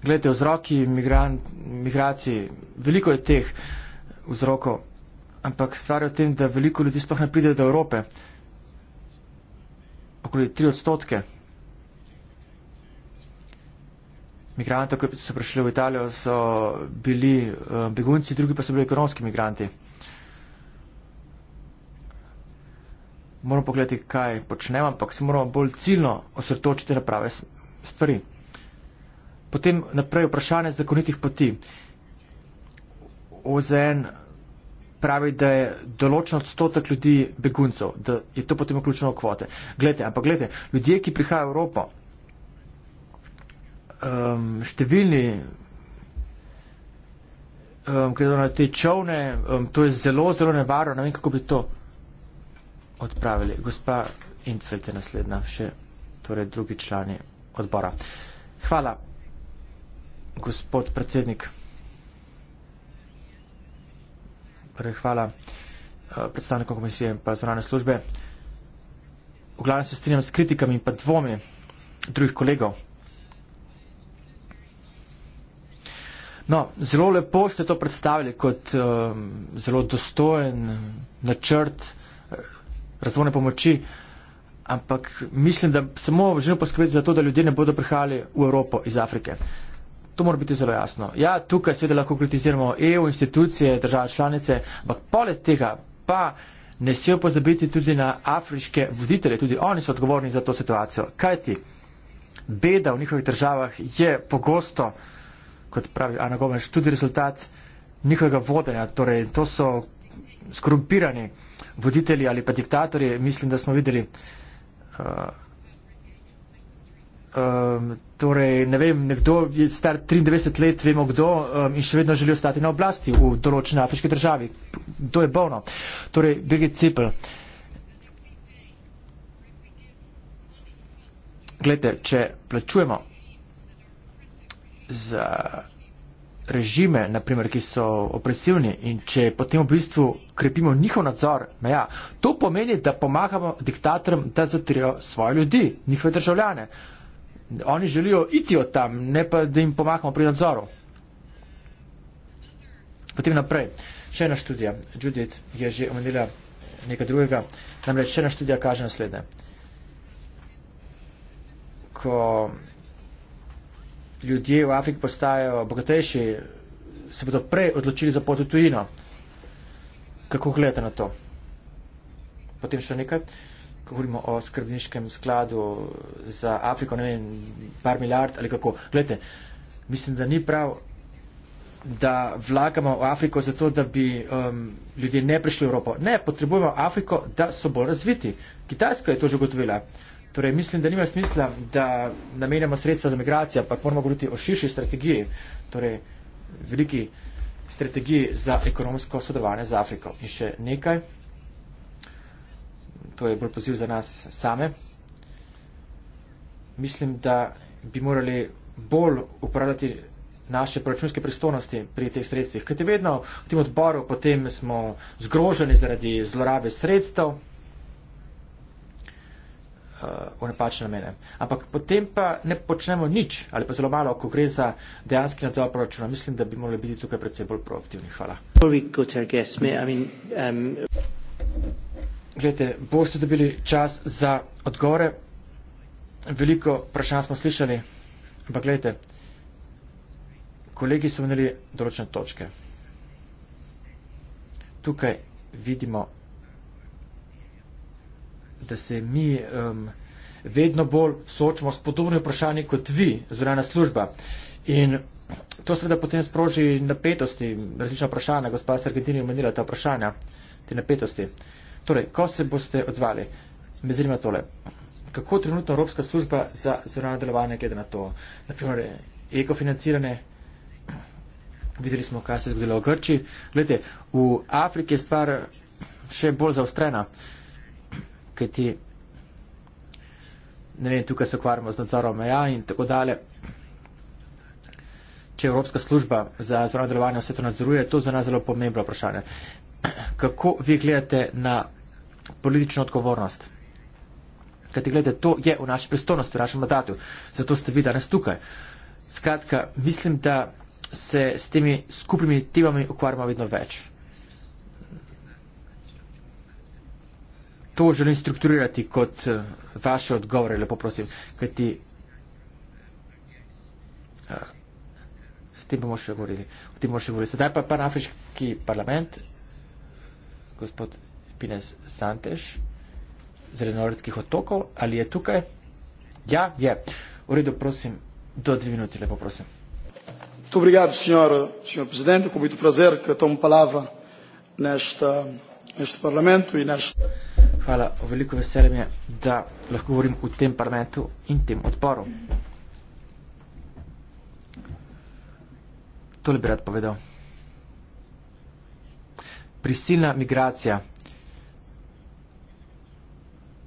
Glede vzroki migrant, migracij, veliko je teh vzrokov, ampak stvar je v tem, da veliko ljudi sploh ne pride do Evrope. Okoli tri odstotke migrantov, ki so prišli v Italijo, so bili eh, begunci, drugi pa so bili ekonomski migranti. Moramo pogledati, kaj počnemo, ampak se moramo bolj ciljno osredotočiti na prave stvari. Potem naprej vprašanje zakonitih poti. OZN pravi, da je določen odstotek ljudi beguncev, da je to potem vključeno v kvote. Glede, ampak glede, ljudje, ki prihajajo v Evropo, um, številni, um, ki na te čovne, um, to je zelo, zelo nevarno, ne vem, kako bi to odpravili. Gospa Infeld je naslednja, še torej drugi člani odbora. Hvala gospod predsednik. Prej hvala eh, predstavnikom komisije in pa zvonane službe. V glavnem se strinjam s kritikami in pa dvomi drugih kolegov. No, zelo lepo ste to predstavili kot um, zelo dostojen načrt eh, razvojne pomoči, ampak mislim, da samo želimo poskrbeti za to, da ljudje ne bodo prihajali v Evropo iz Afrike. Uh, to mora biti zelo jasno. Ja, tukaj seveda lahko kritiziramo EU institucije, države članice, ampak poleg tega pa ne smejo pozabiti tudi na afriške voditelje, tudi oni so odgovorni za to situacijo. Kaj ti? Beda v njihovih državah je pogosto, kot pravi Ana Gomes, tudi rezultat njihovega vodenja. Torej, to so skorumpirani voditelji ali pa diktatorji. Mislim, da smo videli. Uh, Um, torej, ne vem, nekdo je star 93 let, vemo kdo um, in še vedno želi ostati na oblasti v določeni afriški državi. To je bolno. Torej, Birgit Cipel. Glede, če plačujemo za režime, naprimer, ki so opresivni in če potem v bistvu krepimo njihov nadzor, meja, to pomeni, da pomagamo diktatorjem, da zatrijo svoje ljudi, njihove državljane oni želijo iti od tam, ne pa da jim pomakamo pri nadzoru. Potem naprej, še ena študija, Judith je že omenila nekaj drugega, namreč še ena študija kaže naslednje. Ko ljudje v Afriki postajajo bogatejši, se bodo prej odločili za pot v tujino. Kako gledate na to? Potem še nekaj govorimo o skrbniškem skladu za Afriko, ne vem, par milijard ali kako. Glede, mislim, da ni prav, da vlagamo v Afriko zato, da bi um, ljudje ne prišli v Evropo. Ne, potrebujemo Afriko, da so bolj razviti. Kitajska je to že gotovila. Torej, mislim, da nima smisla, da namenjamo sredstva za migracijo, ampak moramo govoriti o širši strategiji, torej veliki strategiji za ekonomsko sodelovanje z Afriko. In še nekaj to je bolj poziv za nas same. Mislim, da bi morali bolj uporabljati naše proračunske pristojnosti pri teh sredstvih. Kajte vedno v tem odboru potem smo zgroženi zaradi zlorabe sredstev uh, v nepačne namene. Ampak potem pa ne počnemo nič ali pa zelo malo, ko gre za dejanski nadzor proračuna. Mislim, da bi morali biti tukaj predvsej bolj proaktivni. Hvala. Before we go to our guests, may, I mean, um... Gledajte, boste dobili čas za odgovore. Veliko vprašanj smo slišali, ampak gledajte, kolegi so imeli določene točke. Tukaj vidimo, da se mi um, vedno bolj soočamo s podobnimi vprašanji kot vi, zunanja služba. In to seveda potem sproži napetosti, različna vprašanja. Gospa Sergentini je omenila ta vprašanja, te napetosti. Torej, ko se boste odzvali, me zanima tole, kako trenutno Evropska služba za zunanje delovanje glede na to, naprimer, ekofinanciranje, videli smo, kaj se je zgodilo v Grči, gledajte, v Afriki je stvar še bolj zaostrena, kaj ti, ne vem, tukaj se ukvarjamo z nadzorom meja in tako dalje. Če Evropska služba za zvrno delovanje vse to nadzoruje, to je za nas zelo pomembno vprašanje kako vi gledate na politično odgovornost. Kaj ti gledate, to je v naši pristojnosti, v našem mandatu, zato ste vi danes tukaj. Skratka, mislim, da se s temi skupnimi temami ukvarjamo vedno več. To želim strukturirati kot eh, vaše odgovore, lepo prosim, kajti uh, s tem bomo še govorili. O tem bomo še govorili. Sedaj pa panafriški parlament gospod Pines Santeš z Renoredskih otokov. Ali je tukaj? Ja, je. V redu, prosim, do dve minuti, lepo prosim. Muito obrigado, senhor, senhor presidente. Com muito prazer que tomo palavra neste, neste Parlamento e neste. Hvala, o veliko veselje mi je, da lahko govorim v tem parlamentu in tem odporu. To bi rad povedal prisilna migracija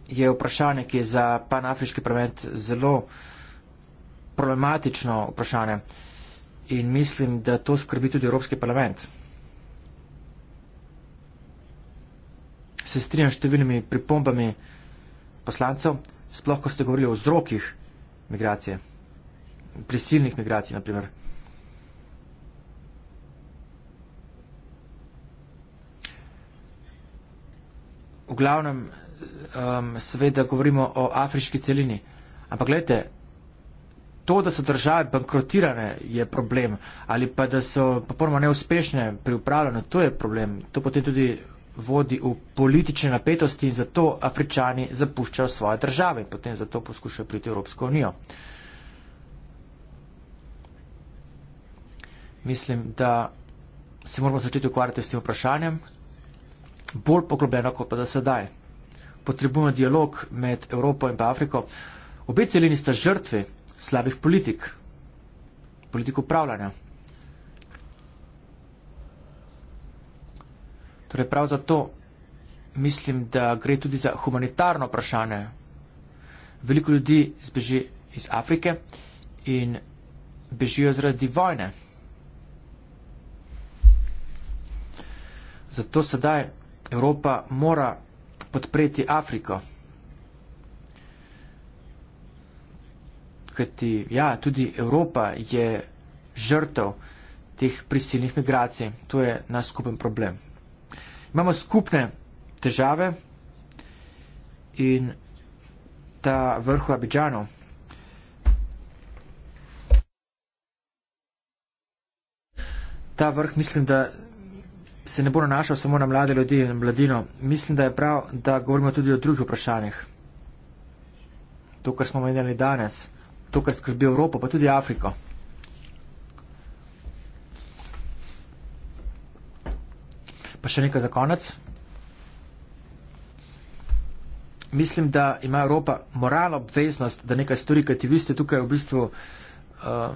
je vprašanje, ki je za panafriški parlament zelo problematično vprašanje in mislim, da to skrbi tudi Evropski parlament. Se strinjam številnimi pripombami poslancev, sploh ko ste govorili o vzrokih migracije, prisilnih migracij, naprimer. primer. v glavnem um, seveda govorimo o afriški celini. Ampak gledajte, to, da so države bankrotirane, je problem. Ali pa, da so popolnoma neuspešne pri upravljanju, to je problem. To potem tudi vodi v politične napetosti in zato afričani zapuščajo svoje države in potem zato poskušajo priti v Evropsko unijo. Mislim, da se moramo začeti ukvarjati s tem vprašanjem, bolj poglobljena kot pa da sedaj. Potrebujemo dialog med Evropo in pa Afriko. Obe celini sta žrtve slabih politik, politik upravljanja. Torej prav zato mislim, da gre tudi za humanitarno vprašanje. Veliko ljudi zbeži iz Afrike in bežijo zaradi vojne. Zato sedaj Evropa mora podpreti Afriko. Kajti, ja, tudi Evropa je žrtev teh prisilnih migracij. To je naš skupen problem. Imamo skupne težave in ta vrhu Abidžanu. Ta vrh mislim, da se ne bo nanašal samo na mlade ljudi in mladino. Mislim, da je prav, da govorimo tudi o drugih vprašanjih. To, kar smo omenjali danes, to, kar skrbi Evropo, pa tudi Afriko. Pa še nekaj za konec. Mislim, da ima Evropa moralno obveznost, da nekaj stori, kajti vi ste tukaj v bistvu um,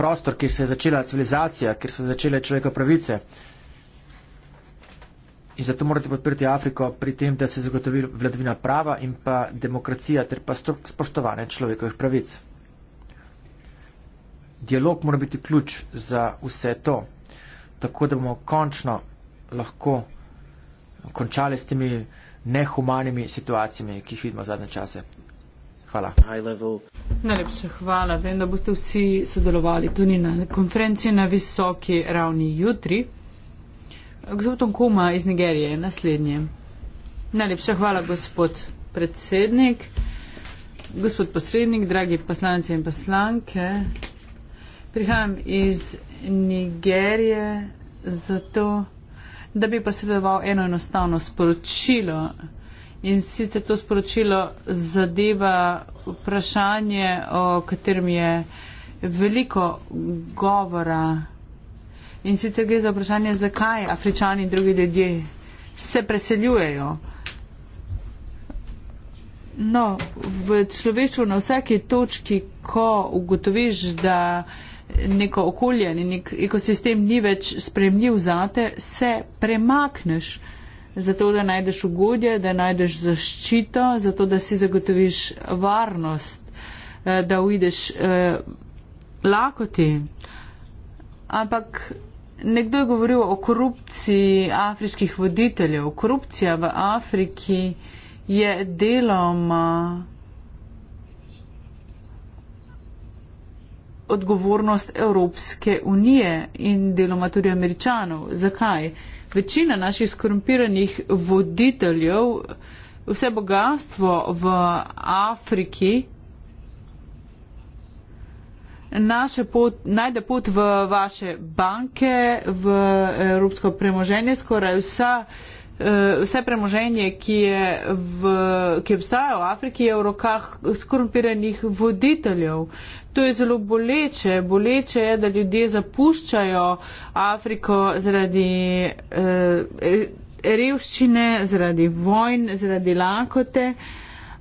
prostor, kjer se je začela civilizacija, kjer so začele človekove pravice. In zato morate podpirati Afriko pri tem, da se zagotovi vladavina prava in pa demokracija ter pa spoštovanje človekovih pravic. Dialog mora biti ključ za vse to, tako da bomo končno lahko končali s temi nehumanimi situacijami, ki jih vidimo zadnje čase. Hvala. Najlepša hvala. Vem, da boste vsi sodelovali tudi na konferenci na visoki ravni jutri. Gzoton Kuma iz Nigerije, naslednje. Najlepša hvala, gospod predsednik. Gospod posrednik, dragi poslanci in poslanke, prihajam iz Nigerije zato, da bi posredoval eno enostavno sporočilo in sicer to sporočilo zadeva vprašanje, o katerem je veliko govora. In sicer gre za vprašanje, zakaj afričani in drugi ljudje se preseljujejo. No, v človeštvu na vsaki točki, ko ugotoviš, da neko okolje in nek ekosistem ni več spremljiv zate, se premakneš zato, da najdeš ugodje, da najdeš zaščito, zato, da si zagotoviš varnost, eh, da uideš eh, lakoti. Ampak Nekdo je govoril o korupciji afriških voditeljev. Korupcija v Afriki je deloma odgovornost Evropske unije in deloma tudi američanov. Zakaj? Večina naših skorumpiranih voditeljev, vse bogatstvo v Afriki, naše pot, najde pot v vaše banke, v eh, evropsko premoženje, skoraj vsa, eh, vse premoženje, ki je v, ki obstaja v Afriki, je v rokah skorumpiranih voditeljev. To je zelo boleče. Boleče je, da ljudje zapuščajo Afriko zaradi eh, revščine, zaradi vojn, zaradi lakote.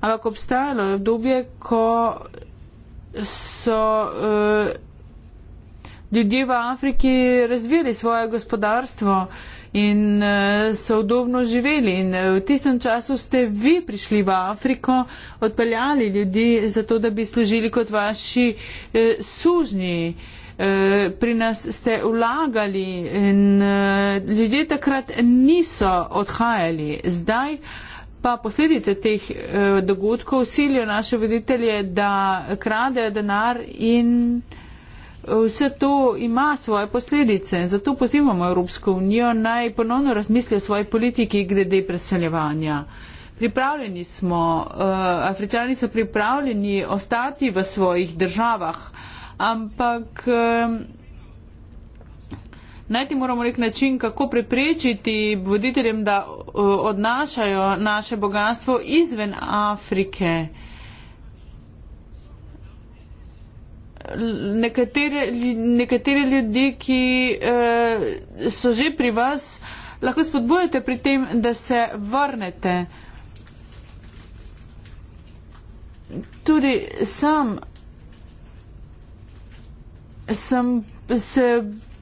Ampak obstajalo je obdobje, ko so uh, ljudje v Afriki razvili svoje gospodarstvo in uh, so udobno živeli. In eh, v tistem času ste vi prišli v Afriko, odpeljali ljudi za to, da bi služili kot vaši uh, sužnji. Pri nas ste vlagali in ljudje takrat niso odhajali. Zdaj uh, pa posledice teh eh, dogodkov silijo naše voditelje, da kradejo denar in eh, vse to ima svoje posledice. Zato pozivamo Evropsko unijo naj ponovno razmisli o svoji politiki glede preseljevanja. Pripravljeni smo, eh, Afričani so pripravljeni ostati v svojih državah, ampak najti moramo nek način, kako preprečiti voditeljem, da odnašajo naše bogatstvo izven Afrike. Nekatere, nekatere ljudi, ki eh, so že pri vas, lahko spodbujate pri tem, da se vrnete. Tudi sam sem se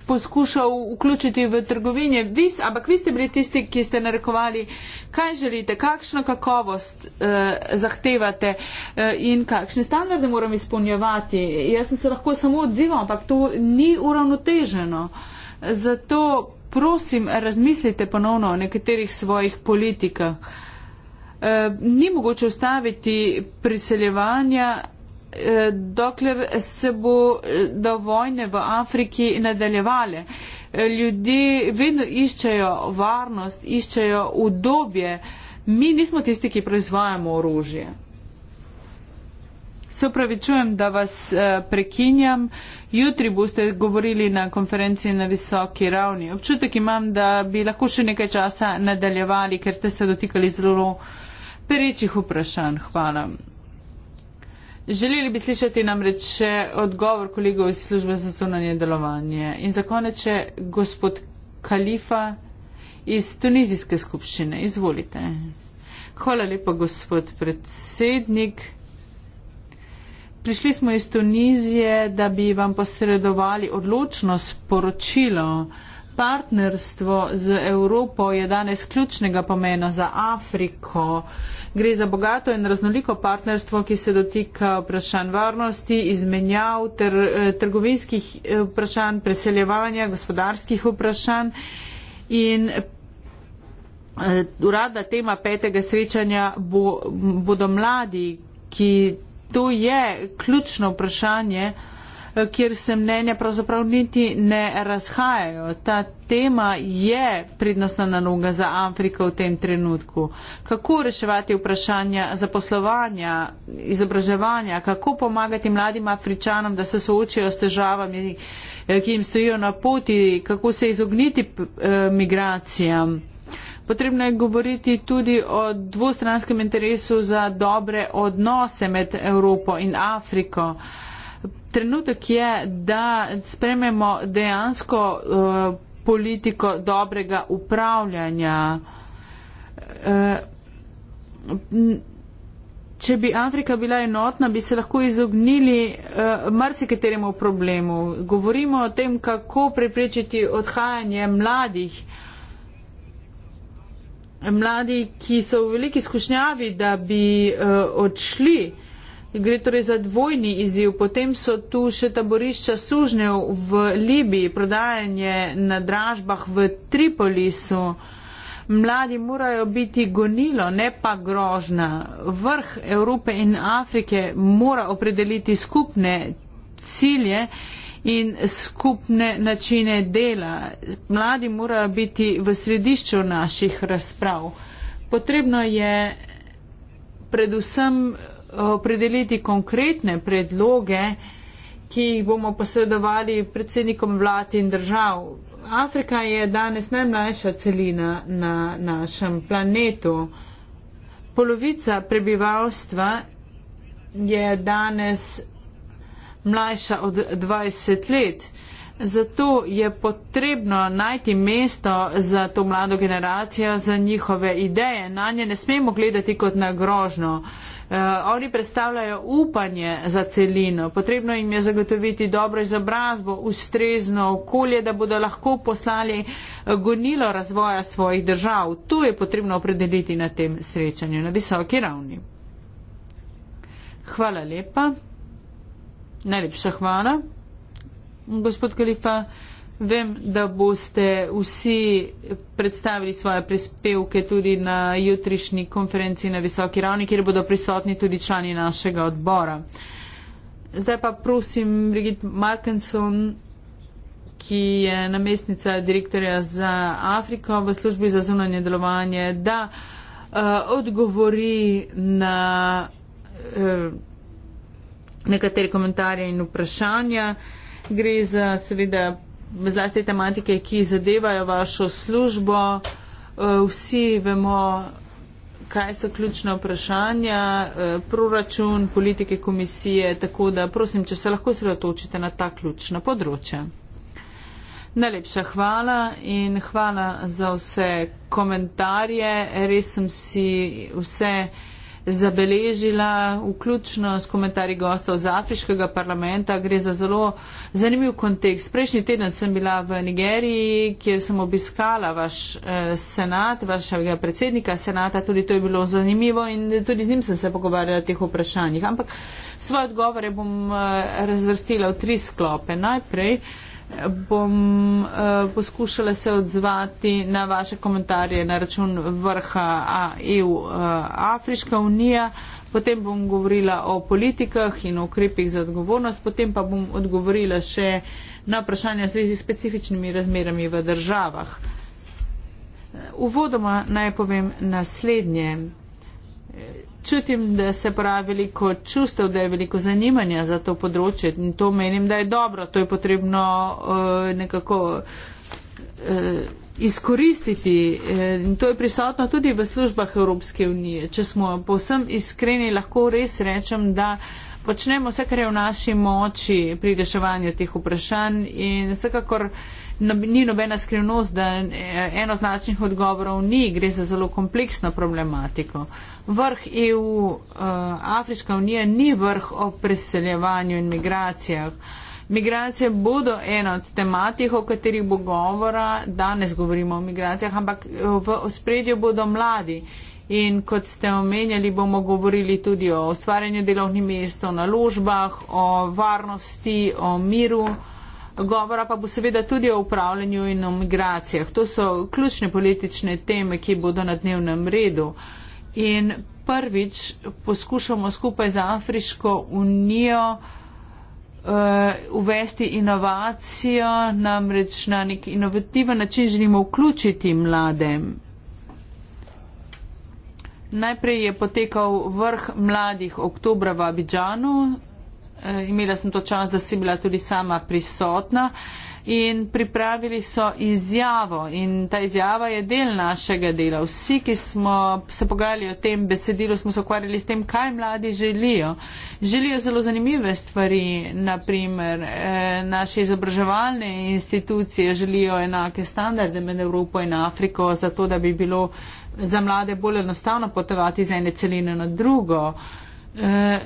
poskušal vključiti v trgovine. Vi, ampak vi ste bili tisti, ki ste narekovali, kaj želite, kakšno kakovost eh, zahtevate eh, in kakšne standarde moram izpolnjevati. Jaz sem se lahko samo odzival, ampak to ni uravnoteženo. Zato prosim, razmislite ponovno o nekaterih svojih politikah. Eh, ni mogoče ustaviti priseljevanja Eh, dokler se bo eh, do vojne v Afriki nadaljevale. Eh, ljudje vedno iščejo varnost, iščejo udobje. Mi nismo tisti, ki proizvajamo orožje. Se upravičujem, da vas prekinjam. Jutri boste govorili na konferenci na visoki ravni. Občutek imam, da bi lahko še nekaj časa nadaljevali, ker ste se dotikali zelo perečih vprašanj. Hvala. Želeli bi slišati namreč odgovor kolegov iz službe za zunanje delovanje. In za konec, gospod Kalifa iz tunizijske skupščine, izvolite. Hvala lepa, gospod predsednik. Prišli smo iz Tunizije, da bi vam posredovali odločno sporočilo partnerstvo z Evropo je danes ključnega pomena za Afriko. Gre za bogato in raznoliko partnerstvo, ki se dotika vprašanj varnosti, izmenjav ter eh, trgovinskih eh, vprašanj, preseljevanja, gospodarskih vprašanj in eh, uradna tema petega srečanja bo, bodo mladi, ki to je ključno vprašanje, kjer se mnenja pravzaprav niti ne razhajajo. Ta tema je prednostna naloga za Afriko v tem trenutku. Kako reševati vprašanja zaposlovanja, izobraževanja, kako pomagati mladim Afričanom, da se soočijo s težavami, eh, ki jim stojijo na poti, kako se izogniti eh, migracijam. Potrebno je govoriti tudi o dvostranskem interesu za dobre odnose med Evropo in Afriko trenutek je, da sprememo dejansko uh, politiko dobrega upravljanja. Eh, če bi Afrika bila enotna, bi se lahko izognili eh, marsikateremu problemu. Govorimo o tem, kako preprečiti odhajanje mladih. Mladi, ki so v veliki skušnjavi, da bi odšli, Gre torej za dvojni izziv. Potem so tu še taborišča sužnjev v Libiji, prodajanje na dražbah v Tripolisu. Mladi morajo biti gonilo, ne pa grožna. Vrh Evrope in Afrike mora opredeliti skupne cilje in skupne načine dela. Mladi morajo biti v središču naših razprav. Potrebno je predvsem opredeliti konkretne predloge, ki jih bomo posredovali predsednikom vlad in držav. Afrika je danes najmlajša celina na našem planetu. Polovica prebivalstva je danes mlajša od 20 let. Zato je potrebno najti mesto za to mlado generacijo, za njihove ideje. Na nje ne smemo gledati kot na grožno. Eh, oni predstavljajo upanje za celino, potrebno jim je zagotoviti dobro izobrazbo, ustrezno okolje, da bodo lahko poslali eh, gonilo razvoja svojih držav. To je potrebno opredeliti na tem srečanju na visoki ravni. Hvala lepa. Najlepša hvala. Gospod Kalifa. Vem, da boste vsi predstavili svoje prispevke tudi na jutrišnji konferenci na visoki ravni, kjer bodo prisotni tudi člani našega odbora. Zdaj pa prosim Brigitte Markenson, ki je namestnica direktorja za Afriko v službi za zunanje delovanje, da uh, odgovori na uh, nekatere komentarje in vprašanja. Gre za seveda zlasti tematike, ki zadevajo vašo službo. Eh, vsi vemo, kaj so ključna vprašanja, eh, proračun, politike komisije, tako da prosim, če se lahko sredotočite na ta ključna področja. Najlepša hvala in hvala za vse komentarje. Res sem si vse zabeležila, vključno s komentarji gostov z Afriškega parlamenta. Gre za zelo zanimiv kontekst. Prejšnji teden sem bila v Nigeriji, kjer sem obiskala vaš eh, senat, vašega predsednika senata. Tudi to je bilo zanimivo in tudi z njim sem se pogovarjala o teh vprašanjih. Ampak svoje odgovore bom eh, razvrstila v tri sklope. Najprej bom uh, poskušala se odzvati na vaše komentarje na račun vrha EU eh, Afriška unija, potem bom govorila o politikah in o ukrepih za odgovornost, potem pa bom odgovorila še na vprašanje v zvezi s specifičnimi razmerami v državah. Uvodoma naj povem naslednje čutim, da se pravi veliko čustev, da je veliko zanimanja za to področje in to menim, da je dobro. To je potrebno uh, nekako uh, izkoristiti eh, in to je prisotno tudi v službah Evropske unije. Če smo povsem iskreni, lahko res rečem, da. Počnemo vse, kar je v naši moči pri reševanju teh vprašanj in vsekakor no, ni nobena skrivnost, da eh, enoznačnih odgovorov ni, gre za zelo kompleksno problematiko. Vrh EU, eh, Afriška unija ni vrh o preseljevanju in migracijah. Migracije bodo ena od tematih, o katerih bo govora, danes govorimo o migracijah, ampak eh, v ospredju bodo mladi. In kot ste omenjali, bomo govorili tudi o ustvarjanju delovnih mest, o naložbah, o varnosti, o miru. Uh, govora pa bo seveda tudi o upravljanju in o migracijah. To so ključne politične teme, ki bodo na dnevnem redu. In prvič poskušamo skupaj z Afriško unijo eh, uvesti inovacijo, namreč na nek inovativen način želimo vključiti mlade. Najprej je potekal vrh mladih oktobra v Abidžanu, Eh, imela sem to čas, da si bila tudi sama prisotna. In pripravili so izjavo in ta izjava je del našega dela. Vsi, ki smo se pogajali o tem besedilu, smo se ukvarjali s tem, kaj mladi želijo. Želijo zelo zanimive stvari, naprimer eh, naše izobraževalne institucije želijo enake standarde med Evropo in Afriko, zato da bi bilo za mlade bolj enostavno potovati z ene celine na drugo. Eh,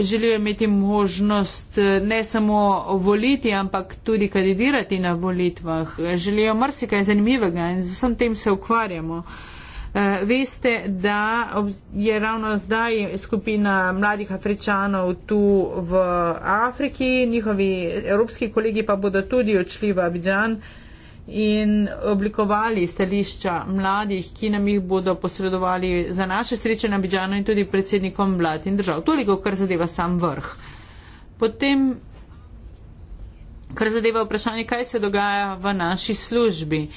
želijo imeti možnost eh, ne samo voliti, ampak tudi kandidirati na volitvah. Želijo marsikaj zanimivega in z vsem tem se ukvarjamo. Eh, veste, da je ravno zdaj skupina mladih afričanov tu v Afriki, njihovi evropski kolegi pa bodo tudi odšli v Abidžan in oblikovali stališča mladih, ki nam jih bodo posredovali za naše sreče na Bidžano in tudi predsednikom vlad in držav. Toliko, kar zadeva sam vrh. Potem, kar zadeva vprašanje, kaj se dogaja v naši službi.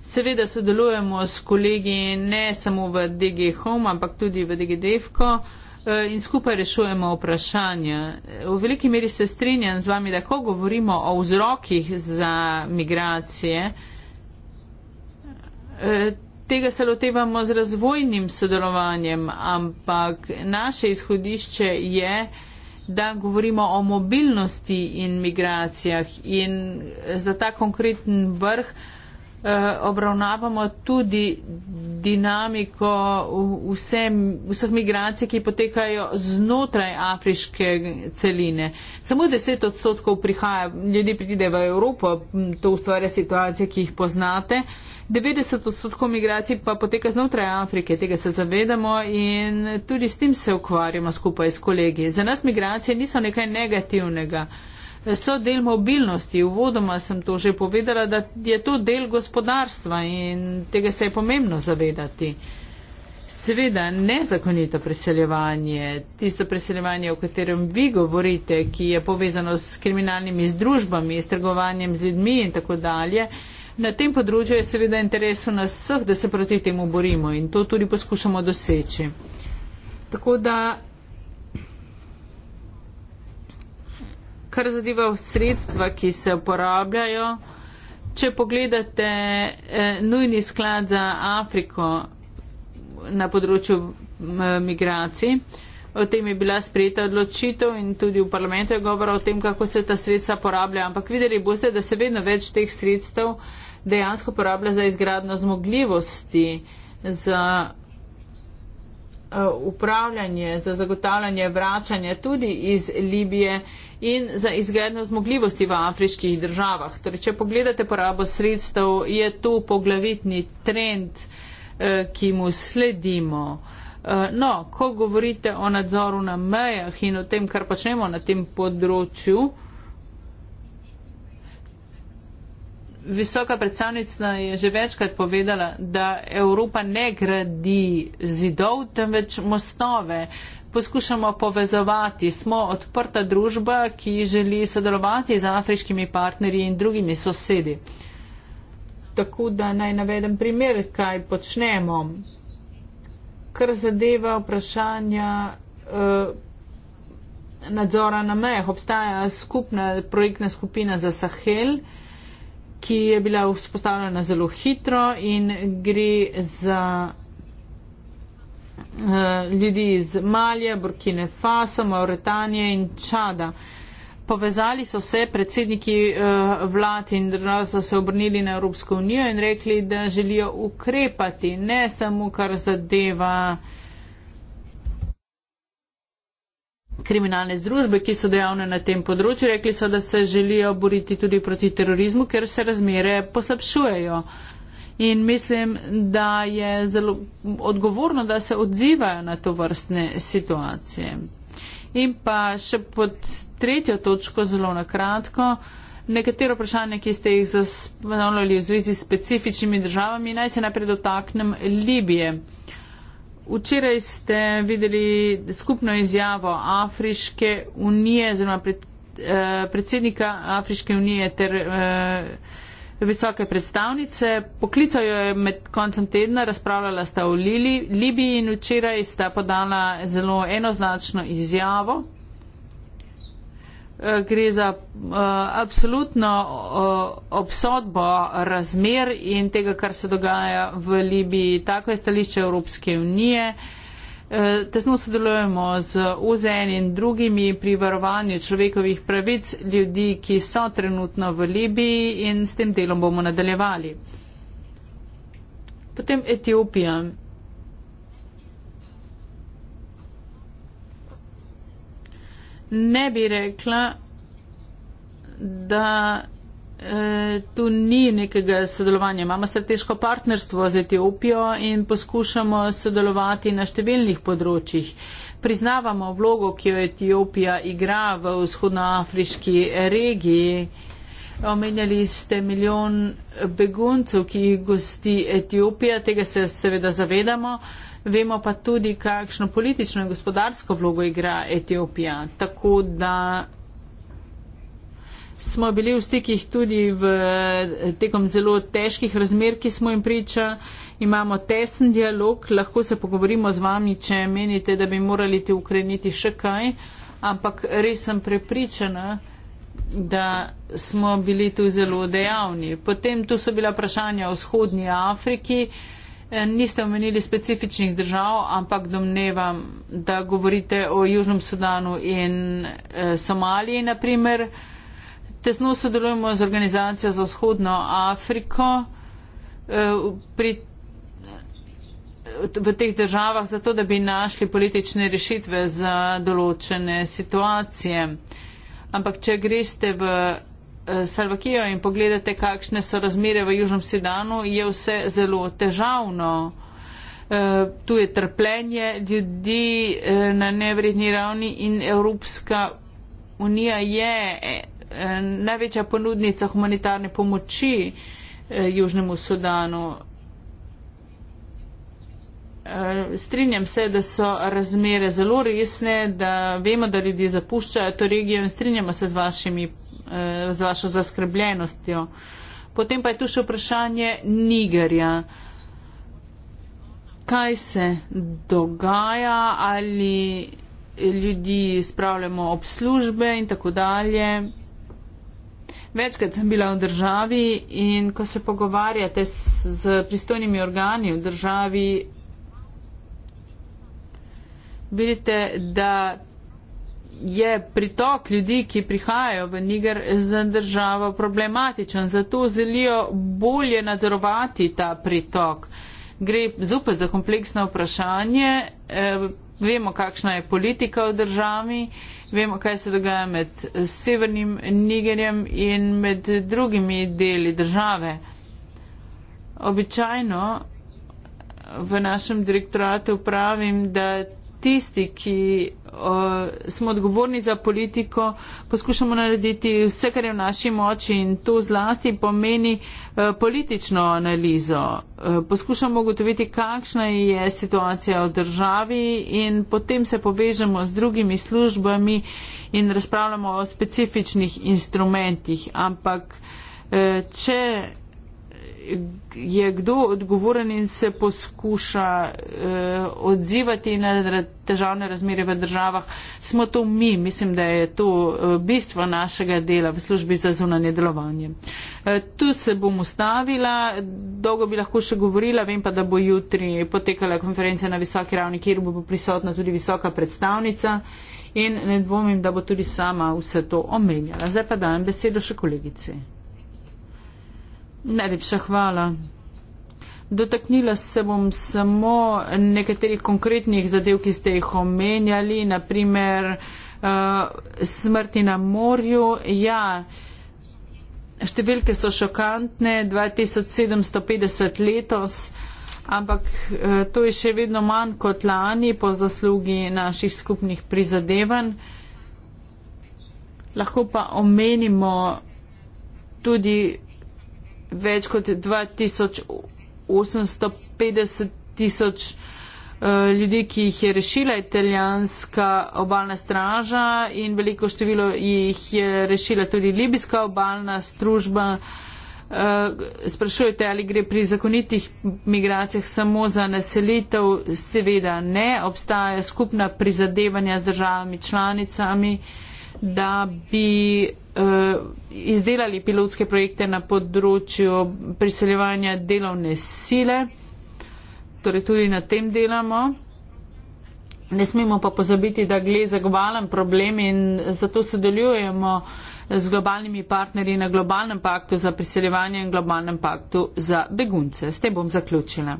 Seveda sodelujemo s kolegi ne samo v DG Home, ampak tudi v DG Defko. Eh, in skupaj rešujemo vprašanja. V veliki meri se strinjam z vami, da ko govorimo o vzrokih za migracije, eh, tega se lotevamo z razvojnim sodelovanjem, ampak naše izhodišče je, da govorimo o mobilnosti in migracijah in za ta konkreten vrh. Eh, obravnavamo tudi dinamiko vse, vseh migracij, ki potekajo znotraj afriške celine. Samo deset odstotkov prihaja, ljudi pride v Evropo, to ustvarja situacije, ki jih poznate. 90 odstotkov migracij pa poteka znotraj Afrike, tega se zavedamo in tudi s tem se ukvarjamo skupaj s kolegi. Za nas migracije niso nekaj negativnega so del mobilnosti. Uvodoma sem to že povedala, da je to del gospodarstva in tega se je pomembno zavedati. Seveda, nezakonito preseljevanje, tisto preseljevanje, o katerem vi govorite, ki je povezano s kriminalnimi združbami, s trgovanjem z ljudmi in tako dalje, na tem področju je seveda interesu nas vseh, da se proti temu borimo in to tudi poskušamo doseči. Tako da kar zadeva sredstva, ki se uporabljajo, če pogledate eh, nujni sklad za Afriko na področju eh, migracij, o tem je bila sprejeta odločitev in tudi v parlamentu je govora o tem, kako se ta sredstva porablja. Ampak videli boste, da se vedno več teh sredstev dejansko porablja za izgradno zmogljivosti, za Eh, upravljanje, za zagotavljanje vračanja tudi iz Libije in za izgledno zmogljivosti v afriških državah. Torej, če pogledate porabo sredstev, je tu poglavitni trend, eh, ki mu sledimo. Eh, no, ko govorite o nadzoru na mejah in o tem, kar počnemo na tem področju, visoka predstavnica je že večkrat povedala, da Evropa ne gradi zidov, temveč mostove. Poskušamo povezovati. Smo odprta družba, ki želi sodelovati z afriškimi partnerji in drugimi sosedi. Tako da naj navedem primer, kaj počnemo. Kar zadeva vprašanja eh, nadzora na meh, obstaja skupna projektna skupina za Sahel. Eh, ki je bila vzpostavljena zelo hitro in gre za eh, ljudi iz Malja, Burkine Faso, Mauretanije in Čada. Povezali so se predsedniki eh, vlad in držav so se obrnili na Evropsko unijo in rekli, da želijo ukrepati ne samo kar zadeva kriminalne združbe, ki so dejavne na tem področju, rekli so, da se želijo boriti tudi proti terorizmu, ker se razmere poslabšujejo. In mislim, da je zelo odgovorno, da se odzivajo na to vrstne situacije. In pa še pod tretjo točko, zelo na kratko, nekatero vprašanje, ki ste jih zaspravljali v zvezi s specifičnimi državami, naj se najprej dotaknem Libije. Uh, Včeraj ste videli skupno izjavo Afriške unije, oziroma pred, eh, predsednika Afriške unije ter eh, visoke predstavnice. Poklical jo je med koncem tedna, razpravljala sta o Libiji in včeraj sta podala zelo enoznačno izjavo. Eh, gre za uh, absolutno uh, obsodbo razmer in tega, kar se dogaja v Libiji. Tako je stališče Evropske unije. Tesno sodelujemo z OZN in drugimi pri varovanju človekovih pravic ljudi, ki so trenutno v Libiji in s tem delom bomo nadaljevali. Potem Etiopija. ne bi rekla, da eh, tu ni nekega sodelovanja. Imamo strateško partnerstvo z Etiopijo in poskušamo sodelovati na številnih področjih. Priznavamo vlogo, ki jo Etiopija igra v vzhodnoafriški regiji. Omenjali ste milijon beguncev, ki jih gosti Etiopija, tega se seveda zavedamo. Vemo pa tudi, kakšno politično in gospodarsko vlogo igra Etiopija. Tako da smo bili v stikih tudi v tekom zelo težkih razmer, ki smo jim priča. Imamo tesen dialog, lahko se pogovorimo z vami, če menite, da bi morali te ukreniti še kaj, ampak res sem prepričana, da smo bili tu zelo dejavni. Potem tu so bila vprašanja o vzhodnji Afriki. Uh, Eh, niste omenili specifičnih držav, ampak domnevam, da govorite o Južnem Sudanu in eh, Somaliji, naprimer. Tesno sodelujemo z organizacijo za vzhodno Afriko eh, pri, v teh državah, zato da bi našli politične rešitve za določene situacije. Ampak če greste v Eh, Salvakijo in pogledate, kakšne so razmere v Južnem Sedanu, je vse zelo težavno. Eh, tu je trpljenje ljudi eh, na nevredni ravni in Evropska unija je največja ponudnica humanitarne pomoči Južnemu Sudanu. Eh, strinjam se, da so razmere zelo resne, da vemo, da ljudje zapuščajo to regijo in strinjamo se z, vašimi, eh, z vašo zaskrbljenostjo. Potem pa je tu še vprašanje Nigerja. Kaj se dogaja, ali ljudi spravljamo ob službe in tako dalje. Večkrat sem bila v državi in ko se pogovarjate s, s pristojnimi organi v državi, vidite, da je pritok ljudi, ki prihajajo v Niger za državo problematičen. Zato želijo bolje nadzorovati ta pritok. Gre zopet za kompleksno vprašanje. Eh, vemo, kakšna je politika v državi, vemo, kaj se dogaja med severnim Nigerjem in med drugimi deli države. Običajno v našem direktoratu pravim, da tisti, ki uh, smo odgovorni za politiko, poskušamo narediti vse, kar je v naši moči in to zlasti pomeni uh, politično analizo. Uh, poskušamo ugotoviti, kakšna je situacija v državi in potem se povežemo z drugimi službami in razpravljamo o specifičnih instrumentih. Ampak uh, če je kdo odgovoren in se poskuša uh, odzivati na težavne razmere v državah, smo to mi. Mislim, da je to eh, bistvo našega dela v službi za zunanje delovanje. Uh, tu se bom ustavila, dolgo bi lahko še govorila, vem pa, da bo jutri potekala konferenca na visoki ravni, kjer bo prisotna tudi visoka predstavnica in ne dvomim, da bo tudi sama vse to omenjala. Zdaj pa dajem besedo še kolegici. Najlepša hvala. Dotaknila se bom samo nekaterih konkretnih zadev, ki ste jih omenjali, naprimer uh, eh, smrti na morju. Ja, številke so šokantne, 2750 letos, ampak uh, to je še vedno manj kot lani po zaslugi naših skupnih prizadevanj. Lahko pa omenimo tudi več kot 2850 tisoč uh, ljudi, ki jih je rešila italijanska obalna straža in veliko število jih je rešila tudi libijska obalna stružba. Uh, sprašujete, ali gre pri zakonitih migracijah samo za naselitev? Seveda ne. Obstajajo skupna prizadevanja z državami članicami, da bi uh, Eh, izdelali pilotske projekte na področju priseljevanja delovne sile, torej tudi na tem delamo. Ne smemo pa pozabiti, da gre za globalen problem in zato sodelujemo z globalnimi partnerji na globalnem paktu za priseljevanje in globalnem paktu za begunce. S tem bom zaključila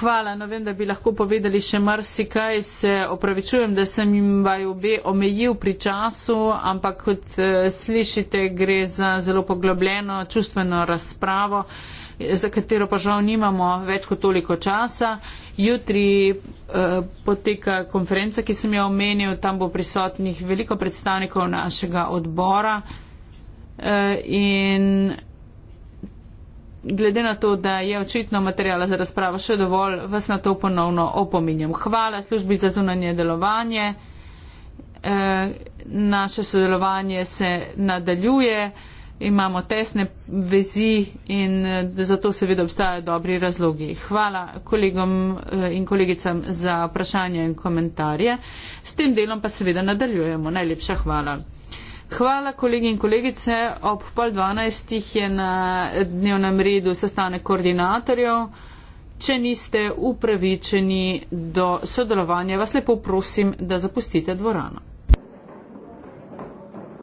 hvala. No, vem, da bi lahko povedali še marsikaj. Se opravičujem, da sem jim vaju obe omejil pri času, ampak kot eh, slišite, gre za zelo poglobljeno čustveno razpravo, eh, za katero pa žal nimamo več kot toliko časa. Jutri eh, poteka konferenca, ki sem jo omenil, tam bo prisotnih veliko predstavnikov našega odbora. In glede na to, da je očitno materijala za razpravo še dovolj, vas na to ponovno opominjam. Hvala službi za zunanje delovanje. E, naše sodelovanje se nadaljuje, imamo tesne vezi in e, zato seveda obstajajo dobri razlogi. Hvala kolegom e, in kolegicam za vprašanje in komentarje. S tem delom pa seveda nadaljujemo. Najlepša hvala. Hvala kolegi in kolegice. Ob pol dvanajstih je na dnevnem redu sestanek koordinatorjev. Če niste upravičeni do sodelovanja, vas lepo prosim, da zapustite dvorano.